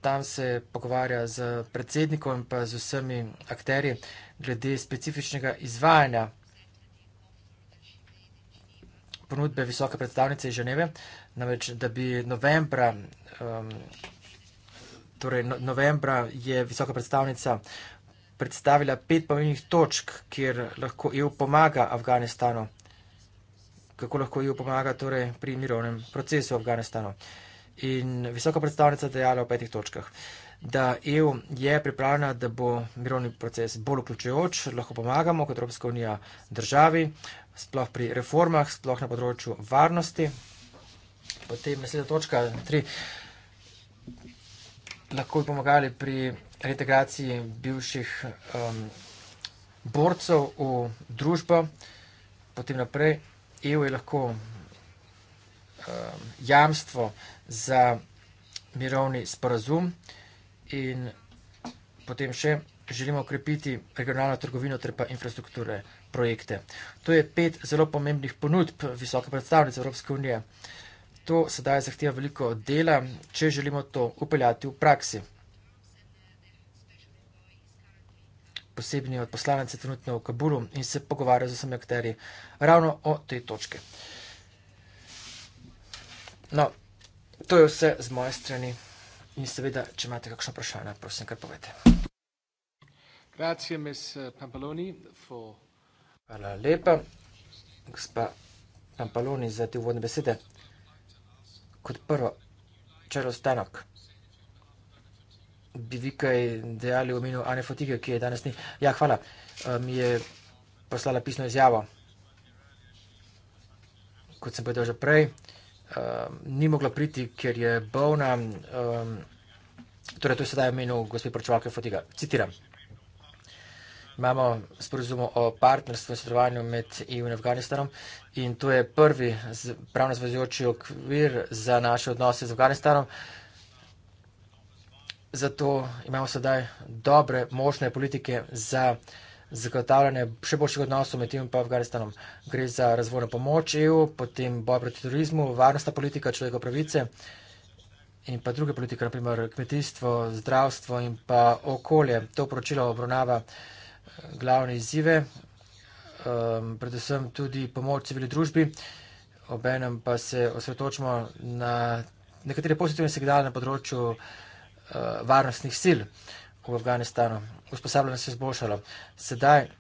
tam se pogovarja z predsednikom in pa z vsemi akterji glede specifičnega izvajanja ponudbe visoke predstavnice iz Ženeve, namreč, da bi novembra um, torej no, novembra je visoka predstavnica predstavila pet pomembnih točk, kjer lahko EU pomaga Afganistanu. Kako lahko EU pomaga torej, pri mirovnem procesu v Afganistanu. In visoka predstavnica dejala v petih točkah, da EU je pripravljena, da bo mirovni proces bolj vključujoč, lahko pomagamo kot Evropska unija državi, sploh pri reformah, sploh na področju varnosti. Potem naslednja točka, tri lahko bi pomagali pri reintegraciji bivših um, borcev v družbo, potem naprej. EU je lahko um, jamstvo za mirovni sporazum in potem še želimo ukrepiti regionalno trgovino ter pa infrastrukture projekte. To je pet zelo pomembnih ponudb visoke predstavnice Evropske unije. To sedaj zahteva veliko dela, če želimo to upeljati v praksi. Posebni odposlanec je trenutno v Kabulu in se pogovarja z vsemi akteri ravno o tej točki. No, to je vse z moje strani in seveda, če imate kakšno vprašanje, prosim, kar povete. Eh, Hvala lepa, gospa Pampaloni, za te uvodne besede kot prvo, Charles Stanok. Bi vi kaj dejali v imenu Ane Fotige, ki je danes ni? Ja, hvala. Eh, mi je poslala pisno izjavo. Kot sem povedal že prej, eh, ni mogla priti, ker je bolna. Eh, torej, to je sedaj v imenu gospe poročevalke Fotiga. Citiram. Imamo sporozum o partnerstvu in sodelovanju med EU in Afganistanom in to je prvi pravno zvezujoči okvir za naše odnose z Afganistanom. Zato imamo sedaj dobre, močne politike za zagotavljanje še boljših odnosov med EU in Afganistanom. Gre za razvojno pomoč EU, potem boj proti terorizmu, varnostna politika, človekove pravice in pa druge politike, naprimer kmetijstvo, zdravstvo in pa okolje. To poročilo obravnava glavne izzive, um, predvsem tudi pomoč civili družbi, obenem pa se osredotočimo na nekatere pozitivne signale na področju uh, varnostnih sil v Afganistanu. Usposabljanje se je zboljšalo. Sedaj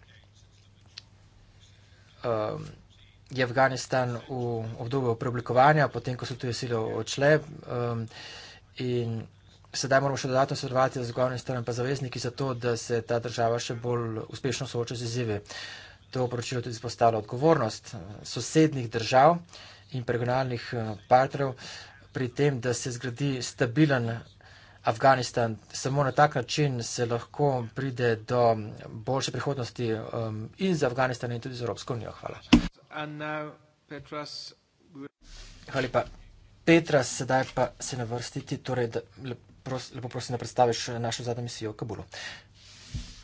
um, je Afganistan v obdobju preoblikovanja, potem ko so tuje sile odšle um, in Sedaj moramo še dodatno sodelovati z glavnim stranem pa zavezniki za to, da se ta država še bolj uspešno sooča z izzive. To poročilo tudi izpostavlja odgovornost eh, sosednih držav in regionalnih eh, partnerjev pri tem, da se zgradi stabilen Afganistan. Samo na tak način se lahko pride do mm, boljše prihodnosti mm, in za Afganistan in tudi za Evropsko unijo. Hvala. Hvala lepa. Petra, sedaj pa se navrstiti, torej, da pros, lepo prosim, da predstaviš eh, našo zadnjo misijo v Kabulu.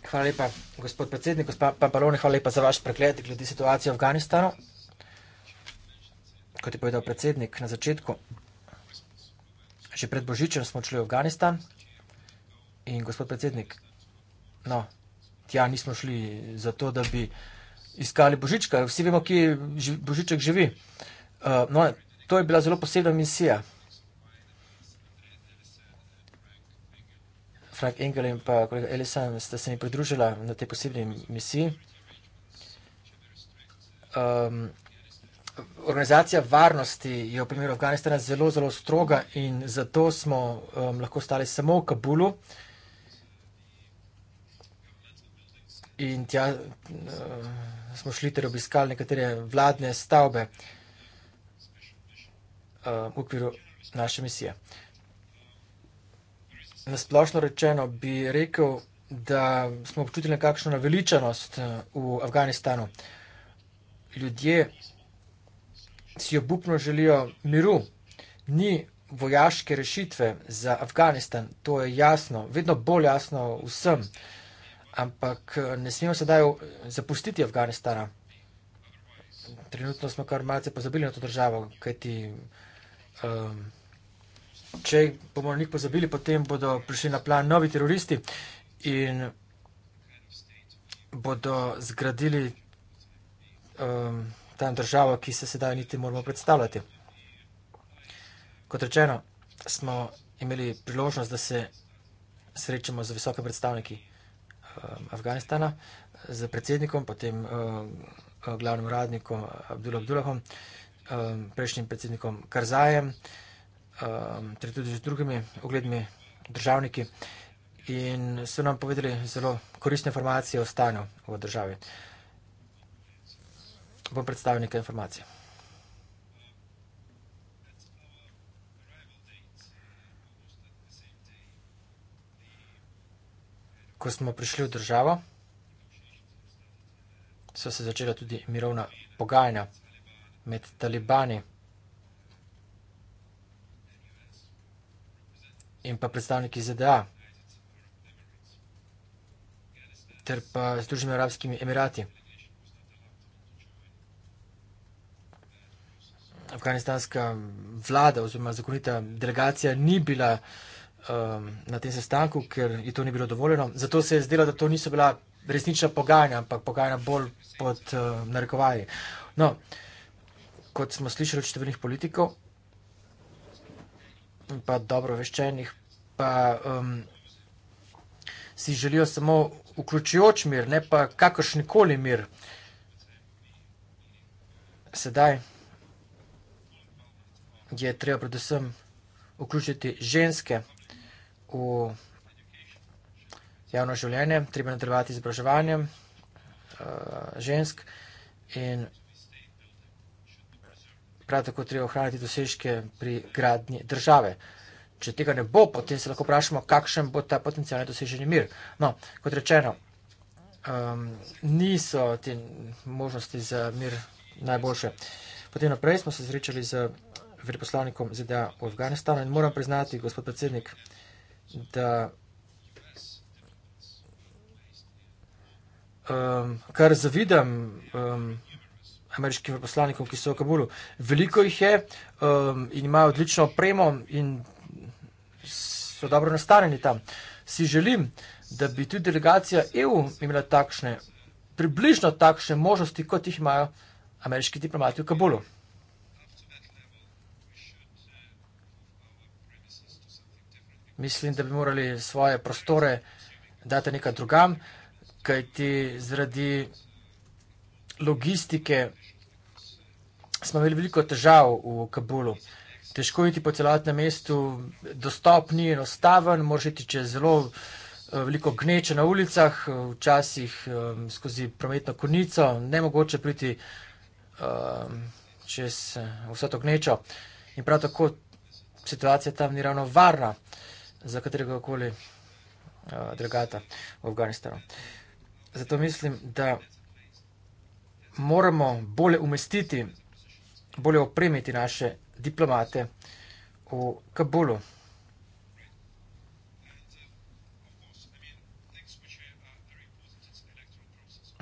Hvala lepa, gospod predsednik, gospod Pampalone, hvala lepa za vaš pregled glede situacije v Afganistanu. Kot je povedal predsednik na začetku, že pred Božičem smo šli v Afganistan in gospod predsednik, no, tja nismo šli zato, da bi iskali Božička, vsi vemo, kje Božiček živi. Eh, no, to je bila zelo posebna misija. Frank Engel in pa kolega Ellison sta se mi pridružila na tej posebni misiji. Um, organizacija varnosti je v primeru Afganistana zelo, zelo stroga in zato smo um, lahko stali samo v Kabulu. In tja uh, smo šli ter torej obiskali nekatere vladne stavbe uh, v okviru naše misije. Uh, Na splošno rečeno bi rekel, da smo občutili nekakšno naveličanost eh, v Afganistanu. Ljudje si obupno želijo miru. Ni vojaške rešitve za Afganistan, to je jasno, vedno bolj jasno vsem. Ampak eh, ne smemo sedaj zapustiti Afganistana. Trenutno smo kar malce pozabili na to državo, kajti um, če bomo njih pozabili, potem bodo prišli na plan novi teroristi in bodo zgradili um, tam državo, ki se sedaj niti moramo predstavljati. Kot rečeno, smo imeli priložnost, da se srečamo z visoke predstavniki um, Afganistana, z predsednikom, potem um, glavnim uradnikom Abdulom Abdulahom, um, prejšnjim predsednikom Karzajem. Um, Um, ter tudi z drugimi uglednimi državniki in so nam povedali zelo koristne informacije o stanju v državi. Bom predstavil nekaj informacij. Ko smo prišli v državo, so se začela tudi mirovna pogajanja med talibani in taliban. in pa predstavniki ZDA ter pa Združenimi arabskimi emirati. Afganistanska vlada oziroma zakonita delegacija ni bila um, na tem sestanku, ker je to ni bilo dovoljeno. Zato se je zdelo, da to niso bila resnična pogajanja, ampak pogajanja bolj pod uh, narekovaji. No, kot smo slišali od številnih politikov, pa dobro veščenih, pa um, si želijo samo vključujoč mir, ne pa kakršnikoli mir. Sedaj je treba predvsem vključiti ženske v javno življenje, treba nadaljevati izobraževanjem uh, žensk in prav tako treba ohraniti dosežke pri gradnji države. Če tega ne bo, potem se lahko vprašamo, kakšen bo ta potencijalno doseženi mir. No, kot rečeno, um, niso te možnosti za mir najboljše. Potem naprej smo se srečali z veliposlanikom ZDA v Afganistanu in moram priznati, gospod predsednik, da um, kar zavidam um, ameriškim poslanikom, ki so v Kabulu. Veliko jih je um, in imajo odlično opremo in so dobro nastanjeni tam. Si želim, da bi tudi delegacija EU imela takšne, približno takšne možnosti, kot jih imajo ameriški diplomati v Kabulu. Mislim, da bi morali svoje prostore dati nekam drugam, kajti zaradi logistike smo imeli veliko težav v Kabulu. Težko je iti po celotnem mestu, dostop ni enostaven, moraš iti čez zelo eh, veliko gneče na ulicah, včasih eh, skozi prometno konico, ne mogoče priti eh, čez vso to gnečo. In prav tako situacija tam ni ravno varna za katerega koli dragata v Afganistanu. Zato mislim, da moramo bolje umestiti, bolje opremiti naše diplomate v Kabulu.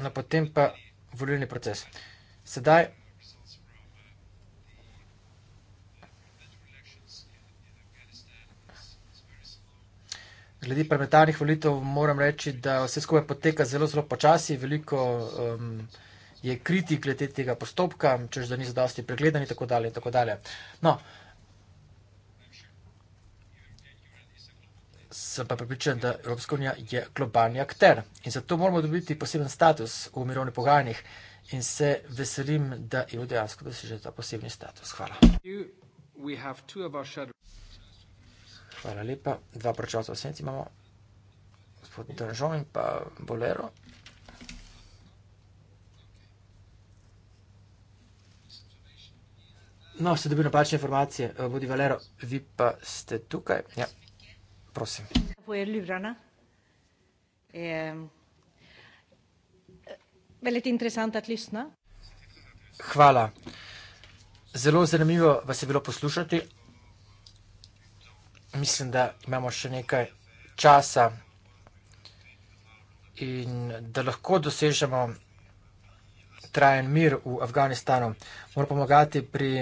No, potem pa volilni proces. Sedaj Glede parlamentarnih volitev moram reči, da vse skupaj poteka zelo, zelo počasi, veliko um, je kritik glede tega postopka, čež da niso dosti pregledani itd. itd. No, sem pa pripričan, da Evropska unija je globalni akter in zato moramo dobiti poseben status v mirovnih pogajanjih in se veselim, da je v dejansko dosežen ta posebni status. Hvala. Hvala lepa. Dva pročevalca v senci imamo. Gospod Donžon in pa Bolero. No, ste dobili napačne informacije, eh, bodi Valero, vi pa ste tukaj. Ja, prosim. Eh, Hvala. Zelo zanimivo vas je bilo poslušati. Mislim, da imamo še nekaj časa in da lahko dosežemo trajen mir v Afganistanu. Moramo pomagati pri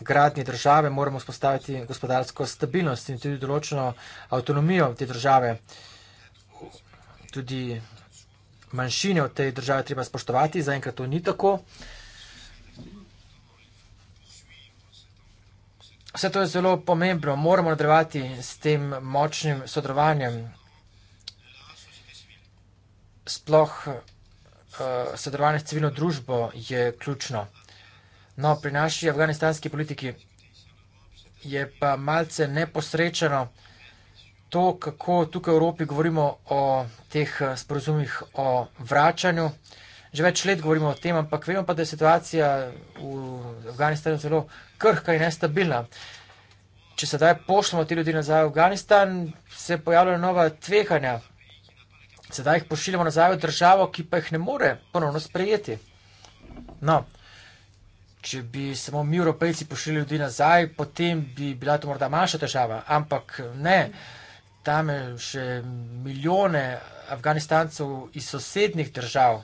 gradnji države moramo spostaviti gospodarsko stabilnost in tudi določeno avtonomijo te države. Tudi manjšine v tej državi treba spoštovati, zaenkrat to ni tako. Vse to je zelo pomembno, moramo nadrevati s tem močnim sodrovanjem, sploh uh, eh, sodrovanje s civilno družbo je ključno. No, pri naši afganistanski politiki je pa malce neposrečeno to, kako tukaj v Evropi govorimo o teh eh, sporozumih o vračanju. Že več let govorimo o tem, ampak vemo pa, da je situacija v Afganistanu zelo krhka in nestabilna. Če sedaj pošljemo te ljudi nazaj v Afganistan, se pojavljajo nova tvehanja. Sedaj jih pošiljamo nazaj v državo, ki pa jih ne more ponovno sprejeti. No, Če bi samo mi, evropejci, pošiljali ljudi nazaj, potem bi bila to morda manjša težava. Ampak ne, tam je še milijone Afganistancev iz sosednjih držav,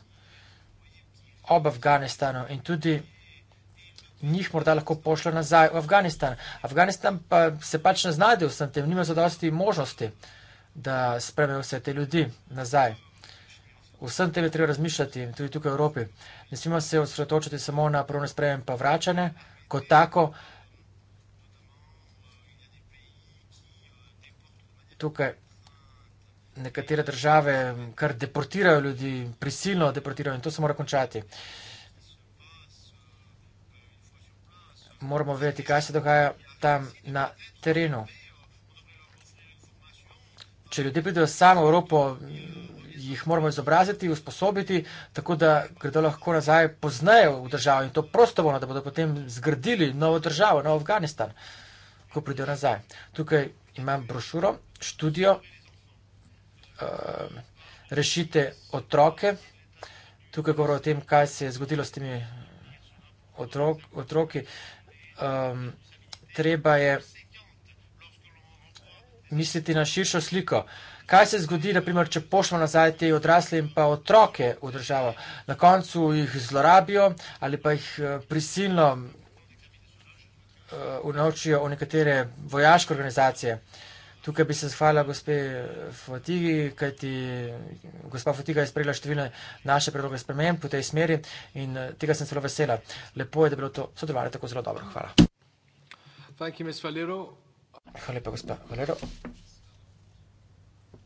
ob Afganistanu in tudi njih morda lahko pošlje nazaj v Afganistan. Afganistan pa se pač ne znajde vsem tem, nima zadosti možnosti, da spremejo vse te ljudi nazaj vsem tem je treba razmišljati, tudi tukaj v Evropi. Ne smemo se osredotočiti samo na pravno sprejem pa vračanje kot tako. Tukaj nekatere države kar deportirajo ljudi, prisilno deportirajo in to se mora končati. Moramo vedeti, kaj se dogaja tam na terenu. Če ljudje pridejo samo v Evropo, jih moramo izobraziti, usposobiti, tako da gredo lahko nazaj poznajo v državo in to prostovoljno, da bodo potem zgradili novo državo, nov Afganistan, ko pridejo nazaj. Tukaj imam brošuro, študijo, eh, rešite otroke. Tukaj govorim o tem, kaj se je zgodilo s temi otrok, otroki. Um, treba je misliti na širšo sliko. Uh, Kaj se zgodi, naprimer, če pošljemo nazaj te odrasle in pa otroke v državo? Na koncu jih zlorabijo ali pa jih eh, prisilno eh, unaučijo v nekatere vojaške organizacije. Tukaj bi se zahvala gospe eh, Fatigi, kajti gospa Fatiga je sprejela številne naše predloge sprememb v tej smeri in tega sem zelo vesela. Lepo je, da je bilo to sodelovanje tako zelo dobro. Hvala. Thank you, Ms. Valero. Hvala lepa, gospa Valero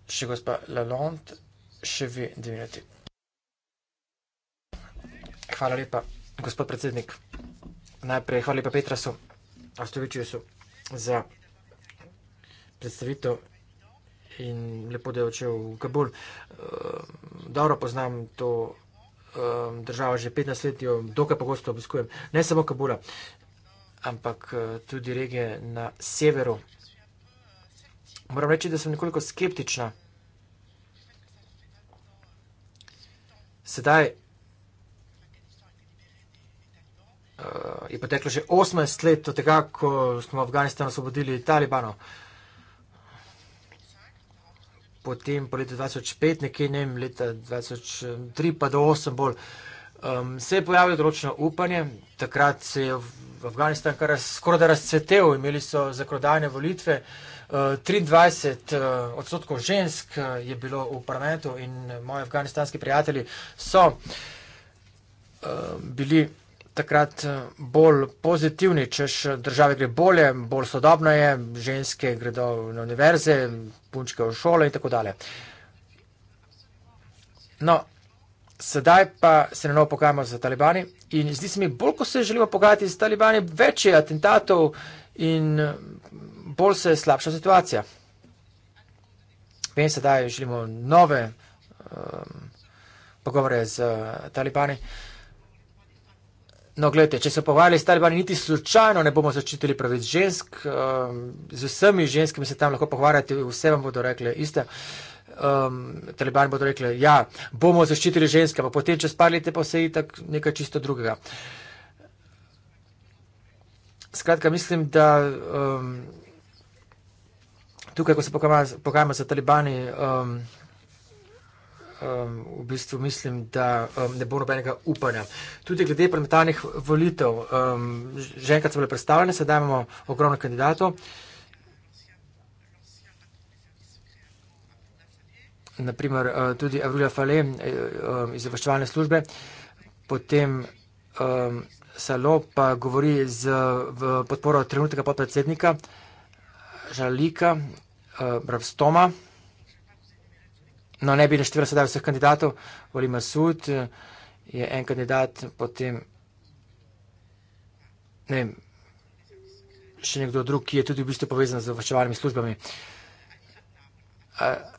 je cause pas la lente, je vais diminuer. Hvala lepa, gospod predsednik. Najprej hvala lepa Petrasu Ostovičiusu za predstavitev in lepo, da je očel v Kabul. Eh, dobro poznam to eh, državo, že 15 let jo dokaj pogosto obiskujem. Ne samo Kabula, ampak eh, tudi regije na severu Moram reči, da sem nekoliko skeptična. Sedaj uh, je poteklo že 18 let od tega, ko smo v Afganistanu osvobodili Talibano. Potem po letu 2005, nekaj ne vem, leta 2003 pa do 2008 bolj, um, se je pojavilo določeno upanje. Takrat se je v Afganistan kar skoraj da razcvetel, imeli so zakonodajne volitve. Uh, 23 eh, odstotkov žensk eh, je bilo v parlamentu in moji afganistanski prijatelji so eh, bili takrat bolj pozitivni, češ države gre bolje, bolj sodobno je, ženske gredo na univerze, punčke v šolo in tako dalje. No, sedaj pa se na novo pogajamo z talibani in zdi se mi, bolj ko se želimo pogajati z talibani, več je atentatov in bolj se slabša situacija. Vem se, da želimo nove um, pogovore z uh, talibani. No, gledajte, če se pogovarjali s talibani, niti slučajno ne bomo začutili pravic žensk. Um, z vsemi ženskami se tam lahko pogovarjate, vse vam bodo rekli iste. Um, talibani bodo rekli, ja, bomo zaščitili ženske, pa potem, če spalite, pa se itak nekaj čisto drugega. Skratka, mislim, da um, tukaj, ko se pogajamo z talibani, um, um, v bistvu mislim, da um, ne bo nobenega upanja. Tudi glede parlamentarnih volitev, um, že enkrat so bile predstavljene, sedaj imamo ogromno kandidatov. Naprimer, uh, tudi Avrilja Fale uh, um, iz obveščevalne službe, potem um, Salo pa govori z, v podporo trenutnega podpredsednika Žalika, uh, eh, Ravstoma. No, ne bi naštevil sedaj vseh kandidatov. Voli Masud eh, je en kandidat, potem ne vem, še nekdo drug, ki je tudi v bistvu povezan z obveščevalnimi službami. Uh, eh,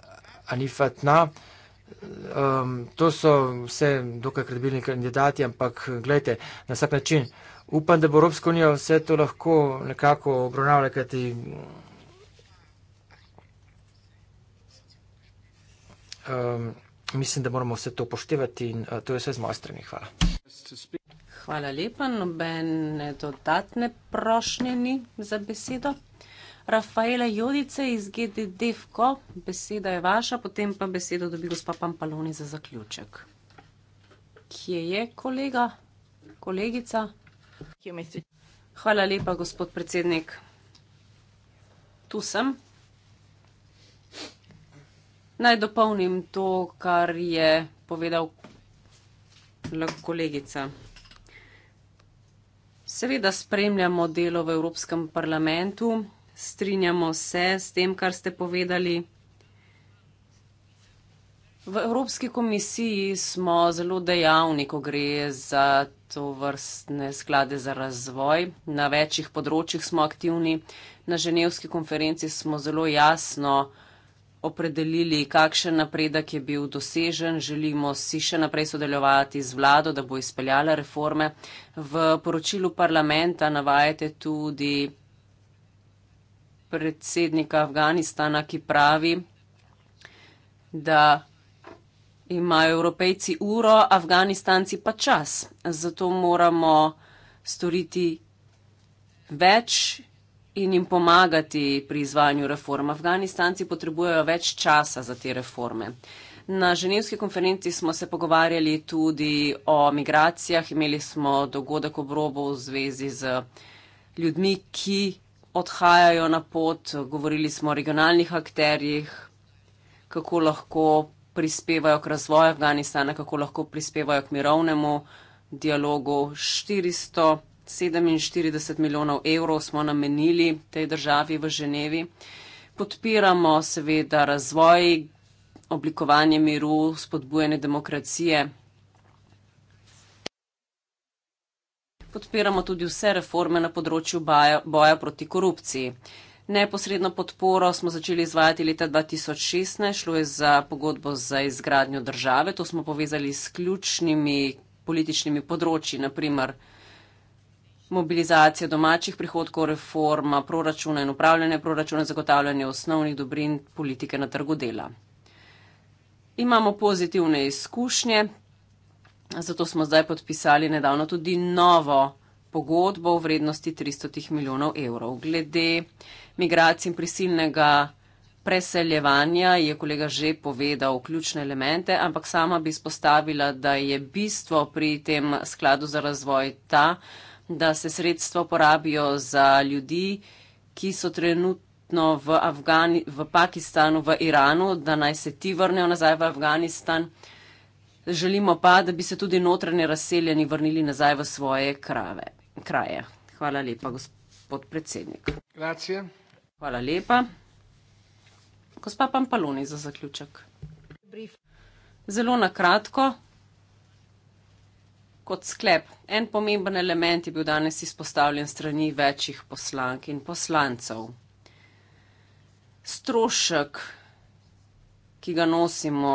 Anifatna. Um, ehm, to so vse dokaj kredibilni kandidati, ampak gledajte, na vsak način upam, da bo Evropska unija vse to lahko nekako obravnavala, kajti um, mislim, da moramo vse to poštevati in uh, to je vse z moje strani. Hvala. Hvala lepa, nobene dodatne prošnje ni za besedo. Rafaela Jodice iz GDDFKO, beseda je vaša, potem pa besedo dobi gospa Pampaloni za zaključek. Kje je kolega, kolegica? Hvala lepa, gospod predsednik. Tu sem. Naj dopolnim to, kar je povedal kolegica. Seveda spremljamo delo v Evropskem parlamentu, strinjamo se s tem, kar ste povedali. V Evropski komisiji smo zelo dejavni, ko gre za to vrstne sklade za razvoj. Na večjih področjih smo aktivni. Na ženevski konferenci smo zelo jasno opredelili, kakšen napredek je bil dosežen. Želimo si še naprej sodelovati z vlado, da bo izpeljala reforme. V poročilu parlamenta navajate tudi predsednika Afganistana, ki pravi, da imajo evropejci uro, afganistanci pa čas. Zato moramo storiti več in jim pomagati pri izvajanju reform. Afganistanci potrebujejo več časa za te reforme. Na ženevski konferenci smo se pogovarjali tudi o migracijah, imeli smo dogodek ob robu v zvezi z ljudmi, ki odhajajo na pot, govorili smo o regionalnih akterjih, kako lahko prispevajo k razvoju Afganistana, kako lahko prispevajo k mirovnemu dialogu 400. 47 milijonov evrov smo namenili tej državi v Ženevi. Podpiramo seveda razvoj, oblikovanje miru, spodbujanje demokracije. Podpiramo tudi vse reforme na področju boja, boja proti korupciji. Neposredno podporo smo začeli izvajati leta 2016, šlo je za pogodbo za izgradnjo države. To smo povezali s ključnimi političnimi področji, naprimer mobilizacija domačih prihodkov, reforma proračuna in upravljanje proračuna, zagotavljanje osnovnih dobrin politike na trgu dela. Imamo pozitivne izkušnje, zato smo zdaj podpisali nedavno tudi novo pogodbo v vrednosti 300 milijonov evrov. Glede migracij in prisilnega preseljevanja je kolega že povedal ključne elemente, ampak sama bi spostavila, da je bistvo pri tem skladu za razvoj ta, uh, da se sredstva porabijo za ljudi, ki so trenutno v, Afgani, v Pakistanu, v Iranu, da naj se ti vrnejo nazaj v Afganistan. Želimo pa, da bi se tudi notranje razseljeni vrnili nazaj v svoje krave, kraje. Hvala lepa, gospod predsednik. Grazie. Hvala lepa. Gospa Pampaloni za zaključek. Brief. Zelo na kratko kot sklep. En pomemben element je bil danes izpostavljen strani večjih poslank in poslancev. Strošek, ki ga nosimo,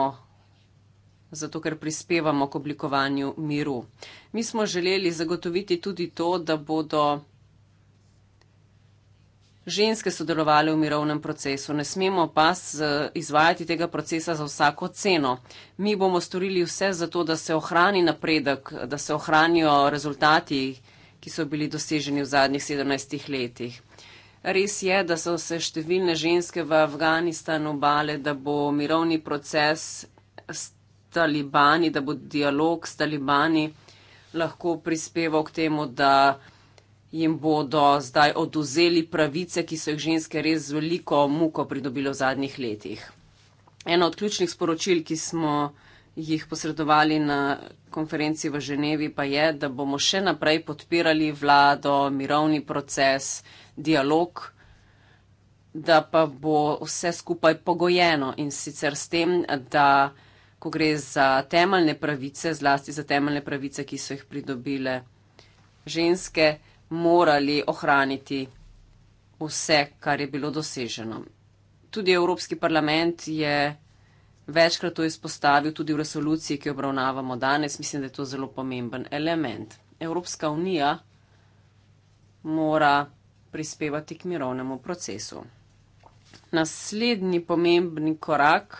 zato ker prispevamo k oblikovanju miru. Mi smo želeli zagotoviti tudi to, da bodo ženske sodelovali v mirovnem procesu. Ne smemo pa izvajati tega procesa za vsako ceno. Mi bomo storili vse za to, da se ohrani napredek, da se ohranijo rezultati, ki so bili doseženi v zadnjih 17 letih. Res je, da so se številne ženske v Afganistanu bale, da bo mirovni proces s talibani, da bo dialog s talibani lahko prispeval k temu, da jim bodo zdaj oduzeli pravice, ki so jih ženske res z veliko muko pridobile v zadnjih letih. Eno od ključnih sporočil, ki smo jih posredovali na konferenci v Ženevi, pa je, da bomo še naprej podpirali vlado, mirovni proces, dialog, da pa bo vse skupaj pogojeno in sicer s tem, da ko gre za temeljne pravice, zlasti za temeljne pravice, ki so jih pridobile ženske, morali ohraniti vse, kar je bilo doseženo. Tudi Evropski parlament je večkrat to izpostavil tudi v resoluciji, ki jo obravnavamo danes. Mislim, da je to zelo pomemben element. Evropska unija mora prispevati k mirovnemu procesu. Naslednji pomembni korak,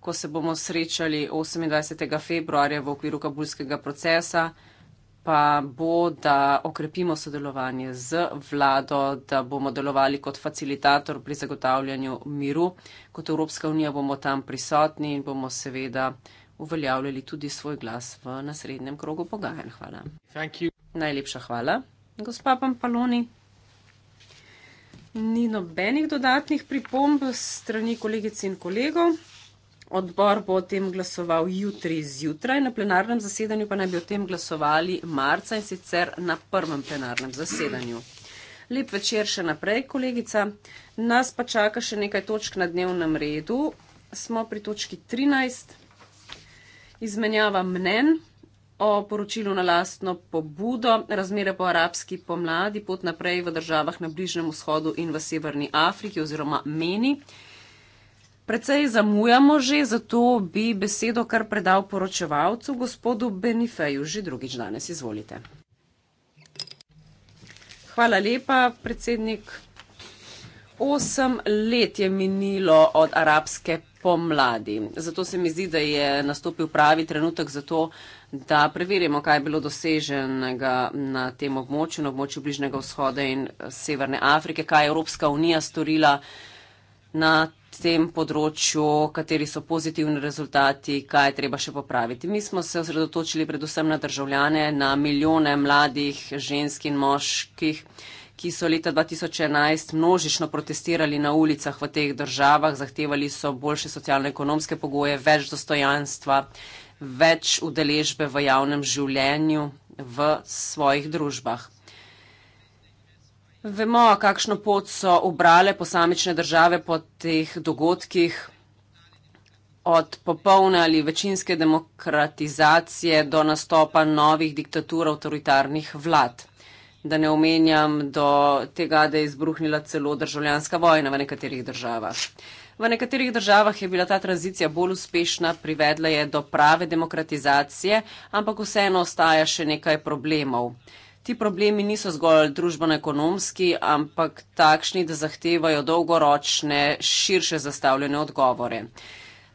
ko se bomo srečali 28. februarja v okviru kabulskega procesa, pa bo, da okrepimo sodelovanje z vlado, da bomo delovali kot facilitator pri zagotavljanju miru. Kot Evropska unija bomo tam prisotni in bomo seveda uveljavljali tudi svoj glas v naslednjem krogu pogajanj. Hvala. Najlepša hvala, gospa Pampaloni. Ni nobenih dodatnih pripomb strani kolegic in kolegov. Odbor bo o tem glasoval jutri zjutraj, na plenarnem zasedanju pa naj bi o tem glasovali marca in sicer na prvem plenarnem zasedanju. Lep večer še naprej, kolegica. Nas pa čaka še nekaj točk na dnevnem redu. Smo pri točki 13. Izmenjava mnen o poročilu na lastno pobudo, razmere po arabski pomladi, pot naprej v državah na Bližnem vzhodu in v Severni Afriki oziroma meni. Predvsej zamujamo že, zato bi besedo kar predal poročevalcu gospodu Benifeju. Že drugič danes izvolite. Hvala lepa, predsednik. Osem let je minilo od arabske pomladi. Zato se mi zdi, da je nastopil pravi trenutek za to, da preverimo, kaj je bilo doseženega na tem območju, na območju Bližnjega vzhoda in Severne Afrike, kaj je Evropska unija storila na tem področju, kateri so pozitivni rezultati, kaj je treba še popraviti. Mi smo se osredotočili predvsem na državljane, na milijone mladih žensk in moških, ki so leta 2011 množično protestirali na ulicah v teh državah, zahtevali so boljše socialno-ekonomske pogoje, več dostojanstva, več udeležbe v javnem življenju, v svojih družbah. Vemo, kakšno pot so obrale posamične države po teh dogodkih, od popolne ali večinske demokratizacije do nastopa novih diktatur avtoritarnih vlad. Da ne omenjam do tega, da je izbruhnila celo državljanska vojna v nekaterih državah. V nekaterih državah je bila ta tranzicija bolj uspešna, privedla je do prave demokratizacije, ampak vseeno ostaja še nekaj problemov. Ti problemi niso zgolj družbeno-ekonomski, ampak takšni, da zahtevajo dolgoročne, širše zastavljene odgovore.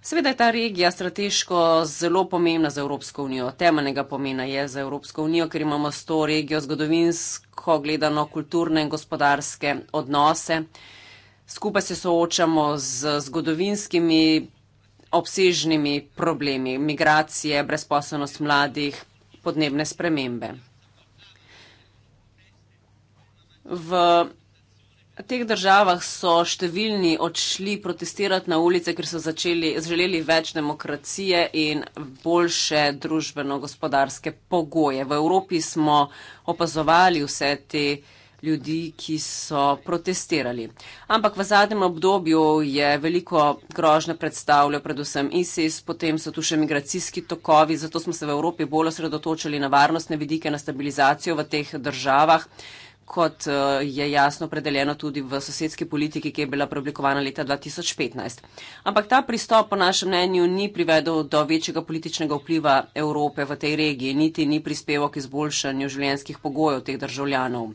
Seveda je ta regija strateško zelo pomembna za Evropsko unijo. Temeljnega pomena je za Evropsko unijo, ker imamo s to regijo zgodovinsko gledano kulturne in gospodarske odnose. Skupaj se soočamo z zgodovinskimi obsežnimi problemi, migracije, brezposobnost mladih, podnebne spremembe. V teh državah so številni odšli protestirati na ulice, ker so začeli, želeli več demokracije in boljše družbeno-gospodarske pogoje. V Evropi smo opazovali vse te ljudi, ki so protestirali. Ampak v zadnjem obdobju je veliko grožne predstavljal predvsem ISIS, potem so tu še migracijski tokovi, zato smo se v Evropi bolj osredotočili na varnostne vidike, na stabilizacijo v teh državah kot eh, je jasno predeljeno tudi v sosedski politiki, ki je bila preoblikovana leta 2015. Ampak ta pristop, po našem mnenju, ni privedel do večjega političnega vpliva Evrope v tej regiji, niti ni prispeval k izboljšanju življenjskih pogojev teh državljanov.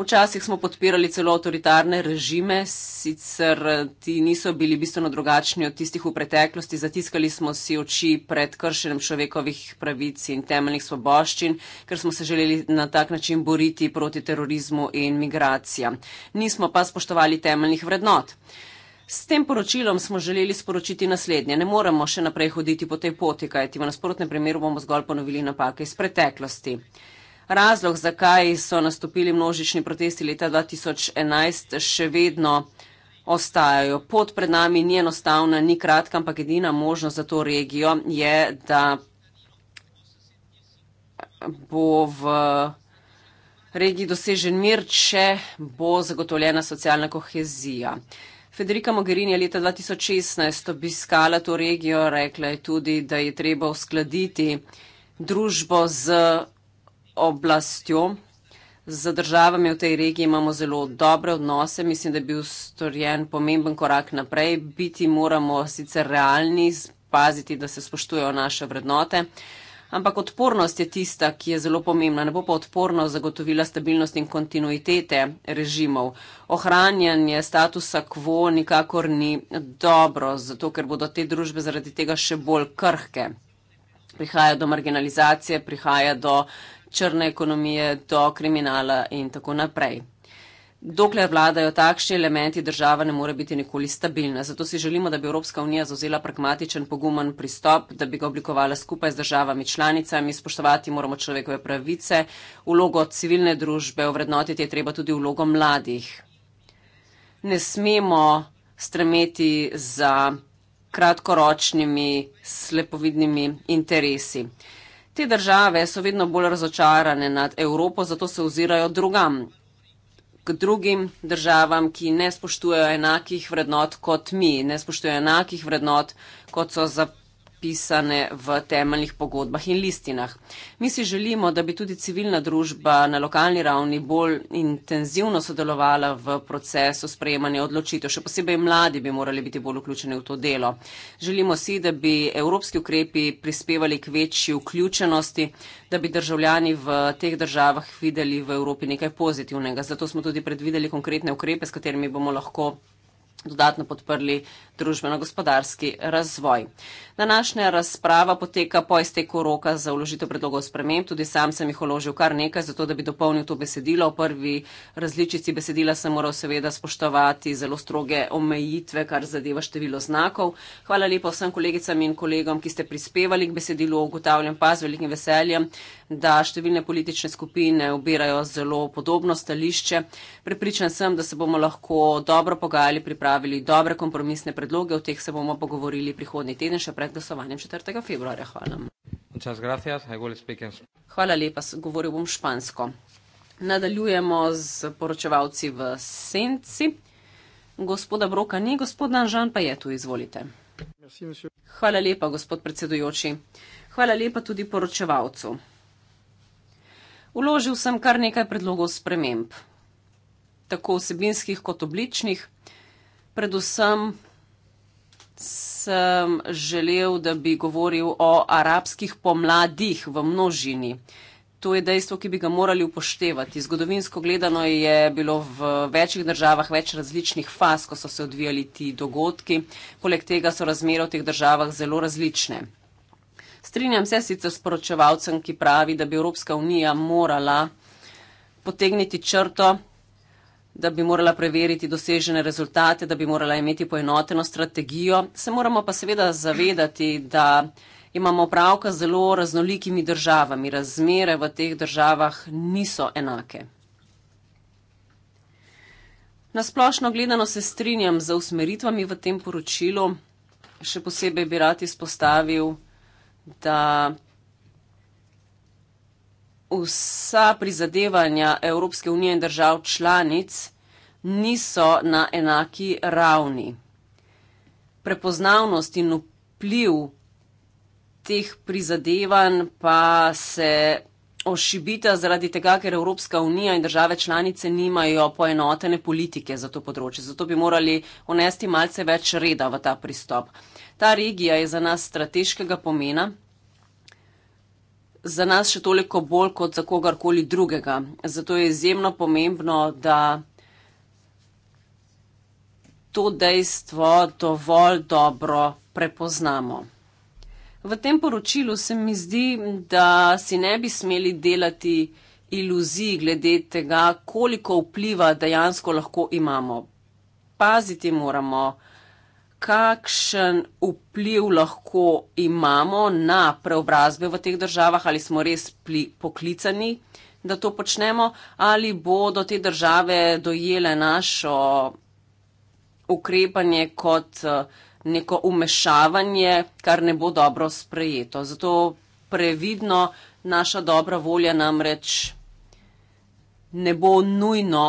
Včasih smo podpirali celo avtoritarne režime, sicer eh, ti niso bili bistveno drugačni od tistih v preteklosti, zatiskali smo si oči pred kršenjem človekovih pravic in temeljnih svoboščin, ker smo se želeli na tak način boriti proti terorizmu in migracijam. Nismo pa spoštovali temeljnih vrednot. S tem poročilom smo želeli sporočiti naslednje. Ne moremo še naprej hoditi po tej poti, kajti v nasprotnem primeru bomo zgolj ponovili napake iz preteklosti razlog, zakaj so nastopili množični protesti leta 2011, še vedno ostajajo. Pot pred nami ni enostavna, ni kratka, ampak edina možnost za to regijo je, da bo v regiji dosežen mir, če bo zagotovljena socialna kohezija. Federica Mogherini je leta 2016 obiskala to regijo, rekla je tudi, da je treba uskladiti družbo z oblastjo. Z državami v tej regiji imamo zelo dobre odnose, mislim, da je bil storjen pomemben korak naprej. Biti moramo sicer realni, paziti, da se spoštujejo naše vrednote, ampak odpornost je tista, ki je zelo pomembna. Ne bo pa odpornost zagotovila stabilnost in kontinuitete režimov. Ohranjanje statusa quo nikakor ni dobro, zato ker bodo te družbe zaradi tega še bolj krhke. Prihaja do marginalizacije, prihaja do črne ekonomije do kriminala in tako naprej. Dokler vladajo takšni elementi, država ne more biti nikoli stabilna. Zato si želimo, da bi Evropska unija zauzela pragmatičen, pogumen pristop, da bi ga oblikovala skupaj z državami članicami. Spoštovati moramo človekove pravice, vlogo civilne družbe, ovrednotiti je treba tudi vlogo mladih. Ne smemo stremeti za kratkoročnimi slepovidnimi interesi. Te države so vedno bolj razočarane nad Evropo, zato se ozirajo drugam, k drugim državam, ki ne spoštujejo enakih vrednot kot mi, ne spoštujejo enakih vrednot kot so zapisane zapisane v temeljnih pogodbah in listinah. Mi si želimo, da bi tudi civilna družba na lokalni ravni bolj intenzivno sodelovala v procesu sprejemanja odločitev. Še posebej mladi bi morali biti bolj vključeni v to delo. Želimo si, da bi evropski ukrepi prispevali k večji vključenosti, da bi državljani v teh državah videli v Evropi nekaj pozitivnega. Zato smo tudi predvideli konkretne ukrepe, s katerimi bomo lahko dodatno podprli družbeno-gospodarski razvoj. Današnja razprava poteka po izteku roka za vložitev predlogov sprememb. Tudi sam sem jih vložil kar nekaj, zato da bi dopolnil to besedilo. V prvi različici besedila sem moral seveda spoštovati zelo stroge omejitve, kar zadeva število znakov. Hvala lepa vsem kolegicam in kolegom, ki ste prispevali k besedilu. Ugotavljam pa z velikim veseljem, da številne politične skupine obirajo zelo podobno stališče. Prepričan sem, da se bomo lahko dobro pogajali, pripravili dobre kompromisne predloge, o teh se bomo pogovorili prihodnji teden, še pred glasovanjem 4. februarja. Hvala. Hvala lepa, govoril bom špansko. Nadaljujemo z poročevalci v Senci. Gospoda Broka ni, gospod Danžan pa je tu, izvolite. Hvala lepa, gospod predsedujoči. Hvala lepa tudi poročevalcu vložil sem kar nekaj predlogov sprememb, tako vsebinskih kot obličnih. Predvsem sem želel, da bi govoril o arabskih pomladih v množini. To je dejstvo, ki bi ga morali upoštevati. Zgodovinsko gledano je bilo v večjih državah več različnih faz, ko so se odvijali ti dogodki. Poleg tega so razmere v teh državah zelo različne. Strinjam se sicer s poročevalcem, ki pravi, da bi Evropska unija morala potegniti črto, da bi morala preveriti dosežene rezultate, da bi morala imeti poenoteno strategijo. Se moramo pa seveda zavedati, da imamo pravka z zelo raznolikimi državami. Razmere v teh državah niso enake. Nasplošno gledano se strinjam z usmeritvami v tem poročilu. Še posebej bi rad izpostavil, da vsa prizadevanja Evropske unije in držav članic niso na enaki ravni. Prepoznavnost in vpliv teh prizadevanj pa se ošibita zaradi tega, ker Evropska unija in države članice nimajo poenotene politike za to področje. Zato bi morali unesti malce več reda v ta pristop ta regija je za nas strateškega pomena, za nas še toliko bolj kot za kogarkoli drugega. Zato je izjemno pomembno, da to dejstvo dovolj dobro prepoznamo. V tem poročilu se mi zdi, da si ne bi smeli delati iluzij glede tega, koliko vpliva dejansko lahko imamo. Paziti moramo, kakšen vpliv lahko imamo na preobrazbe v teh državah, ali smo res poklicani, da to počnemo, ali bodo te države dojele našo ukrepanje kot neko umešavanje, kar ne bo dobro sprejeto. Zato previdno naša dobra volja namreč ne bo nujno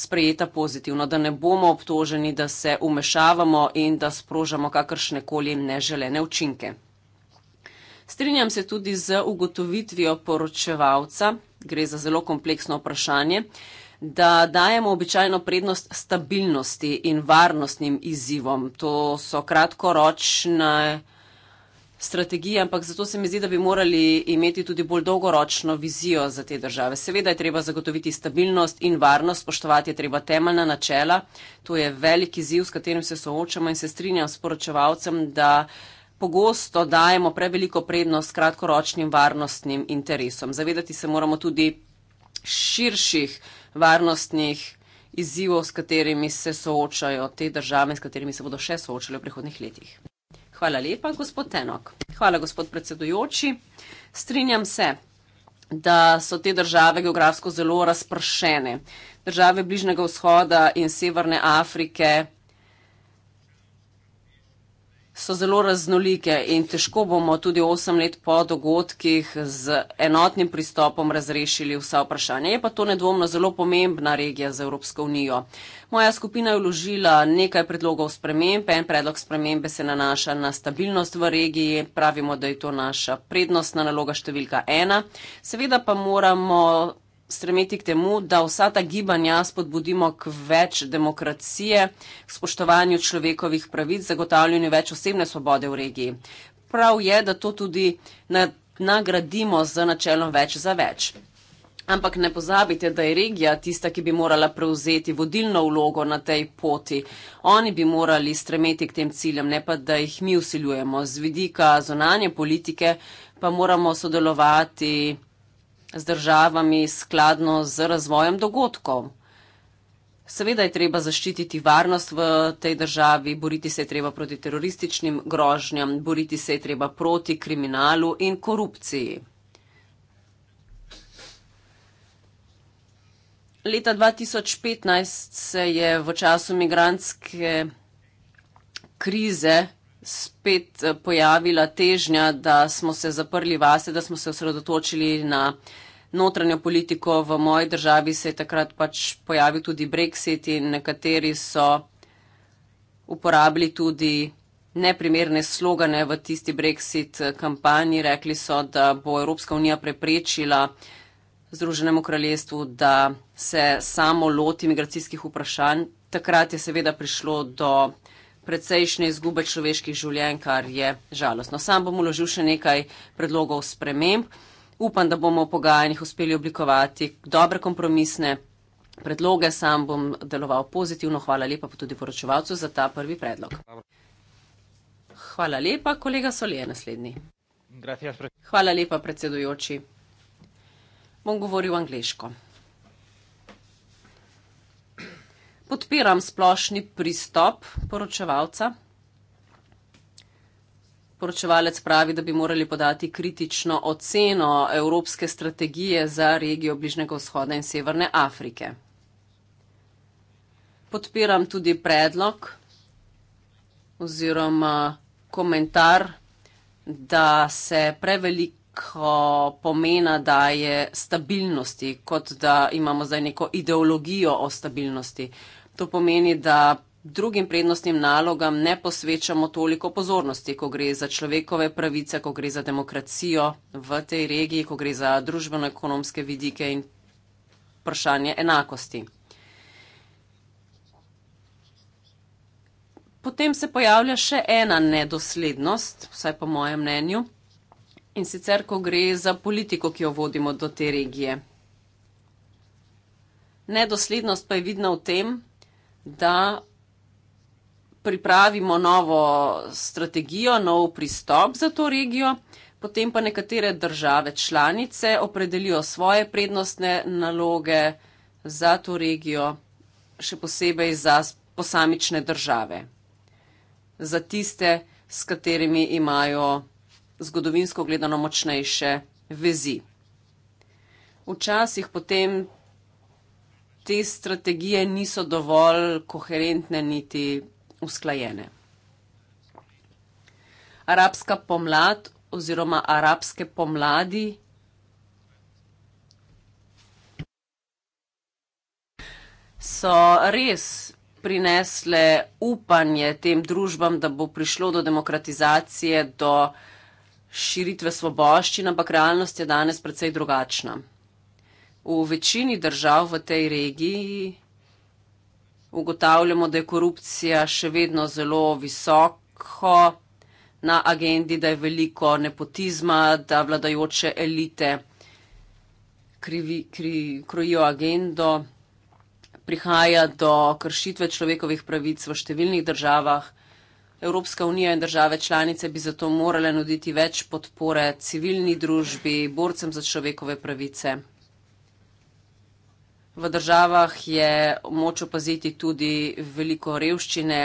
sprejeta pozitivno, da ne bomo obtoženi, da se umešavamo in da sprožamo kakršne koli neželene učinke. Strinjam se tudi z ugotovitvijo poročevalca, gre za zelo kompleksno vprašanje, da dajemo običajno prednost stabilnosti in varnostnim izzivom. To so kratkoročne strategije, ampak zato se mi zdi, da bi morali imeti tudi bolj dolgoročno vizijo za te države. Seveda je treba zagotoviti stabilnost in varnost, spoštovati je treba temeljna načela. To je veliki ziv, s katerim se soočamo in se strinjam s poročevalcem, da pogosto dajemo preveliko prednost kratkoročnim varnostnim interesom. Zavedati se moramo tudi širših varnostnih izzivov, s katerimi se soočajo te države in s katerimi se bodo še soočali v prihodnih letih. Hvala lepa, gospod Tenok. Hvala, gospod predsedujoči. Strinjam se, da so te države geografsko zelo razpršene. Države Bližnjega vzhoda in Severne Afrike so zelo raznolike in težko bomo tudi 8 let po dogodkih z enotnim pristopom razrešili vsa vprašanja. Je pa to nedvomno zelo pomembna regija za Evropsko unijo. Moja skupina je vložila nekaj predlogov sprememb. En predlog spremembe se nanaša na stabilnost v regiji. Pravimo, da je to naša prednostna naloga številka ena. Seveda pa moramo stremeti k temu, da vsa ta gibanja spodbudimo k več demokracije, k spoštovanju človekovih pravic, zagotavljanju več osebne svobode v regiji. Prav je, da to tudi nagradimo z načelom več za več. Ampak ne pozabite, da je regija tista, ki bi morala prevzeti vodilno vlogo na tej poti. Oni bi morali stremeti k tem ciljem, ne pa da jih mi usiljujemo. Z vidika zonanje politike pa moramo sodelovati z državami skladno z razvojem dogodkov. Seveda je treba zaščititi varnost v tej državi, boriti se je treba proti terorističnim grožnjam, boriti se je treba proti kriminalu in korupciji. Leta 2015 se je v času migranske krize spet eh, pojavila težnja, da smo se zaprli vase, da smo se osredotočili na notranjo politiko. V moji državi se je takrat pač pojavil tudi Brexit in nekateri so uporabili tudi neprimerne slogane v tisti Brexit eh, kampanji. Rekli so, da bo Evropska unija preprečila Združenemu kraljestvu, da se samo loti migracijskih vprašanj. Takrat je seveda prišlo do precejšnje izgube človeških življenj, kar je žalostno. Sam bom uložil še nekaj predlogov sprememb. Upam, da bomo v pogajanjih uspeli oblikovati dobre kompromisne predloge. Sam bom deloval pozitivno. Hvala lepa pa tudi poročevalcu za ta prvi predlog. Hvala lepa, kolega Solje, naslednji. Hvala lepa, predsedujoči. Bom govoril angliško. podpiram splošni pristop poročevalca. Poročevalec pravi, da bi morali podati kritično oceno evropske strategije za regijo Bližnjega vzhoda in Severne Afrike. Podpiram tudi predlog oziroma komentar, da se preveliko pomena daje stabilnosti, kot da imamo zdaj neko ideologijo o stabilnosti. Uh, To pomeni, da drugim prednostnim nalogam ne posvečamo toliko pozornosti, ko gre za človekove pravice, ko gre za demokracijo v tej regiji, ko gre za družbeno-ekonomske vidike in vprašanje enakosti. Potem se pojavlja še ena nedoslednost, vsaj po mojem mnenju, in sicer, ko gre za politiko, ki jo vodimo do te regije. Nedoslednost pa je vidna v tem, da pripravimo novo strategijo, nov pristop za to regijo, potem pa nekatere države članice opredelijo svoje prednostne naloge za to regijo, še posebej za posamične države, za tiste, s katerimi imajo zgodovinsko gledano močnejše vezi. Včasih potem te strategije niso dovolj koherentne niti usklajene. Arabska pomlad oziroma arabske pomladi. So res prinesle upanje tem družbam, da bo prišlo do demokratizacije, do širitve svoboščin, ampak realnost je danes precej drugačna v večini držav v tej regiji ugotavljamo, da je korupcija še vedno zelo visoko na agendi, da je veliko nepotizma, da vladajoče elite krivi, kri, krojijo agendo, prihaja do kršitve človekovih pravic v številnih državah. Evropska unija in države članice bi zato morale nuditi več podpore civilni družbi, borcem za človekove pravice. V državah je moč opaziti tudi veliko revščine,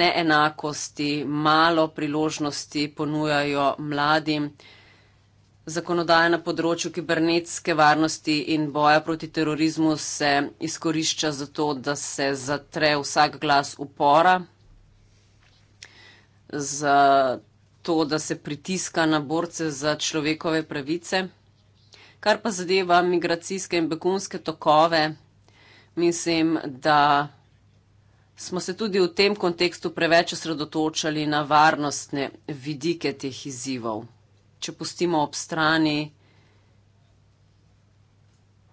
neenakosti, malo priložnosti ponujajo mladim. Zakonodaja na področju kibernetske varnosti in boja proti terorizmu se izkorišča za to, da se zatre vsak glas upora, za to, da se pritiska na borce za človekove pravice. Kar pa zadeva migracijske in begunske tokove, mislim, da smo se tudi v tem kontekstu preveč osredotočali na varnostne vidike teh izzivov. Če pustimo ob strani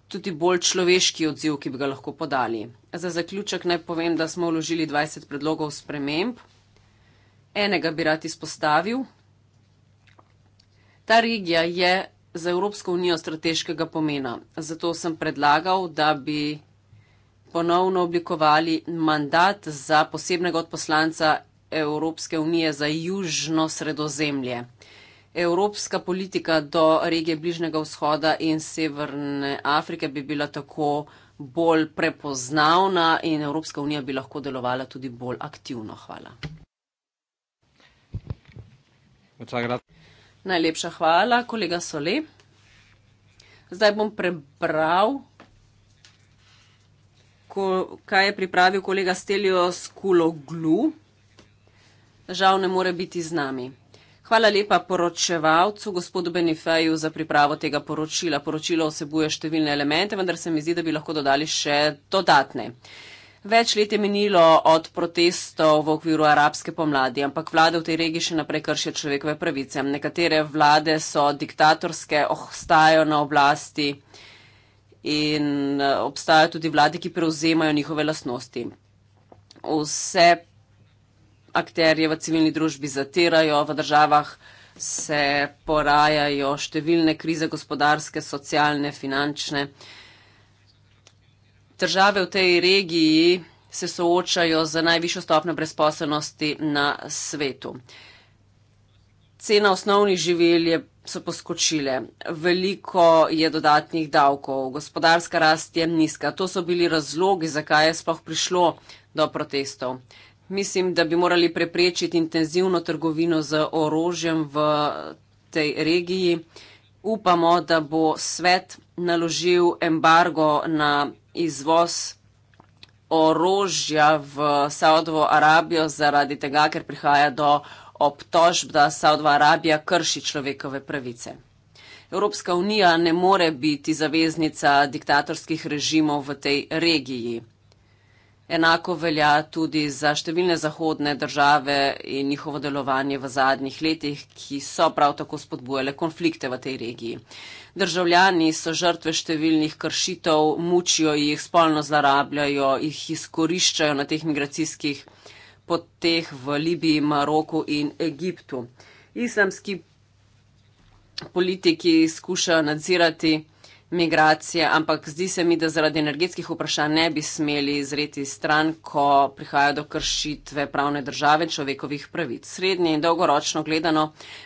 tudi bolj človeški odziv, ki bi ga lahko podali. Za zaključek naj povem, da smo vložili 20 predlogov sprememb. Enega bi rad izpostavil. Ta regija je za Evropsko unijo strateškega pomena. Zato sem predlagal, da bi ponovno oblikovali mandat za posebnega odposlanca Evropske unije za južno sredozemlje. Evropska politika do regije Bližnjega vzhoda in Severne Afrike bi bila tako bolj prepoznavna in Evropska unija bi lahko delovala tudi bolj aktivno. Hvala. Muchas gracias. Najlepša hvala, kolega Sole. Zdaj bom prebral, ko, kaj je pripravil kolega Stelio s Kuloglu. Žal ne more biti z nami. Hvala lepa poročevalcu, gospodu Benifeju, za pripravo tega poročila. Poročilo vsebuje številne elemente, vendar se mi zdi, da bi lahko dodali še dodatne. Uh, Več let je menilo od protestov v okviru arabske pomladi, ampak vlade v tej regiji še naprej kršijo človekove pravice. Nekatere vlade so diktatorske, ostajajo na oblasti in eh, obstajajo tudi vlade, ki prevzemajo njihove lasnosti. Vse akterje v civilni družbi zatirajo, v državah se porajajo številne krize gospodarske, socialne, finančne. Države v tej regiji se soočajo z najvišjo stopnjo brezposelnosti na svetu. Cena osnovnih živelj je so poskočile. Veliko je dodatnih davkov, gospodarska rast je nizka. To so bili razlogi, zakaj je sploh prišlo do protestov. Mislim, da bi morali preprečiti intenzivno trgovino z orožjem v tej regiji. Upamo, da bo svet naložil embargo na izvoz orožja v Saudovo Arabijo zaradi tega, ker prihaja do obtožb, da Saudova Arabija krši človekove pravice. Evropska unija ne more biti zaveznica diktatorskih režimov v tej regiji. Enako velja tudi za številne zahodne države in njihovo delovanje v zadnjih letih, ki so prav tako spodbujale konflikte v tej regiji. Državljani so žrtve številnih kršitev, mučijo jih, spolno zlorabljajo, jih izkoriščajo na teh migracijskih poteh v Libiji, Maroku in Egiptu. Islamski politiki skušajo nadzirati migracije, ampak zdi se mi, da zaradi energetskih vprašanj ne bi smeli zreti stran, ko prihaja do kršitve pravne države človekovih pravic. Srednje in dolgoročno gledano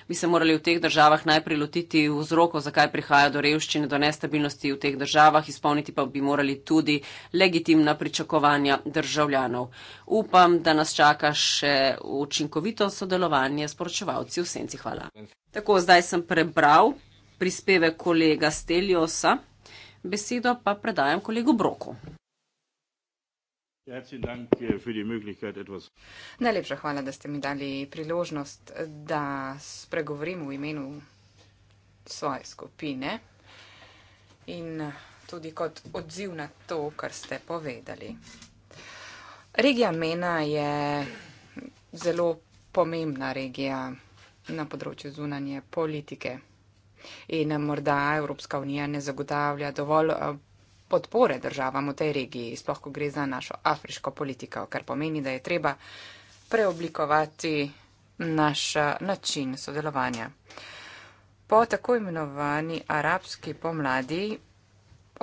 bi se morali v teh državah najprej lotiti vzrokov, zakaj prihaja do revščine, do nestabilnosti v teh državah, izpolniti pa bi morali tudi legitimna pričakovanja državljanov. Upam, da nas čaka še učinkovito sodelovanje s poročevalci v senci. Hvala. Tako, zdaj sem prebral prispeve kolega Steljosa. Besedo pa predajam kolegu Broku. Najlepša hvala, da ste mi dali priložnost, da spregovorim v imenu svoje skupine in tudi kot odziv na to, kar ste povedali. Regija Mena je zelo pomembna regija na področju zunanje politike in morda Evropska unija ne zagotavlja dovolj eh, podpore državam v tej regiji, sploh ko gre za našo afriško politiko, kar pomeni, da je treba preoblikovati naš eh, način sodelovanja. Po tako imenovani arabski pomladi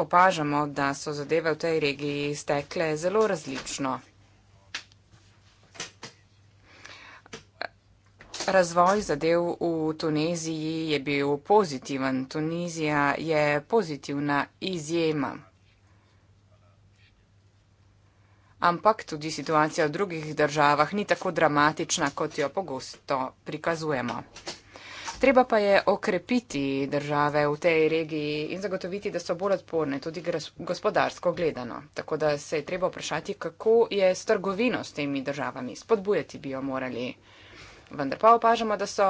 opažamo, da so zadeve v tej regiji stekle zelo različno. Razvoj zadev v Tuniziji je bil pozitiven. Tunizija je pozitivna izjema. Ampak tudi situacija v drugih državah ni tako dramatična, kot jo pogosto prikazujemo. Treba pa je okrepiti države v tej regiji in zagotoviti, da so bolj odporne, tudi gospodarsko gledano. Tako da se je treba vprašati, kako je s trgovino s temi državami. Spodbujati bi jo morali. Vendar pa opažamo, da so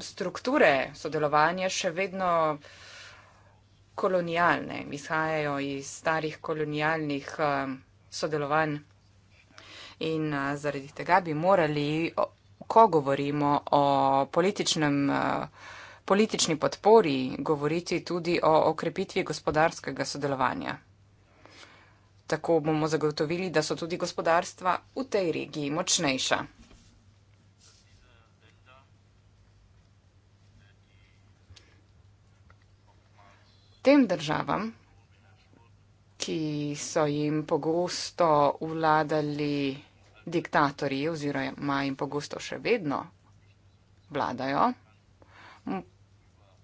strukture sodelovanja še vedno kolonijalne, izhajajo iz starih kolonijalnih um, eh, sodelovanj. In uh, zaradi tega bi morali, ko govorimo o političnem, uh, politični podpori, govoriti tudi o okrepitvi gospodarskega sodelovanja. Tako bomo zagotovili, da so tudi gospodarstva v tej regiji močnejša. tem državam, ki so jim pogosto vladali diktatorji oziroma jim pogosto še vedno vladajo,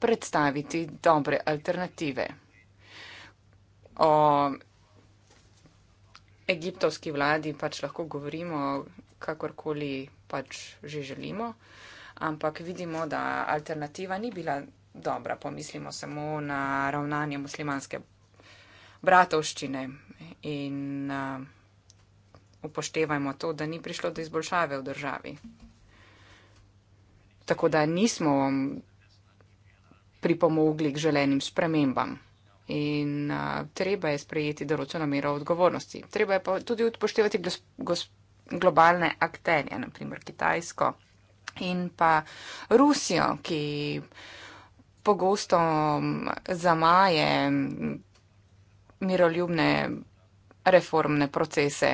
predstaviti dobre alternative. O egiptovski vladi pač lahko govorimo, kakorkoli pač že želimo, ampak vidimo, da alternativa ni bila dobra, pomislimo samo na ravnanje muslimanske bratovščine in uh, upoštevajmo to, da ni prišlo do izboljšave v državi. Tako da nismo pripomogli k želenim spremembam. In a, treba je sprejeti določeno mero odgovornosti. Treba je pa tudi upoštevati glos, glos, globalne akterje, naprimer Kitajsko in pa Rusijo, ki pogosto zamaje miroljubne reformne procese.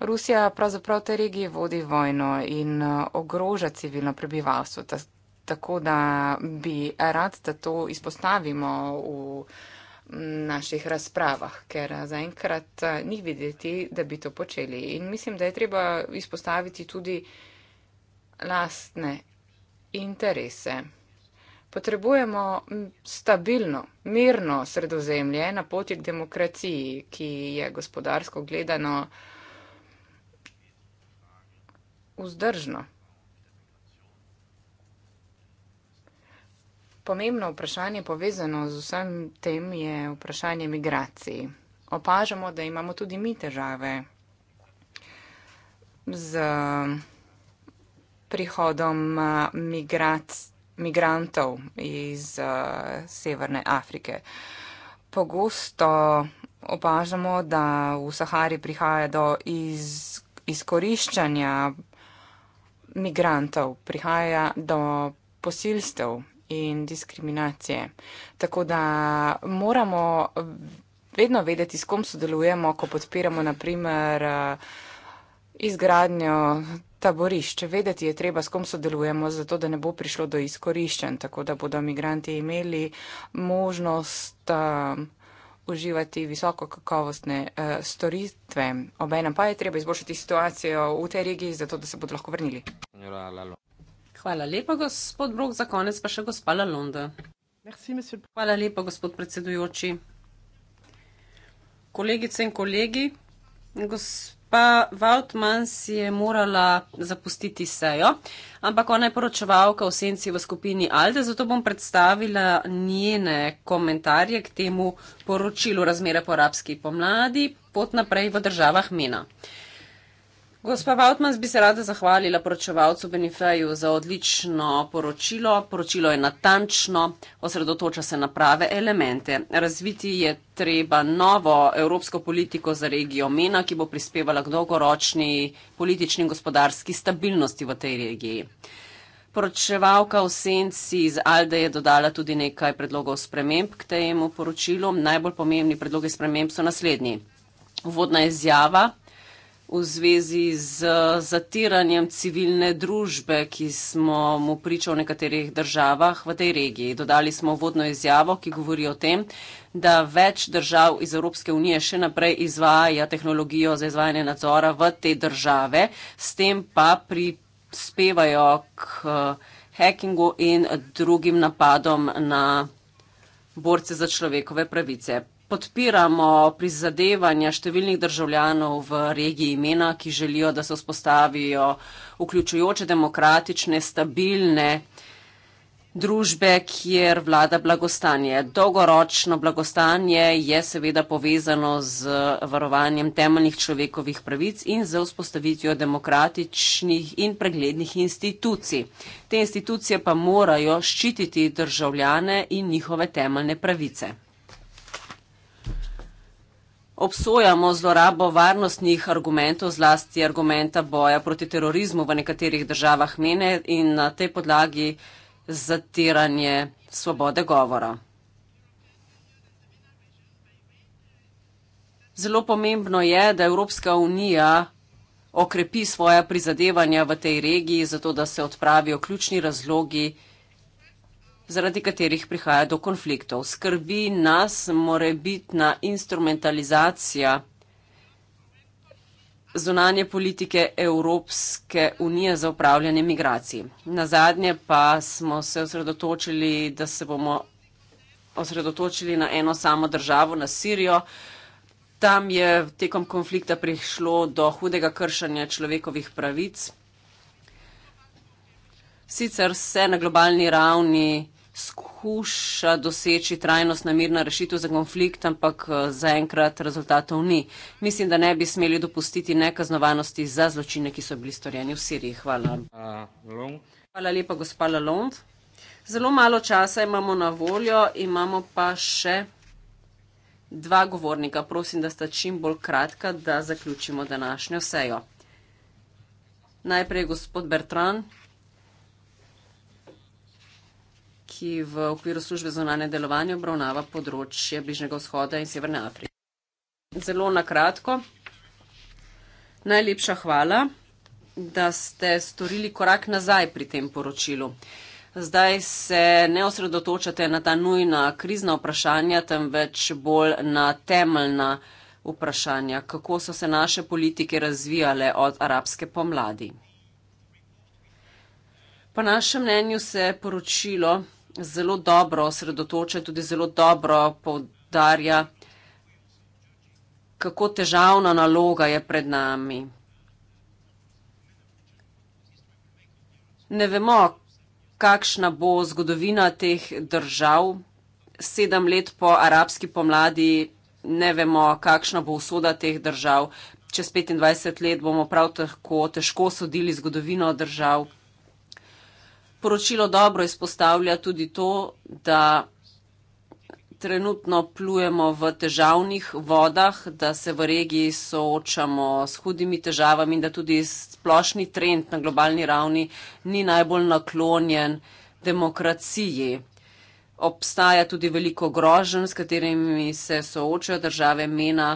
Rusija pravzaprav te regije vodi vojno in e, ogroža civilno prebivalstvo, tako da bi rad, da to izpostavimo v naših razpravah, ker zaenkrat e, ni videti, da bi to počeli. In mislim, da je treba izpostaviti tudi lastne interese. Potrebujemo stabilno, mirno sredozemlje na poti k demokraciji, ki je gospodarsko gledano vzdržno. Pomembno vprašanje povezano z vsem tem je vprašanje migracij. Opažamo, da imamo tudi mi težave z prihodom migracij migrantov iz uh, Severne Afrike. Pogosto opažamo, da v Sahari prihaja do iz, izkoriščanja migrantov, prihaja do posilstev in diskriminacije. Tako da moramo vedno vedeti, s kom sodelujemo, ko podpiramo naprimer eh, izgradnjo taborišče. Vedeti je treba, s kom sodelujemo, zato da ne bo prišlo do izkoriščen, tako da bodo imigranti imeli možnost um, uživati visoko kakovostne uh, storitve. Obenem pa je treba izboljšati situacijo v tej regiji, zato da se bodo lahko vrnili. Hvala lepa, gospod Brok, za konec pa še gospa Lalonda. Hvala lepa, gospod predsedujoči. Kolegice in kolegi, gospod gospa Vautman si je morala zapustiti sejo, ampak ona je poročevalka v senci v skupini Alde, zato bom predstavila njene komentarje k temu poročilu razmere po arabski pomladi, pot naprej v državah Mena. Uh, Gospa Vautmans bi se rada zahvalila poročevalcu Benifeju za odlično poročilo. Poročilo je natančno, osredotoča se na prave elemente. Razviti je treba novo evropsko politiko za regijo Mena, ki bo prispevala k dolgoročni politični in gospodarski stabilnosti v tej regiji. Poročevalka v senci iz Alde je dodala tudi nekaj predlogov sprememb k temu poročilu. Najbolj pomembni predlogi sprememb so naslednji. Uvodna izjava v zvezi z zatiranjem civilne družbe, ki smo mu priča v nekaterih državah v tej regiji. Dodali smo vodno izjavo, ki govori o tem, da več držav iz Evropske unije še naprej izvaja tehnologijo za izvajanje nadzora v te države, s tem pa prispevajo k eh, hackingu in drugim napadom na borce za človekove pravice podpiramo prizadevanja številnih državljanov v regiji Mena, ki želijo, da se vzpostavijo vključujoče, demokratične, stabilne družbe, kjer vlada blagostanje. Dolgoročno blagostanje je seveda povezano z varovanjem temeljnih človekovih pravic in z vzpostavitvijo demokratičnih in preglednih institucij. Te institucije pa morajo ščititi državljane in njihove temeljne pravice. Obsojamo zlorabo varnostnih argumentov, zlasti argumenta boja proti terorizmu v nekaterih državah mene in na tej podlagi zatiranje svobode govora. Zelo pomembno je, da Evropska unija okrepi svoja prizadevanja v tej regiji, zato da se odpravijo ključni razlogi, ki zaradi katerih prihaja do konfliktov. Skrbi nas more bitna instrumentalizacija zunanje politike Evropske unije za upravljanje migracij. Nazadnje pa smo se osredotočili, da se bomo osredotočili na eno samo državo, na Sirijo. Tam je tekom konflikta prišlo do hudega kršanja človekovih pravic. Sicer se na globalni ravni skuša doseči trajnost na mirna rešitev za konflikt, ampak eh, zaenkrat rezultatov ni. Mislim, da ne bi smeli dopustiti nekaznovanosti za zločine, ki so bili storjeni v Siriji. Hvala. Hvala lepa, gospa Lalond. Zelo malo časa imamo na voljo, imamo pa še dva govornika. Prosim, da sta čim bolj kratka, da zaključimo današnjo sejo. Najprej gospod Bertrand. ki v okviru službe zunanje delovanje obravnava področje Bližnjega vzhoda in Severne Afrike. Zelo na kratko. Najlepša hvala, da ste storili korak nazaj pri tem poročilu. Zdaj se ne osredotočate na ta nujna krizna vprašanja, temveč bolj na temeljna vprašanja, kako so se naše politike razvijale od arabske pomladi. Po našem mnenju se poročilo zelo dobro osredotoča, tudi zelo dobro povdarja, kako težavna naloga je pred nami. Ne vemo, kakšna bo zgodovina teh držav. Sedem let po arabski pomladi ne vemo, kakšna bo usoda teh držav. Čez 25 let bomo prav tako težko sodili zgodovino držav poročilo dobro izpostavlja tudi to, da trenutno plujemo v težavnih vodah, da se v regiji soočamo s hudimi težavami in da tudi splošni trend na globalni ravni ni najbolj naklonjen demokraciji. Obstaja tudi veliko grožen, s katerimi se soočajo države MENA,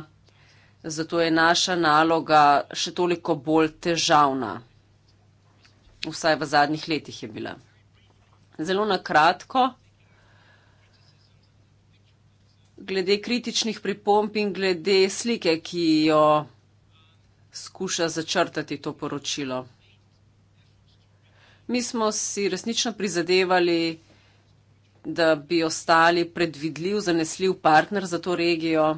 zato je naša naloga še toliko bolj težavna vsaj v zadnjih letih je bila. Zelo na kratko, glede kritičnih pripomp in glede slike, ki jo skuša začrtati to poročilo. Mi smo si resnično prizadevali, da bi ostali predvidljiv, zanesljiv partner za to regijo,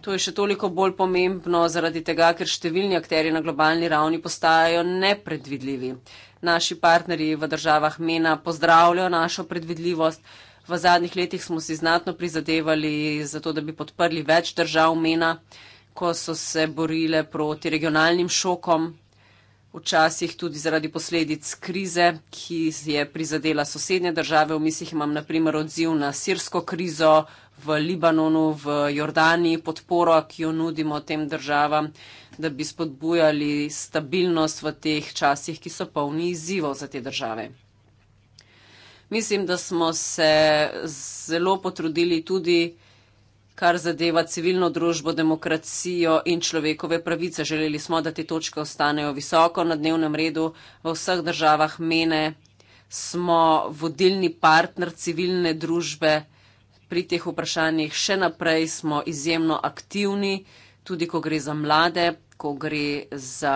To je še toliko bolj pomembno zaradi tega, ker številni akteri na globalni ravni postajajo nepredvidljivi. Naši partnerji v državah MENA pozdravljajo našo predvidljivost. V zadnjih letih smo si znatno prizadevali za to, da bi podprli več držav MENA, ko so se borile proti regionalnim šokom, včasih tudi zaradi posledic krize, ki je prizadela sosednje države. V mislih imam na primer odziv na sirsko krizo, v Libanonu, v Jordani, podporo, ki jo nudimo tem državam, da bi spodbujali stabilnost v teh časih, ki so polni izzivov za te države. Mislim, da smo se zelo potrudili tudi, kar zadeva civilno družbo, demokracijo in človekove pravice. Želeli smo, da te točke ostanejo visoko na dnevnem redu v vseh državah mene. Smo vodilni partner civilne družbe pri teh vprašanjih. Še naprej smo izjemno aktivni, tudi ko gre za mlade, ko gre za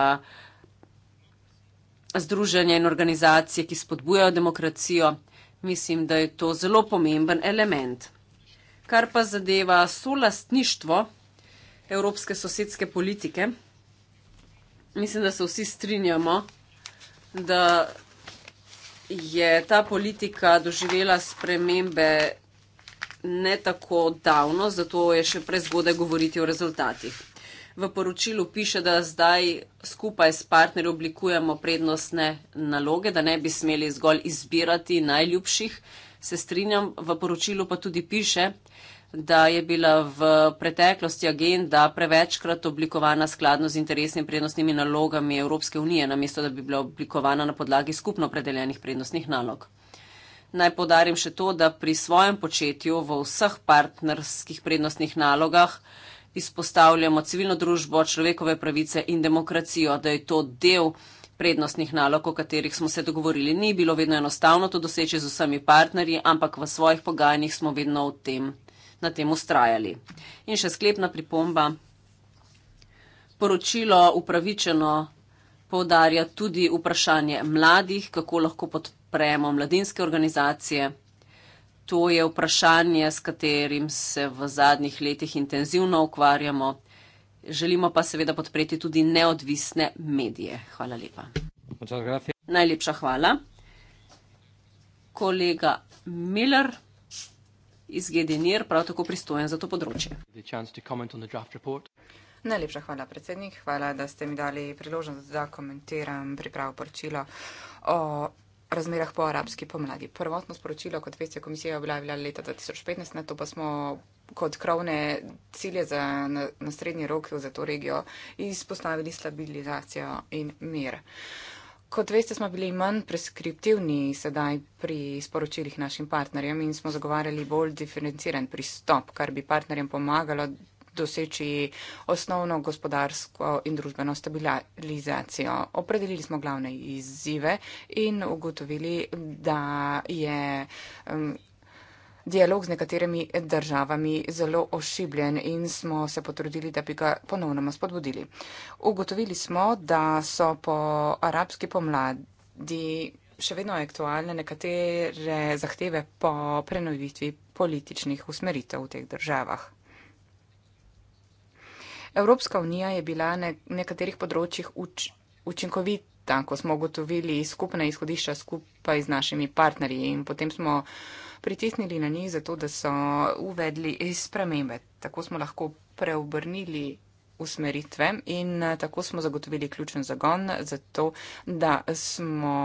združenje in organizacije, ki spodbujajo demokracijo. Mislim, da je to zelo pomemben element. Kar pa zadeva solastništvo evropske sosedske politike, mislim, da se vsi strinjamo, da je ta politika doživela spremembe ne tako davno, zato je še prezgodaj govoriti o rezultatih. V poročilu piše, da zdaj skupaj s partnerji oblikujemo prednostne naloge, da ne bi smeli zgolj izbirati najljubših. Se strinjam, v poročilu pa tudi piše, da je bila v preteklosti agenda prevečkrat oblikovana skladno z interesnimi prednostnimi nalogami Evropske unije, namesto da bi bila oblikovana na podlagi skupno predeljenih prednostnih nalog. Naj podarim še to, da pri svojem početju v vseh partnerskih prednostnih nalogah izpostavljamo civilno družbo, človekove pravice in demokracijo, da je to del prednostnih nalog, o katerih smo se dogovorili. Ni bilo vedno enostavno to doseči z vsemi partnerji, ampak v svojih pogajanjih smo vedno tem, na tem ustrajali. In še sklepna pripomba. Poročilo upravičeno. Povdarja tudi vprašanje mladih, kako lahko podpravljajo podpremo mladinske organizacije. To je vprašanje, s katerim se v zadnjih letih intenzivno ukvarjamo. Želimo pa seveda podpreti tudi neodvisne medije. Hvala lepa. Najlepša hvala. Kolega Miller iz GDNR, prav tako pristojen za to področje. Najlepša hvala, predsednik. Hvala, da ste mi dali priložnost, da komentiram pripravo poročilo o razmerah po arabski pomladi. Prvotno sporočilo, kot veste, komisija je objavila leta 2015, na to pa smo kot krovne cilje za naslednji na rok za to regijo izpostavili stabilizacijo in mir. Kot veste, smo bili manj preskriptivni sedaj pri sporočilih našim partnerjem in smo zagovarjali bolj diferenciran pristop, kar bi partnerjem pomagalo doseči osnovno gospodarsko in družbeno stabilizacijo. Opredelili smo glavne izzive in ugotovili, da je. Um, Dialog z nekaterimi državami je zelo ošibljen in smo se potrudili, da bi ga ponovnoma spodbudili. Ugotovili smo, da so po arabski pomladi še vedno aktualne nekatere zahteve po prenovitvi političnih usmeritev v teh državah. Evropska unija je bila na ne, nekaterih področjih uč, učinkovita, ko smo ugotovili skupne izhodišča skupaj z našimi partnerji in potem smo pritisnili na njih zato, da so uvedli spremembe. Tako smo lahko preobrnili usmeritve in eh, tako smo zagotovili ključen zagon za to, da smo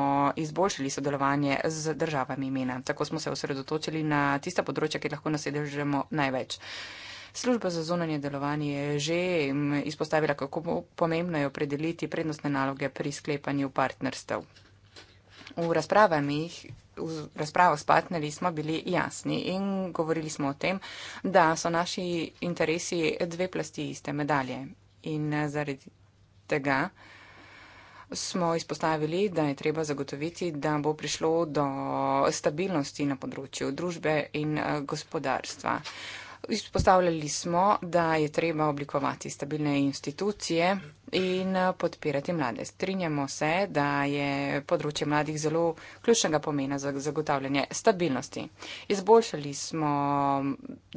izboljšali sodelovanje z državami imena. Tako smo se osredotočili na tista področja, ki lahko nasedežemo največ. Služba za zunanje delovanje je že mm, izpostavila, kako pomembno je opredeliti prednostne naloge pri sklepanju partnerstev. V razpravah, v razpravah s partnerji smo bili jasni in govorili smo o tem, da so naši interesi dve plasti iste medalje. In eh, zaradi tega smo izpostavili, da je treba zagotoviti, da bo prišlo do stabilnosti na področju družbe in eh, gospodarstva. Izpostavljali smo, da je treba oblikovati stabilne institucije, in eh, podpirati mlade. Strinjamo se, da je področje mladih zelo ključnega pomena za zagotavljanje stabilnosti. Izboljšali smo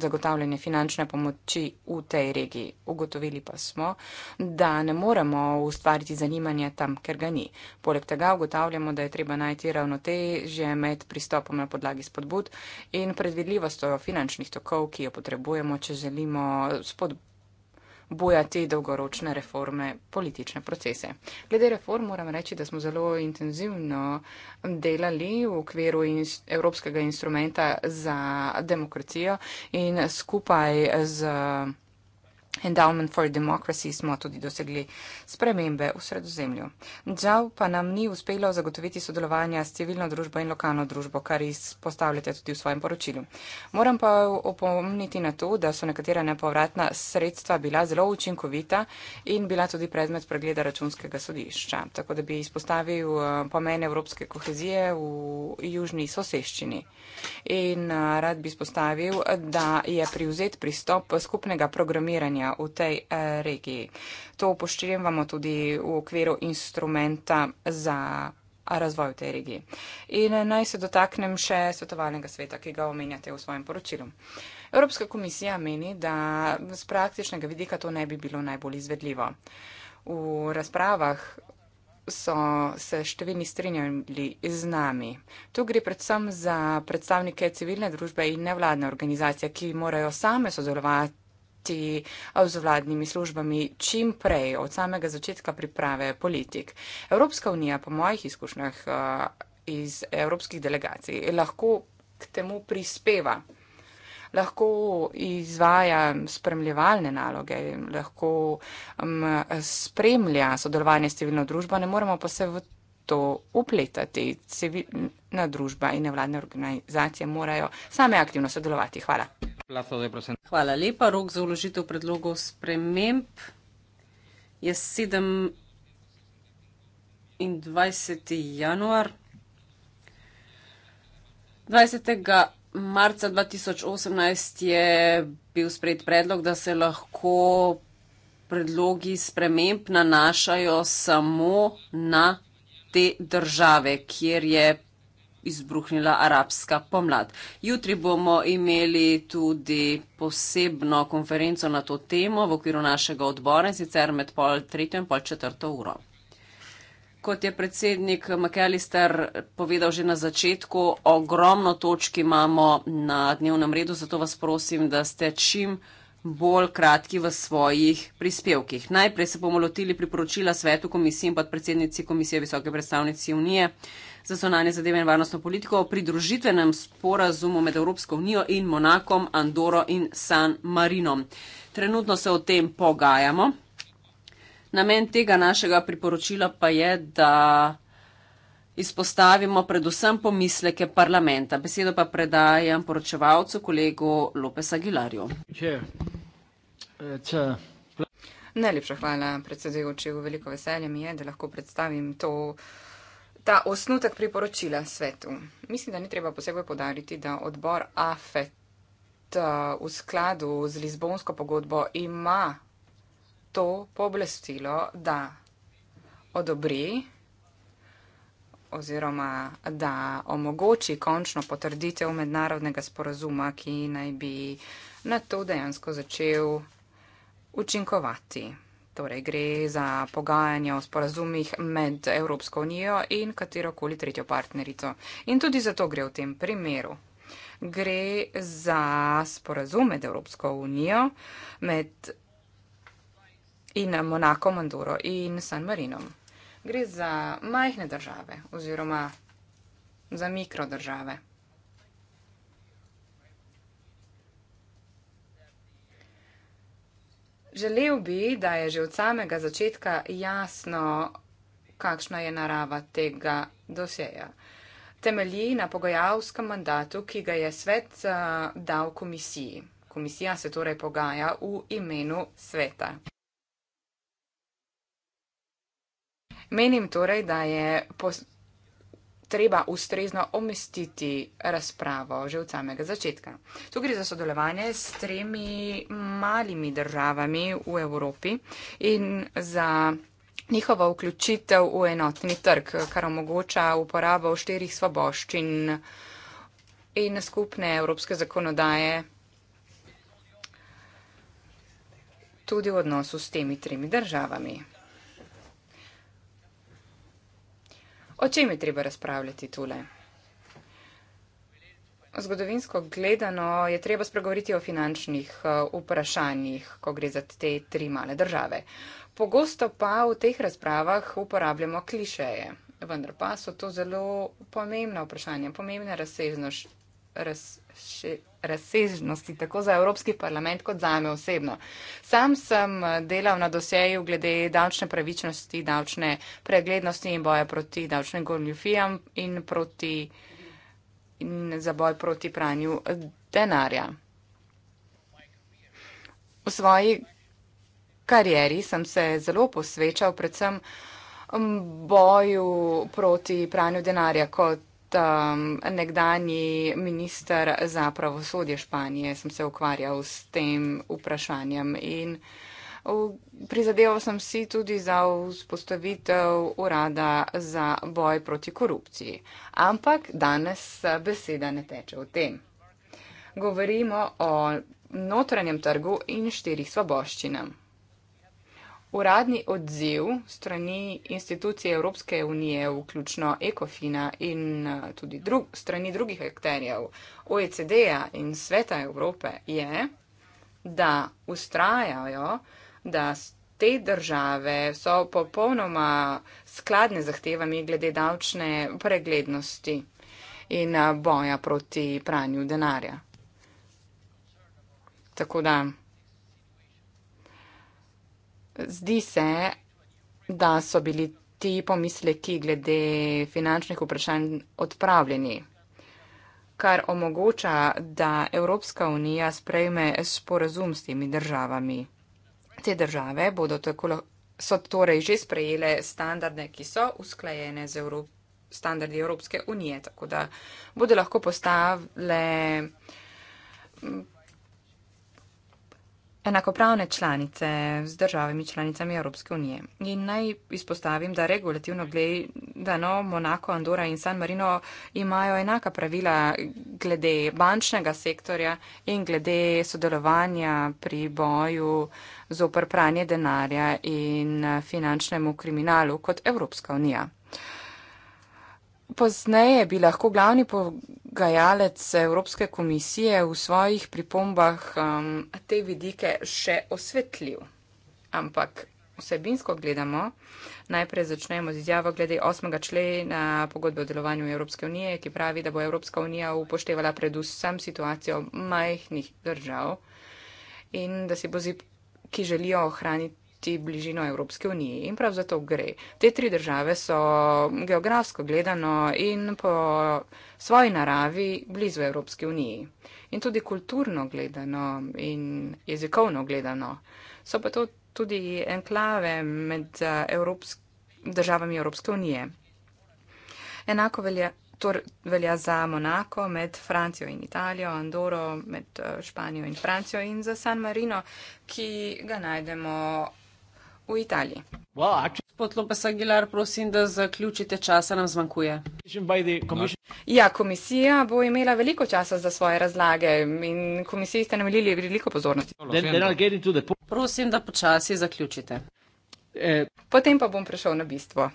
zagotavljanje finančne pomoči v tej regiji. Ugotovili pa smo, da ne moremo ustvariti zanimanja tam, ker ga ni. Poleg tega ugotavljamo, da je treba najti ravnotežje med pristopom na podlagi spodbud in predvidljivostjo finančnih tokov, ki jo potrebujemo, če želimo spodbuditi bojati dolgoročne reforme, politične procese. Glede reform moram reči, da smo zelo intenzivno delali v okviru inst Evropskega instrumenta za demokracijo in skupaj z. Endowment for Democracy smo tudi dosegli spremembe v sredozemlju. Žal pa nam ni uspelo zagotoviti sodelovanja s civilno družbo in lokalno družbo, kar izpostavljate tudi v svojem poročilu. Moram pa opomniti na to, da so nekatera nepovratna sredstva bila zelo učinkovita in bila tudi predmet pregleda računskega sodišča. Tako da bi izpostavil eh, pomen evropske kohezije v južni soseščini. In eh, rad bi izpostavil, da je privzet pristop skupnega programiranja Slovenija v tej eh, regiji. To upoštevamo tudi v okviru instrumenta za razvoj v tej regiji. In eh, naj se dotaknem še svetovalnega sveta, ki ga omenjate v svojem poročilu. Evropska komisija meni, da z praktičnega vidika to ne bi bilo najbolj izvedljivo. V razpravah so se številni strinjali z nami. Tu gre predvsem za predstavnike civilne družbe in nevladne organizacije, ki morajo same sodelovati pogovarjati z vladnimi službami čim prej, od samega začetka priprave politik. Evropska unija, po mojih izkušnjah iz evropskih delegacij, lahko k temu prispeva. Lahko izvaja spremljevalne naloge, lahko um, spremlja sodelovanje s civilno družbo, ne moremo pa se v to upletati. Civilna družba in nevladne organizacije morajo same aktivno sodelovati. Hvala. Hvala lepa. Rok za uložitev predlogov sprememb je 27. januar. 20. marca 2018 je bil sprejet predlog, da se lahko predlogi sprememb nanašajo samo na te države, kjer je izbruhnila arabska pomlad. Jutri bomo imeli tudi posebno konferenco na to temo v okviru našega odbora, sicer med pol tretjo in pol četrto uro. Kot je predsednik McAllister povedal že na začetku, ogromno točk imamo na dnevnem redu, zato vas prosim, da ste čim bolj kratki v svojih prispevkih. Najprej se bomo lotili priporočila svetu komisije in podpredsednici komisije Visoke predstavnice Unije za zonanje zadeve in varnostno politiko o pridružitvenem sporazumu med Evropsko unijo in Monakom, Andoro in San Marinom. Trenutno se o tem pogajamo. Namen tega našega priporočila pa je, da izpostavimo predvsem pomisleke parlamenta. Besedo pa predajam poročevalcu, kolegu Lopes Aguilarju. Eh, Najlepša hvala, predsedujoči. V veliko veselje mi je, da lahko predstavim to, ta osnutek priporočila svetu. Mislim, da ni treba posebej podariti, da odbor AFET eh, v skladu z Lizbonsko pogodbo ima to pooblastilo, da odobri oziroma da omogoči končno potrditev mednarodnega sporazuma, ki naj bi na to dejansko začel učinkovati. Torej gre za pogajanje o sporazumih med Evropsko unijo in katerokoli tretjo partnerico. In tudi zato gre v tem primeru. Gre za sporazum med Evropsko unijo med in Monako, Mandoro in San Marinom gre za majhne države oziroma za mikrodržave. Želel bi, da je že od samega začetka jasno, kakšna je narava tega doseja. Temelji na pogajalskem mandatu, ki ga je svet eh, dal komisiji. Komisija se torej pogaja v imenu sveta. Menim torej, da je treba ustrezno omestiti razpravo že od samega začetka. Tu gre za sodelovanje s tremi malimi državami v Evropi in za njihovo vključitev v enotni trg, kar omogoča uporabo štirih svoboščin in skupne evropske zakonodaje tudi v odnosu s temi tremi državami. O čem je treba razpravljati tule? Zgodovinsko gledano je treba spregovoriti o finančnih eh, vprašanjih, ko gre za te tri male države. Pogosto pa v teh razpravah uporabljamo klišeje, vendar pa so to zelo pomembna vprašanja, pomembne razsežnosti. Razše razsežnosti, tako za Evropski parlament, kot za me osebno. Sam sem delal na dosjeju glede davčne pravičnosti, davčne preglednosti in boja proti davčnim goljufijam in, proti, in za boj proti pranju denarja. V svoji karieri sem se zelo posvečal predvsem boju proti pranju denarja kot um, nekdani minister za pravosodje Španije, sem se ukvarjal s tem vprašanjem in prizadeval sem si tudi za vzpostavitev urada za boj proti korupciji. Ampak danes uh, beseda ne teče o tem. Govorimo o notranjem trgu in štirih svoboščinah. Uradni odziv strani institucije Evropske unije, vključno ECOFINA in eh, tudi drug, strani drugih akterjev, OECD-ja in Sveta Evrope, je, da ustrajajo, da te države so popolnoma skladne z zahtevami glede davčne preglednosti in eh, boja proti pranju denarja. Tako da. Zdi se, da so bili ti pomisleki glede finančnih vprašanj odpravljeni, kar omogoča, da Evropska unija sprejme sporazum s temi državami. Te države bodo tako lahko. So torej že sprejele standarde, ki so usklajene z Evrop standardi Evropske unije, tako da bodo lahko postavile enakopravne članice z državami članicami Evropske unije. In naj izpostavim, da regulativno gledano Monako, Andora in San Marino imajo enaka pravila glede bančnega sektorja in glede sodelovanja pri boju zoper pranje denarja in finančnemu kriminalu kot Evropska unija. Pozneje bi lahko glavni pogajalec Evropske komisije v svojih pripombah um, te vidike še osvetljiv. Ampak vsebinsko gledamo, najprej začnemo z izjavo glede 8. člena pogodbe o delovanju Evropske unije, ki pravi, da bo Evropska unija upoštevala predvsem situacijo majhnih držav in da si bo zip, ki želijo ohraniti čuti bližino Evropske unije in prav zato gre. Te tri države so geografsko gledano in po svoji naravi blizu Evropske unije. In tudi kulturno gledano in jezikovno gledano so pa to tudi enklave med eh, Evropsk državami Evropske unije. Enako velja. To velja za Monako med Francijo in Italijo, Andoro med eh, Španijo in Francijo in za San Marino, ki ga najdemo v Italiji. Gospod Lopes Aguilar, prosim, da zaključite čas, nam zmanjkuje. Ja, komisija bo imela veliko časa za svoje razlage in komisiji ste namelili veliko pozornosti. Prosim, da počasi zaključite. Eh, Potem pa bom prešel na bistvo.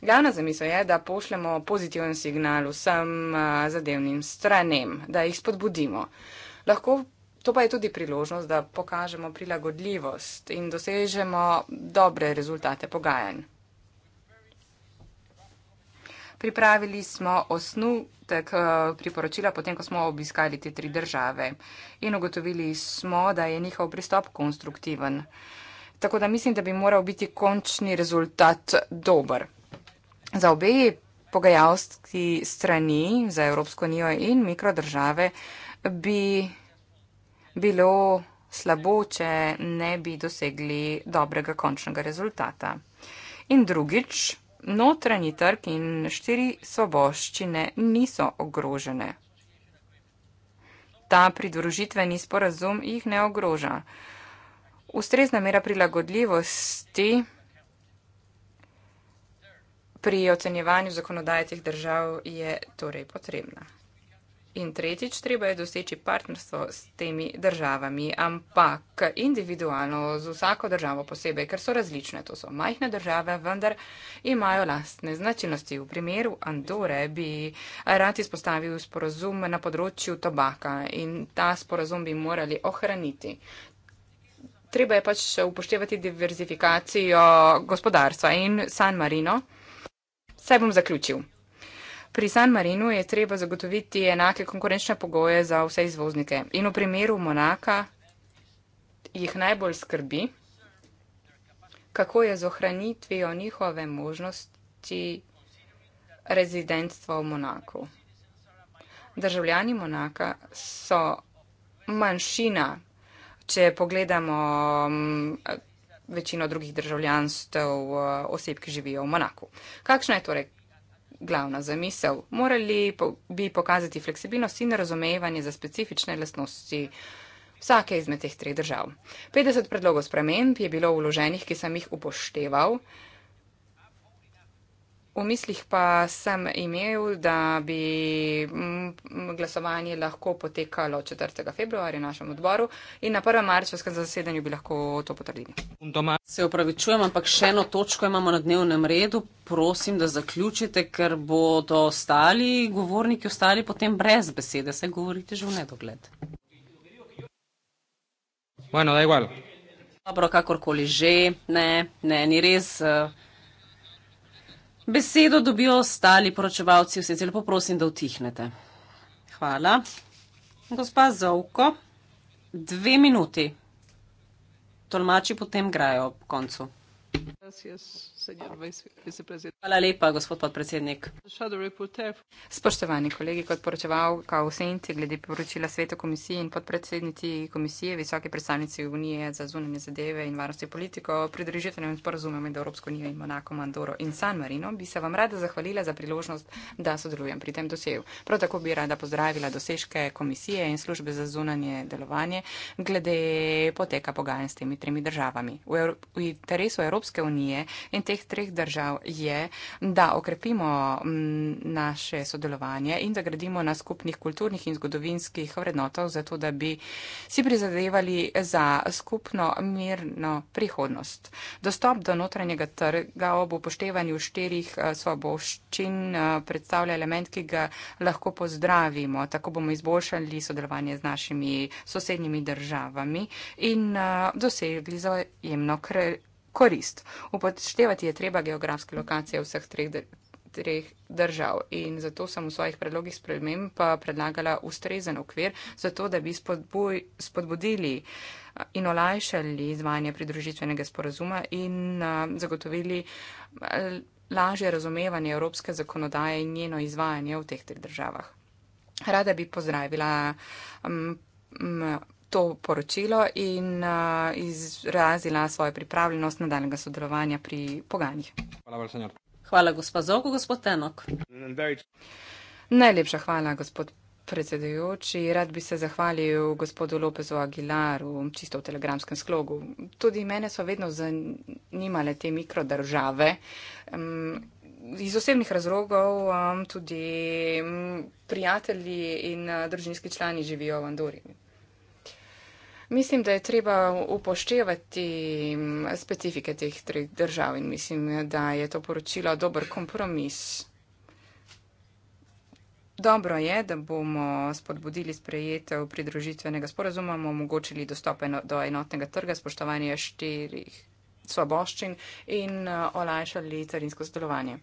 Glavna zamisel je, da pošljemo pozitiven signal vsem eh, zadevnim stranem, da jih spodbudimo. Lahko To pa je tudi priložnost, da pokažemo prilagodljivost in dosežemo dobre rezultate pogajanj. Pripravili smo osnutek eh, priporočila, potem ko smo obiskali te tri države in ugotovili smo, da je njihov pristop konstruktiven. Tako da mislim, da bi moral biti končni rezultat dober. Za obe pogajalski strani, za Evropsko unijo in mikrodržave, bi bilo slabo, če ne bi dosegli dobrega končnega rezultata. In drugič, notranji trg in štiri svoboščine niso ogrožene. Ta pridružitveni sporazum jih ne ogroža. Ustrezna mera prilagodljivosti pri ocenjevanju zakonodaje teh držav je torej potrebna. In tretjič, treba je doseči partnerstvo s temi državami, ampak individualno, z vsako državo posebej, ker so različne. To so majhne države, vendar imajo lastne značilnosti. V primeru Andore bi rad izpostavil sporozum na področju tobaka in ta sporozum bi morali ohraniti. Treba je pač upoštevati diverzifikacijo gospodarstva in San Marino. Saj bom zaključil. Pri San Marinu je treba zagotoviti enake konkurenčne pogoje za vse izvoznike. In v primeru Monaka jih najbolj skrbi, kako je z ohranitvijo njihove možnosti rezidentstva v Monaku. Državljani Monaka so manjšina, če pogledamo mm, večino drugih državljanstv eh, oseb, ki živijo v Monaku. Kakšna je torej glavna zamisel. Morali bi pokazati fleksibilnost in razumevanje za specifične lastnosti vsake izmed teh treh držav. 50 predlogov sprememb je bilo vloženih, ki sem jih upošteval. V mislih pa sem imel, da bi mm, glasovanje lahko potekalo 4. februarja v našem odboru in na 1. marčevskem zasedanju bi lahko to potrdili. Doma se upravičujem, ampak še eno točko imamo na dnevnem redu. Prosim, da zaključite, ker bodo ostali govorniki ostali potem brez besede. Se govorite že v nedogled. Bueno, da igual. Dobro, kakorkoli že. Ne, ne, ni res. Uh, Besedo dobijo ostali poročevalci, vse zelo poprosim, da utihnete. Hvala. Gospa Zovko, dve minuti. Tolmači potem grajo ob koncu. Yes, yes. Hvala lepa, gospod podpredsednik. Spoštovani kolegi, kot poročeval kao senci glede poročila svetu komisiji in podpredsednici komisije, visoke predstavnici Unije za zunanje zadeve in varnosti politiko, pridružitvenim sporozumem med Evropsko unijo in Monako, Mandoro in San Marino, bi se vam rada zahvalila za priložnost, da sodelujem pri tem doseju. Prav tako bi rada pozdravila dosežke komisije in službe za zunanje delovanje glede poteka pogajanj s temi tremi državami. V, er v interesu Evropske unije in teh treh držav je, da okrepimo naše sodelovanje in da gradimo na skupnih kulturnih in zgodovinskih vrednotah, zato da bi si prizadevali za skupno mirno prihodnost. Dostop do notranjega trga ob upoštevanju štirih eh, svoboščin eh, predstavlja element, ki ga lahko pozdravimo. Tako bomo izboljšali sodelovanje z našimi sosednjimi državami in eh, dosegli zajemno krepitev korist. Upoštevati je treba geografske lokacije vseh treh, treh držav in zato sem v svojih predlogih spremem pa predlagala ustrezen okvir, zato da bi spodbuj, spodbudili eh, in olajšali izvajanje pridružitvenega sporazuma in uh, zagotovili eh, lažje razumevanje evropske zakonodaje in njeno izvajanje v teh treh državah. Rada bi pozdravila um, to poročilo in uh, izrazila svojo pripravljenost nadaljnega sodelovanja pri pogajanjih. Hvala, hvala, gospod Zogo, gospod Tenok. Najlepša hvala, gospod predsedujoči. Rad bi se zahvalil gospodu Lopezu Aguilaru, čisto v telegramskem slogu. Tudi mene so vedno zanimale te mikrodržave. Um, Iz osebnih razlogov tudi mm, prijatelji in družinski člani živijo v Andoriji. Mislim, da je treba upoštevati mm, specifike teh treh držav in mislim, da je to poročilo dober kompromis. Dobro je, da bomo spodbudili sprejetev pridružitvenega sporazuma, omogočili dostope do enotnega trga, spoštovanje štirih svoboščin in eh, olajšali carinsko sodelovanje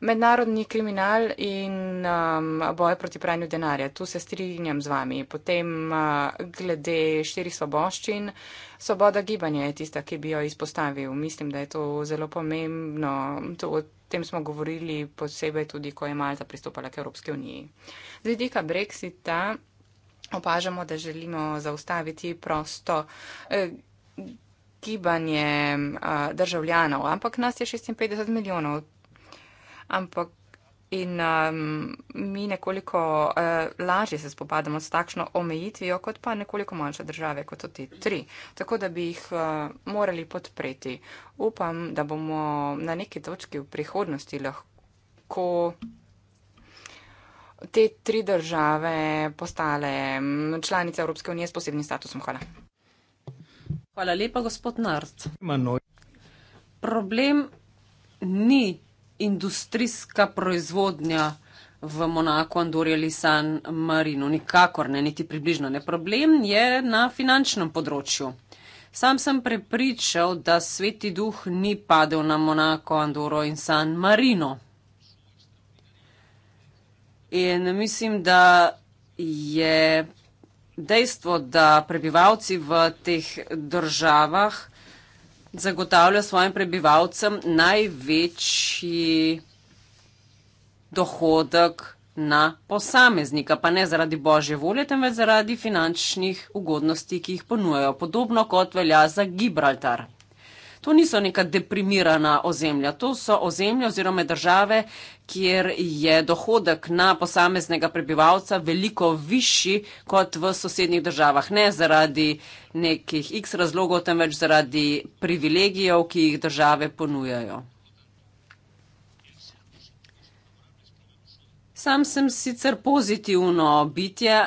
mednarodni kriminal in um, boje proti pranju denarja. Tu se strinjam z vami. Potem uh, glede štirih svoboščin, svoboda gibanja je tista, ki bi jo izpostavil. Mislim, da je to zelo pomembno. To, o tem smo govorili posebej tudi, ko je Malta pristopala k Evropski uniji. Z vidika Brexita opažamo, da želimo zaustaviti prosto. Eh, gibanje eh, državljanov, ampak nas je 56 milijonov, ampak in um, mi nekoliko uh, lažje se spopadamo s takšno omejitvijo, kot pa nekoliko manjše države, kot so te tri. Tako da bi jih uh, morali podpreti. Upam, da bomo na neki točki v prihodnosti lahko. Te tri države postale um, članice Evropske unije s posebnim statusom. Hvala. Hvala lepa, gospod Nart. Problem ni industrijska proizvodnja v Monaku, Andorju, Lisan, Marinu. Nikakor ne, niti približno ne. Problem je na finančnem področju. Sam sem prepričal, da sveti duh ni padel na Monako, Andoro in San Marino. In mislim, da je dejstvo, da prebivalci v teh državah zagotavlja svojim prebivalcem največji dohodek na posameznika, pa ne zaradi božje volje, temveč zaradi finančnih ugodnosti, ki jih ponujajo, podobno kot velja za Gibraltar to niso neka deprimirana ozemlja, to so ozemlja oziroma države, kjer je dohodek na posameznega prebivalca veliko višji kot v sosednjih državah. Ne zaradi nekih x razlogov, temveč zaradi privilegijev, ki jih države ponujajo. Sam sem sicer pozitivno bitje,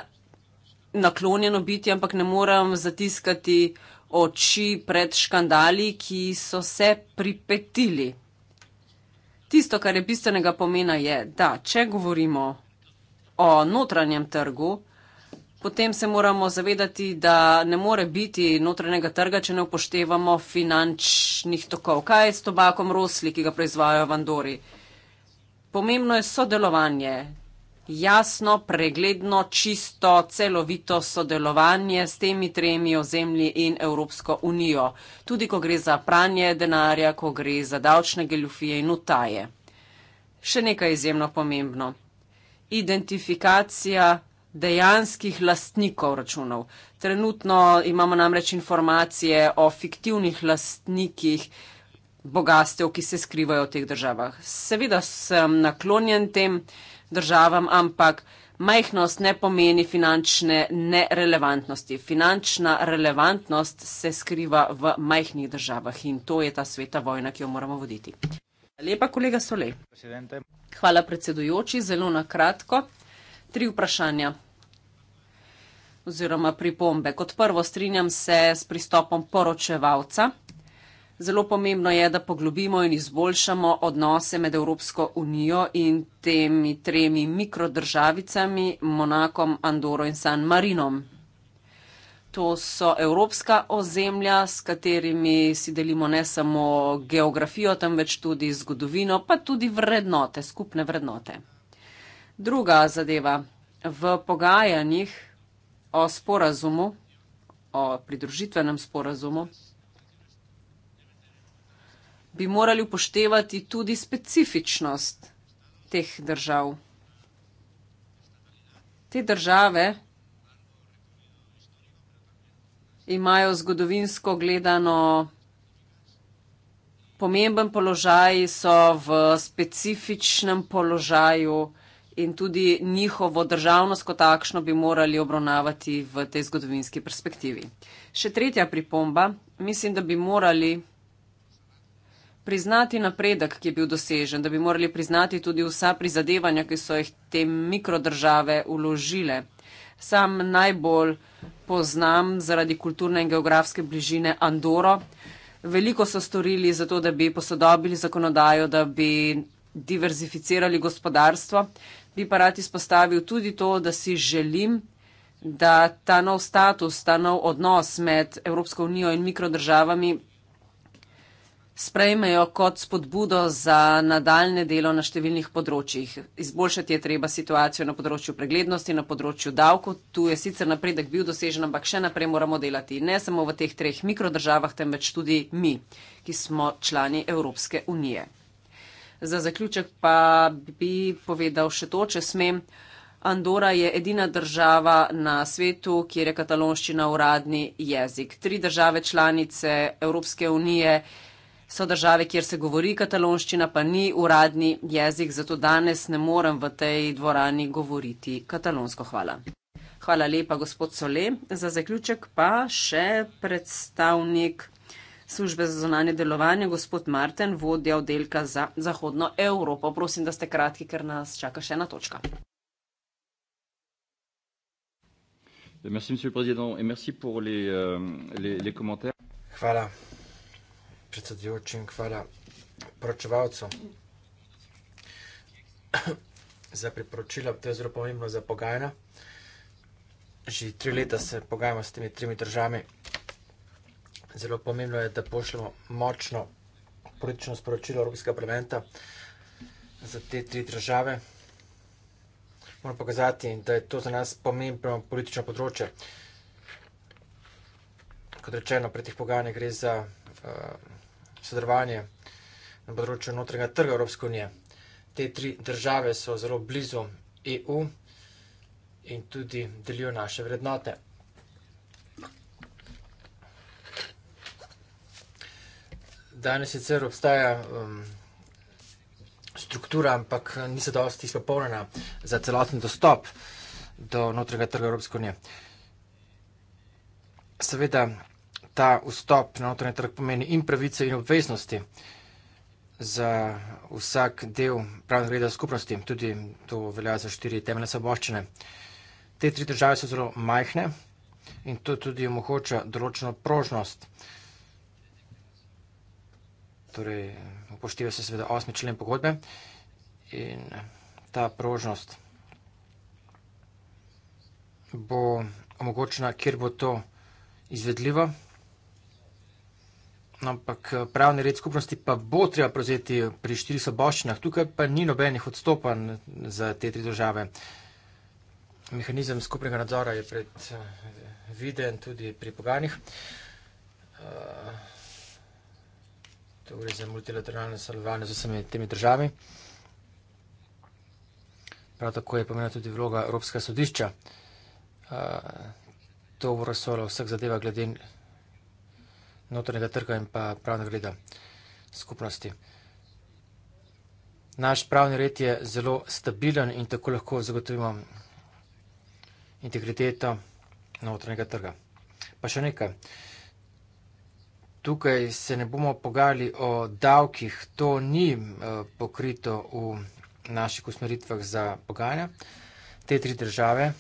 naklonjeno bitje, ampak ne moram zatiskati oči pred škandali, ki so se pripetili. Tisto, kar je bistvenega pomena, je, da če govorimo o notranjem trgu, potem se moramo zavedati, da ne more biti notranjega trga, če ne upoštevamo finančnih tokov. Kaj je s tobakom rosli, ki ga proizvajajo v Andori? Pomembno je sodelovanje, jasno, pregledno, čisto, celovito sodelovanje s temi tremi ozemlji in Evropsko unijo, tudi ko gre za pranje denarja, ko gre za davčne geljufije in utaje. Še nekaj izjemno pomembno. Identifikacija dejanskih lastnikov računov. Trenutno imamo namreč informacije o fiktivnih lastnikih bogastev, ki se skrivajo v teh državah. Seveda sem naklonjen tem, državam, ampak majhnost ne pomeni finančne nerelevantnosti. Finančna relevantnost se skriva v majhnih državah in to je ta sveta vojna, ki jo moramo voditi. Lepa, kolega Solej. Hvala, predsedujoči. Zelo na kratko. Tri vprašanja oziroma pripombe. Kot prvo, strinjam se s pristopom poročevalca, Zelo pomembno je, da poglobimo in izboljšamo odnose med Evropsko unijo in temi tremi mikrodržavicami, Monakom, Andoro in San Marinom. To so evropska ozemlja, s katerimi si delimo ne samo geografijo, temveč tudi zgodovino, pa tudi vrednote, skupne vrednote. Druga zadeva. V pogajanjih o sporazumu, o pridružitvenem sporazumu, bi morali upoštevati tudi specifičnost teh držav. Te države imajo zgodovinsko gledano pomemben položaj, so v specifičnem položaju in tudi njihovo državnost kot takšno bi morali obravnavati v tej zgodovinski perspektivi. Še tretja pripomba. Mislim, da bi morali priznati napredek, ki je bil dosežen, da bi morali priznati tudi vsa prizadevanja, ki so jih te mikrodržave uložile. Sam najbolj poznam zaradi kulturne in geografske bližine Andoro. Veliko so storili za to, da bi posodobili zakonodajo, da bi diverzificirali gospodarstvo. Bi pa rad izpostavil tudi to, da si želim, da ta nov status, ta nov odnos med Evropsko unijo in mikrodržavami sprejmejo kot spodbudo za nadaljne delo na številnih področjih. Izboljšati je treba situacijo na področju preglednosti, na področju davko. Tu je sicer napredek bil dosežen, ampak še naprej moramo delati ne samo v teh treh mikrodržavah, temveč tudi mi, ki smo člani Evropske unije. Za zaključek pa bi povedal še to, če smem. Andora je edina država na svetu, kjer je katalonščina uradni jezik. Tri države članice Evropske unije so države, kjer se govori katalonščina, pa ni uradni jezik, zato danes ne morem v tej dvorani govoriti katalonsko. Hvala. Hvala lepa, gospod Sole. Za zaključek pa še predstavnik službe za zonanje delovanje, gospod Marten, vodja oddelka za Zahodno Evropo. Prosim, da ste kratki, ker nas čaka še ena točka. Euh, Hvala predsedujočim, hvala poročevalcu za priporočila, to je zelo pomembno za pogajanja. Že tri leta se pogajamo s temi tremi državami. Zelo pomembno je, da pošljemo močno politično sporočilo Evropskega parlamenta za te tri države. Moram pokazati, da je to za nas pomembno politično področje. Kot rečeno, pri teh pogajanjih gre za uh, sodelovanje na področju notranjega trga Evropske unije. Te tri države so zelo blizu EU in tudi delijo naše vrednote. Danes sicer obstaja um, struktura, ampak niso dosti izpopolnjena za celoten dostop do notranjega trga Evropske unije. Seveda ta vstop na notranji trg pomeni in pravice in obveznosti za vsak del pravnega reda skupnosti. Tudi to velja za štiri temeljne svoboščine. Te tri države so zelo majhne in to tudi omogoča določeno prožnost. Torej, upošteva se seveda osmi člen pogodbe in ta prožnost bo omogočena, kjer bo to izvedljivo, ampak eh, pravni red skupnosti pa bo treba prevzeti pri štirih soboščinah. Tukaj pa ni nobenih odstopanj za te tri države. Mehanizem skupnega nadzora je predviden eh, tudi pri poganjih. Eh, to gre za multilateralne sodelovanje z vsemi temi državami. Prav tako je pomena tudi vloga Evropskega sodišča. To bo razsolo vseh zadeva glede notranjega trga in pa pravnega reda skupnosti. Naš pravni red je zelo stabilen in tako lahko zagotovimo integriteto notranjega trga. Pa še nekaj. Tukaj se ne bomo pogajali o davkih, to ni eh, pokrito v naših usmeritvah za pogajanja. Te tri države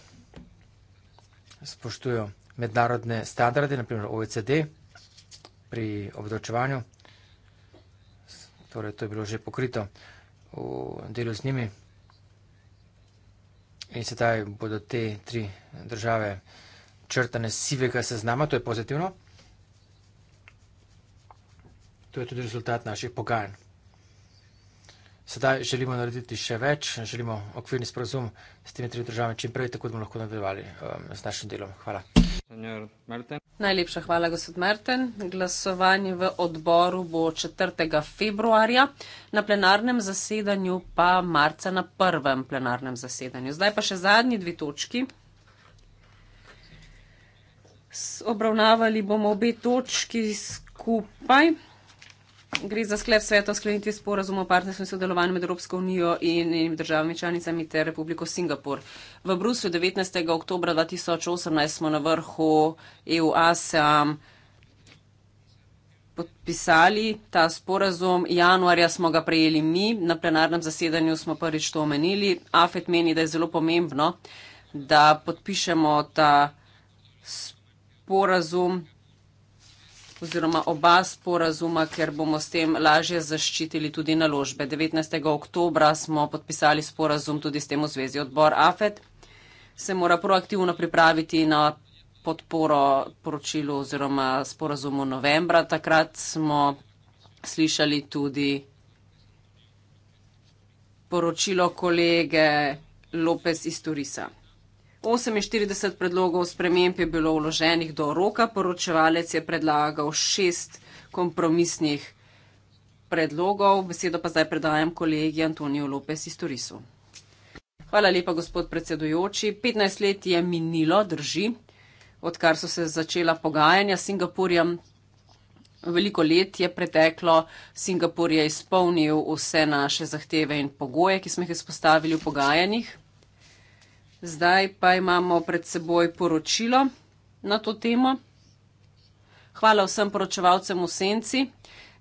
spoštujo mednarodne standarde, naprimer OECD, pri obdavčevanju. Torej, to je bilo že pokrito v delu z njimi. In sedaj bodo te tri države črtane sivega seznama, to je pozitivno. To je tudi rezultat naših pogajanj. Sedaj želimo narediti še več, želimo okvirni sporozum s temi tremi državami čim prej, tako da bomo lahko nadaljevali um, s našim delom. Hvala. Najlepša hvala, gospod Merten. Glasovanje v odboru bo 4. februarja, na plenarnem zasedanju pa marca na prvem plenarnem zasedanju. Zdaj pa še zadnji dve točki. Obravnavali bomo obe točki skupaj. Gre za sklep sveta o sklenitvi sporazuma o partnerstvu in sodelovanju med Evropsko unijo in državami članicami ter Republiko Singapur. V Bruslju 19. oktober 2018 smo na vrhu EU-ASEA podpisali ta sporazum. Januarja smo ga prejeli mi, na plenarnem zasedanju smo prvič to omenili. AFET meni, da je zelo pomembno, da podpišemo ta sporazum oziroma oba sporazuma, ker bomo s tem lažje zaščitili tudi naložbe. 19. oktobra smo podpisali sporazum tudi s tem v zvezi. Odbor AFED se mora proaktivno pripraviti na podporo poročilu oziroma sporazumu novembra. Takrat smo slišali tudi poročilo kolege Lopez iz Turisa. 48 predlogov sprememb je bilo vloženih do roka, poročevalec je predlagal šest kompromisnih predlogov. Besedo pa zdaj predajam kolegi Antonijo Lopes iz Turisu. Hvala lepa, gospod predsedujoči. 15 let je minilo, drži, odkar so se začela pogajanja s Singapurjem. Veliko let je preteklo, Singapur je izpolnil vse naše zahteve in pogoje, ki smo jih izpostavili v pogajanjih. Zdaj pa imamo pred seboj poročilo na to temo. Hvala vsem poročevalcem v senci.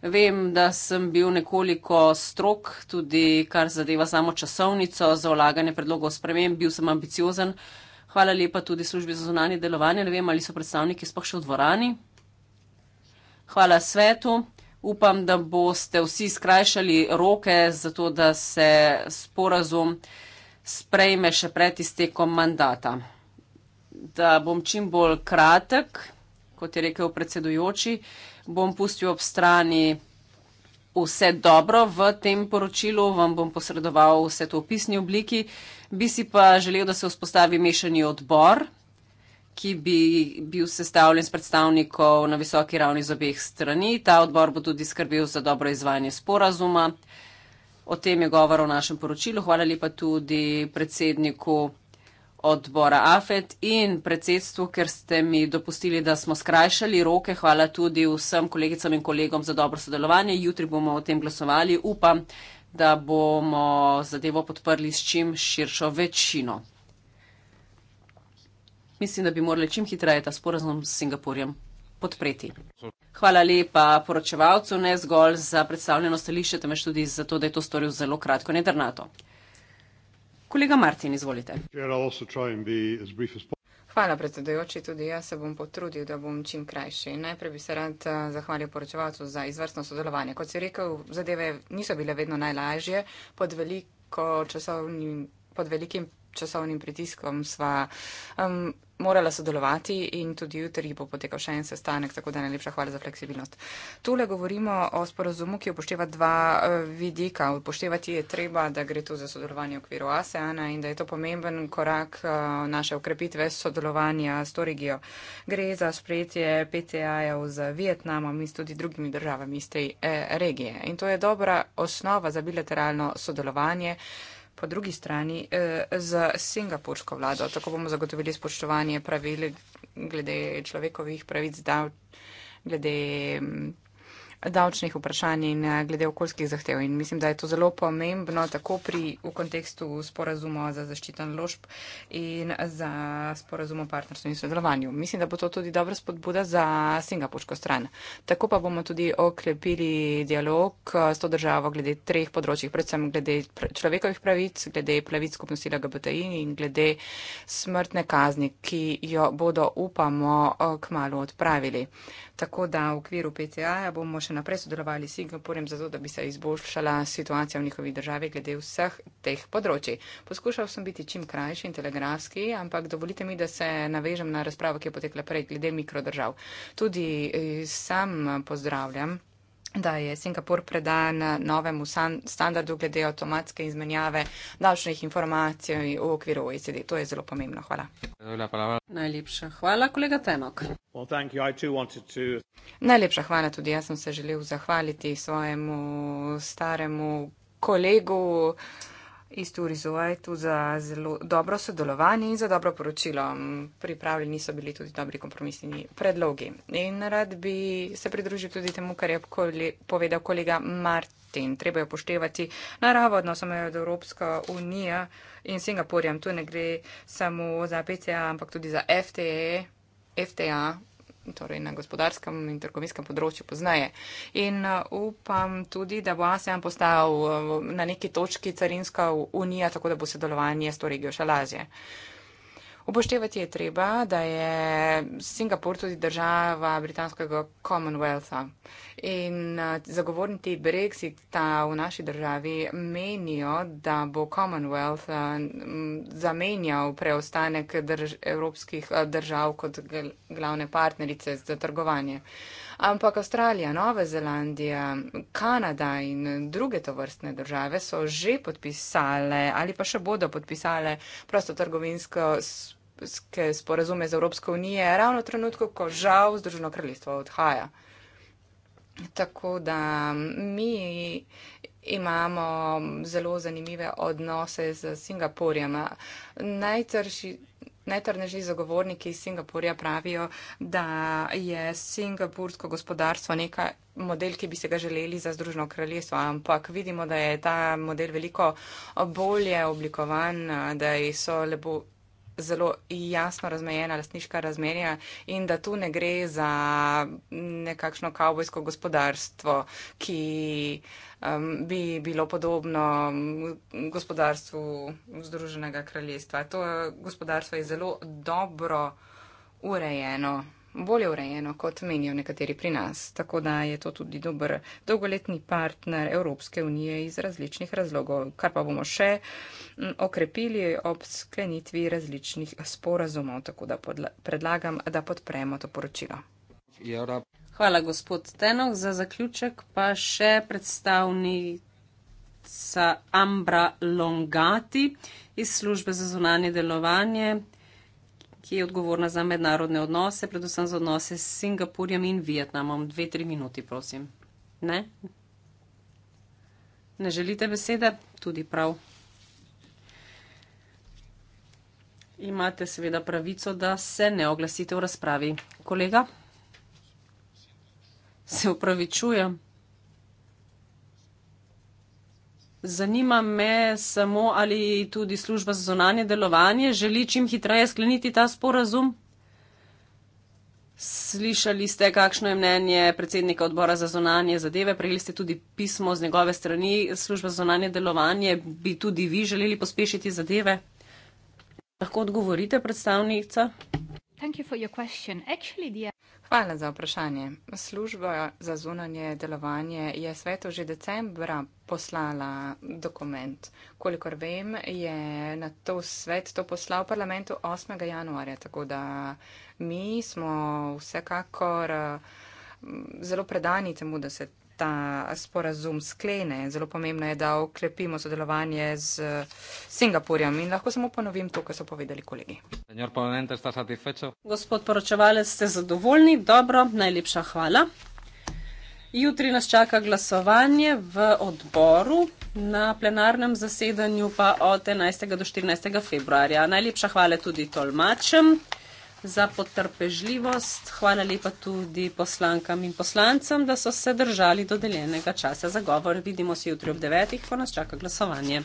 Vem, da sem bil nekoliko strok, tudi kar zadeva samo časovnico za olaganje predlogov sprememb, bil sem ambiciozen. Hvala lepa tudi službi za zunanje delovanje, ne vem, ali so predstavniki sploh še v dvorani. Hvala svetu. Upam, da boste vsi skrajšali roke za to, da se sporazum sprejme še pred iztekom mandata. Da bom čim bolj kratek, kot je rekel predsedujoči, bom pustil ob strani vse dobro v tem poročilu, vam bom posredoval vse to v pisni obliki. Bi si pa želel, da se vzpostavi mešani odbor, ki bi bil sestavljen s predstavnikov na visoki ravni z obeh strani. Ta odbor bo tudi skrbel za dobro izvajanje sporazuma. O tem je govora v našem poročilu. Hvala lepa tudi predsedniku odbora AFET in predsedstvu, ker ste mi dopustili, da smo skrajšali roke. Hvala tudi vsem kolegicam in kolegom za dobro sodelovanje. Jutri bomo o tem glasovali. Upam, da bomo zadevo podprli s čim širšo večino. Mislim, da bi morali čim hitreje ta sporazum s Singapurjem podpreti. Hvala lepa poročevalcu, ne zgolj za predstavljeno stališče, temveč tudi za to, da je to storil zelo kratko, ne drnato. Kolega Martin, izvolite. Hvala predsedojoči, tudi jaz se bom potrudil, da bom čim krajši. Najprej bi se rad eh, zahvalil poročevalcu za izvrstno sodelovanje. Kot si rekel, zadeve niso bile vedno najlažje, pod, veliko časovni, pod velikim časovnim pritiskom sva. Um, morala sodelovati in tudi jutri bo potekal še en sestanek, tako da najlepša hvala za fleksibilnost. Tule govorimo o sporozumu, ki upošteva dva eh, vidika. Upoštevati je treba, da gre tu za sodelovanje v okviru ASEANA in da je to pomemben korak eh, naše ukrepitve sodelovanja s to regijo. Gre za sprejetje PTA-jev z Vietnamom in tudi drugimi državami iz te eh, regije. In to je dobra osnova za bilateralno sodelovanje po drugi strani eh, za singapursko vlado. Tako bomo zagotovili spoštovanje pravil glede človekovih pravic, da glede. Hm, davčnih vprašanj in eh, glede okoljskih zahtev. In mislim, da je to zelo pomembno tako pri, v kontekstu sporazuma za zaščiten ložb in za sporazum o partnerstvu in sodelovanju. Mislim, da bo to tudi dobra spodbuda za singapursko stran. Tako pa bomo tudi okrepili dialog eh, s to državo glede treh področjih, predvsem glede človekovih pravic, glede pravic skupnosti LGBTI in glede smrtne kazni, ki jo bodo, upamo, eh, k malu odpravili. Tako da v okviru PTA -ja bomo še naprej sodelovali s Singapurjem, zato da bi se izboljšala situacija v njihovi državi glede vseh teh področji. Poskušal sem biti čim krajši in telegrafski, ampak dovolite mi, da se navežem na razpravo, ki je potekla prej glede mikrodržav. Tudi eh, sam pozdravljam da je Singapur predan novemu standardu glede avtomatske izmenjave davčnih informacij v okviru OECD. To je zelo pomembno. Hvala. Najlepša hvala, kolega Tenok. Najlepša hvala tudi. Jaz sem se želel zahvaliti svojemu staremu kolegu. Isto urizuje tu za zelo dobro sodelovanje in za dobro poročilo. Pripravljeni so bili tudi dobri kompromisni predlogi. In rad bi se pridružil tudi temu, kar je povedal kolega Martin. Treba je upoštevati naravo odnosov med Evropsko unijo in Singapurjem. Tu ne gre samo za PCA, ampak tudi za FTA, e, FTA torej na gospodarskem in trgovinskem področju poznaje. In uh, upam tudi, da bo ASEAN postal uh, na neki točki carinska unija, tako da bo sodelovanje s to regijo šalazje. Uh, Upoštevati je treba, da je Singapur tudi država britanskega Commonwealtha. In zagovorniki Brexita v naši državi menijo, da bo Commonwealth zamenjal preostanek drž evropskih držav kot gl glavne partnerice za trgovanje. Uh, ampak Avstralija, Nova Zelandija, Kanada in druge tovrstne države so že podpisale ali pa še bodo podpisale prostotrgovinsko sporazume z Evropsko unijo ravno v trenutku, ko žal Združeno kraljestvo odhaja. Tako da mi imamo zelo zanimive odnose z Singapurjem. Najtrši, Najtrdnejši zagovorniki Singapurja pravijo, da je singapursko gospodarstvo neka model, ki bi se ga želeli za Združeno kraljestvo, ampak vidimo, da je ta model veliko bolje oblikovan, da so lepo zelo jasno razmejena lastniška razmerja in da tu ne gre za nekakšno kavbojsko gospodarstvo, ki um, bi bilo podobno gospodarstvu Združenega kraljestva. To gospodarstvo je zelo dobro urejeno bolje urejeno, kot menijo nekateri pri nas. Tako da je to tudi dober dolgoletni partner Evropske unije iz različnih razlogov, kar pa bomo še mm, okrepili ob sklenitvi različnih sporazumov. Tako da predlagam, da podpremo to poročilo. Hvala, gospod Tenok. Za zaključek pa še predstavnica Ambra Longati iz službe za zunanje delovanje ki je odgovorna za mednarodne odnose, predvsem za odnose s Singapurjem in Vietnamom. Dve, tri minuti, prosim. Ne? Ne želite besede? Tudi prav. Imate seveda pravico, da se ne oglasite v razpravi. Kolega? Se upravičujem. Zanima me samo, ali tudi služba za zonanje delovanje želi čim hitreje skleniti ta sporazum. Slišali ste, kakšno je mnenje predsednika odbora za zonanje zadeve, prejeli ste tudi pismo z njegove strani, služba za zonanje delovanje, bi tudi vi želeli pospešiti zadeve? Lahko odgovorite, predstavnica? Hvala za vprašanje. Služba za zunanje delovanje je svetu že decembra poslala dokument. Kolikor vem, je na to svet to poslal parlamentu 8. januarja, tako da mi smo vsekakor mm, zelo predani temu, da se ta sporazum sklene. Zelo pomembno je, da okrepimo sodelovanje z Singapurjem in lahko samo ponovim to, kar so povedali kolegi. Gospod poročevalec, ste zadovoljni? Dobro, najlepša hvala. Jutri nas čaka glasovanje v odboru, na plenarnem zasedanju pa od 11. do 14. februarja. Najlepša hvala tudi tolmačem za potrpežljivost. Hvala lepa tudi poslankam in poslancem, da so se držali dodeljenega časa za govor. Vidimo se jutri ob devetih, ko nas čaka glasovanje.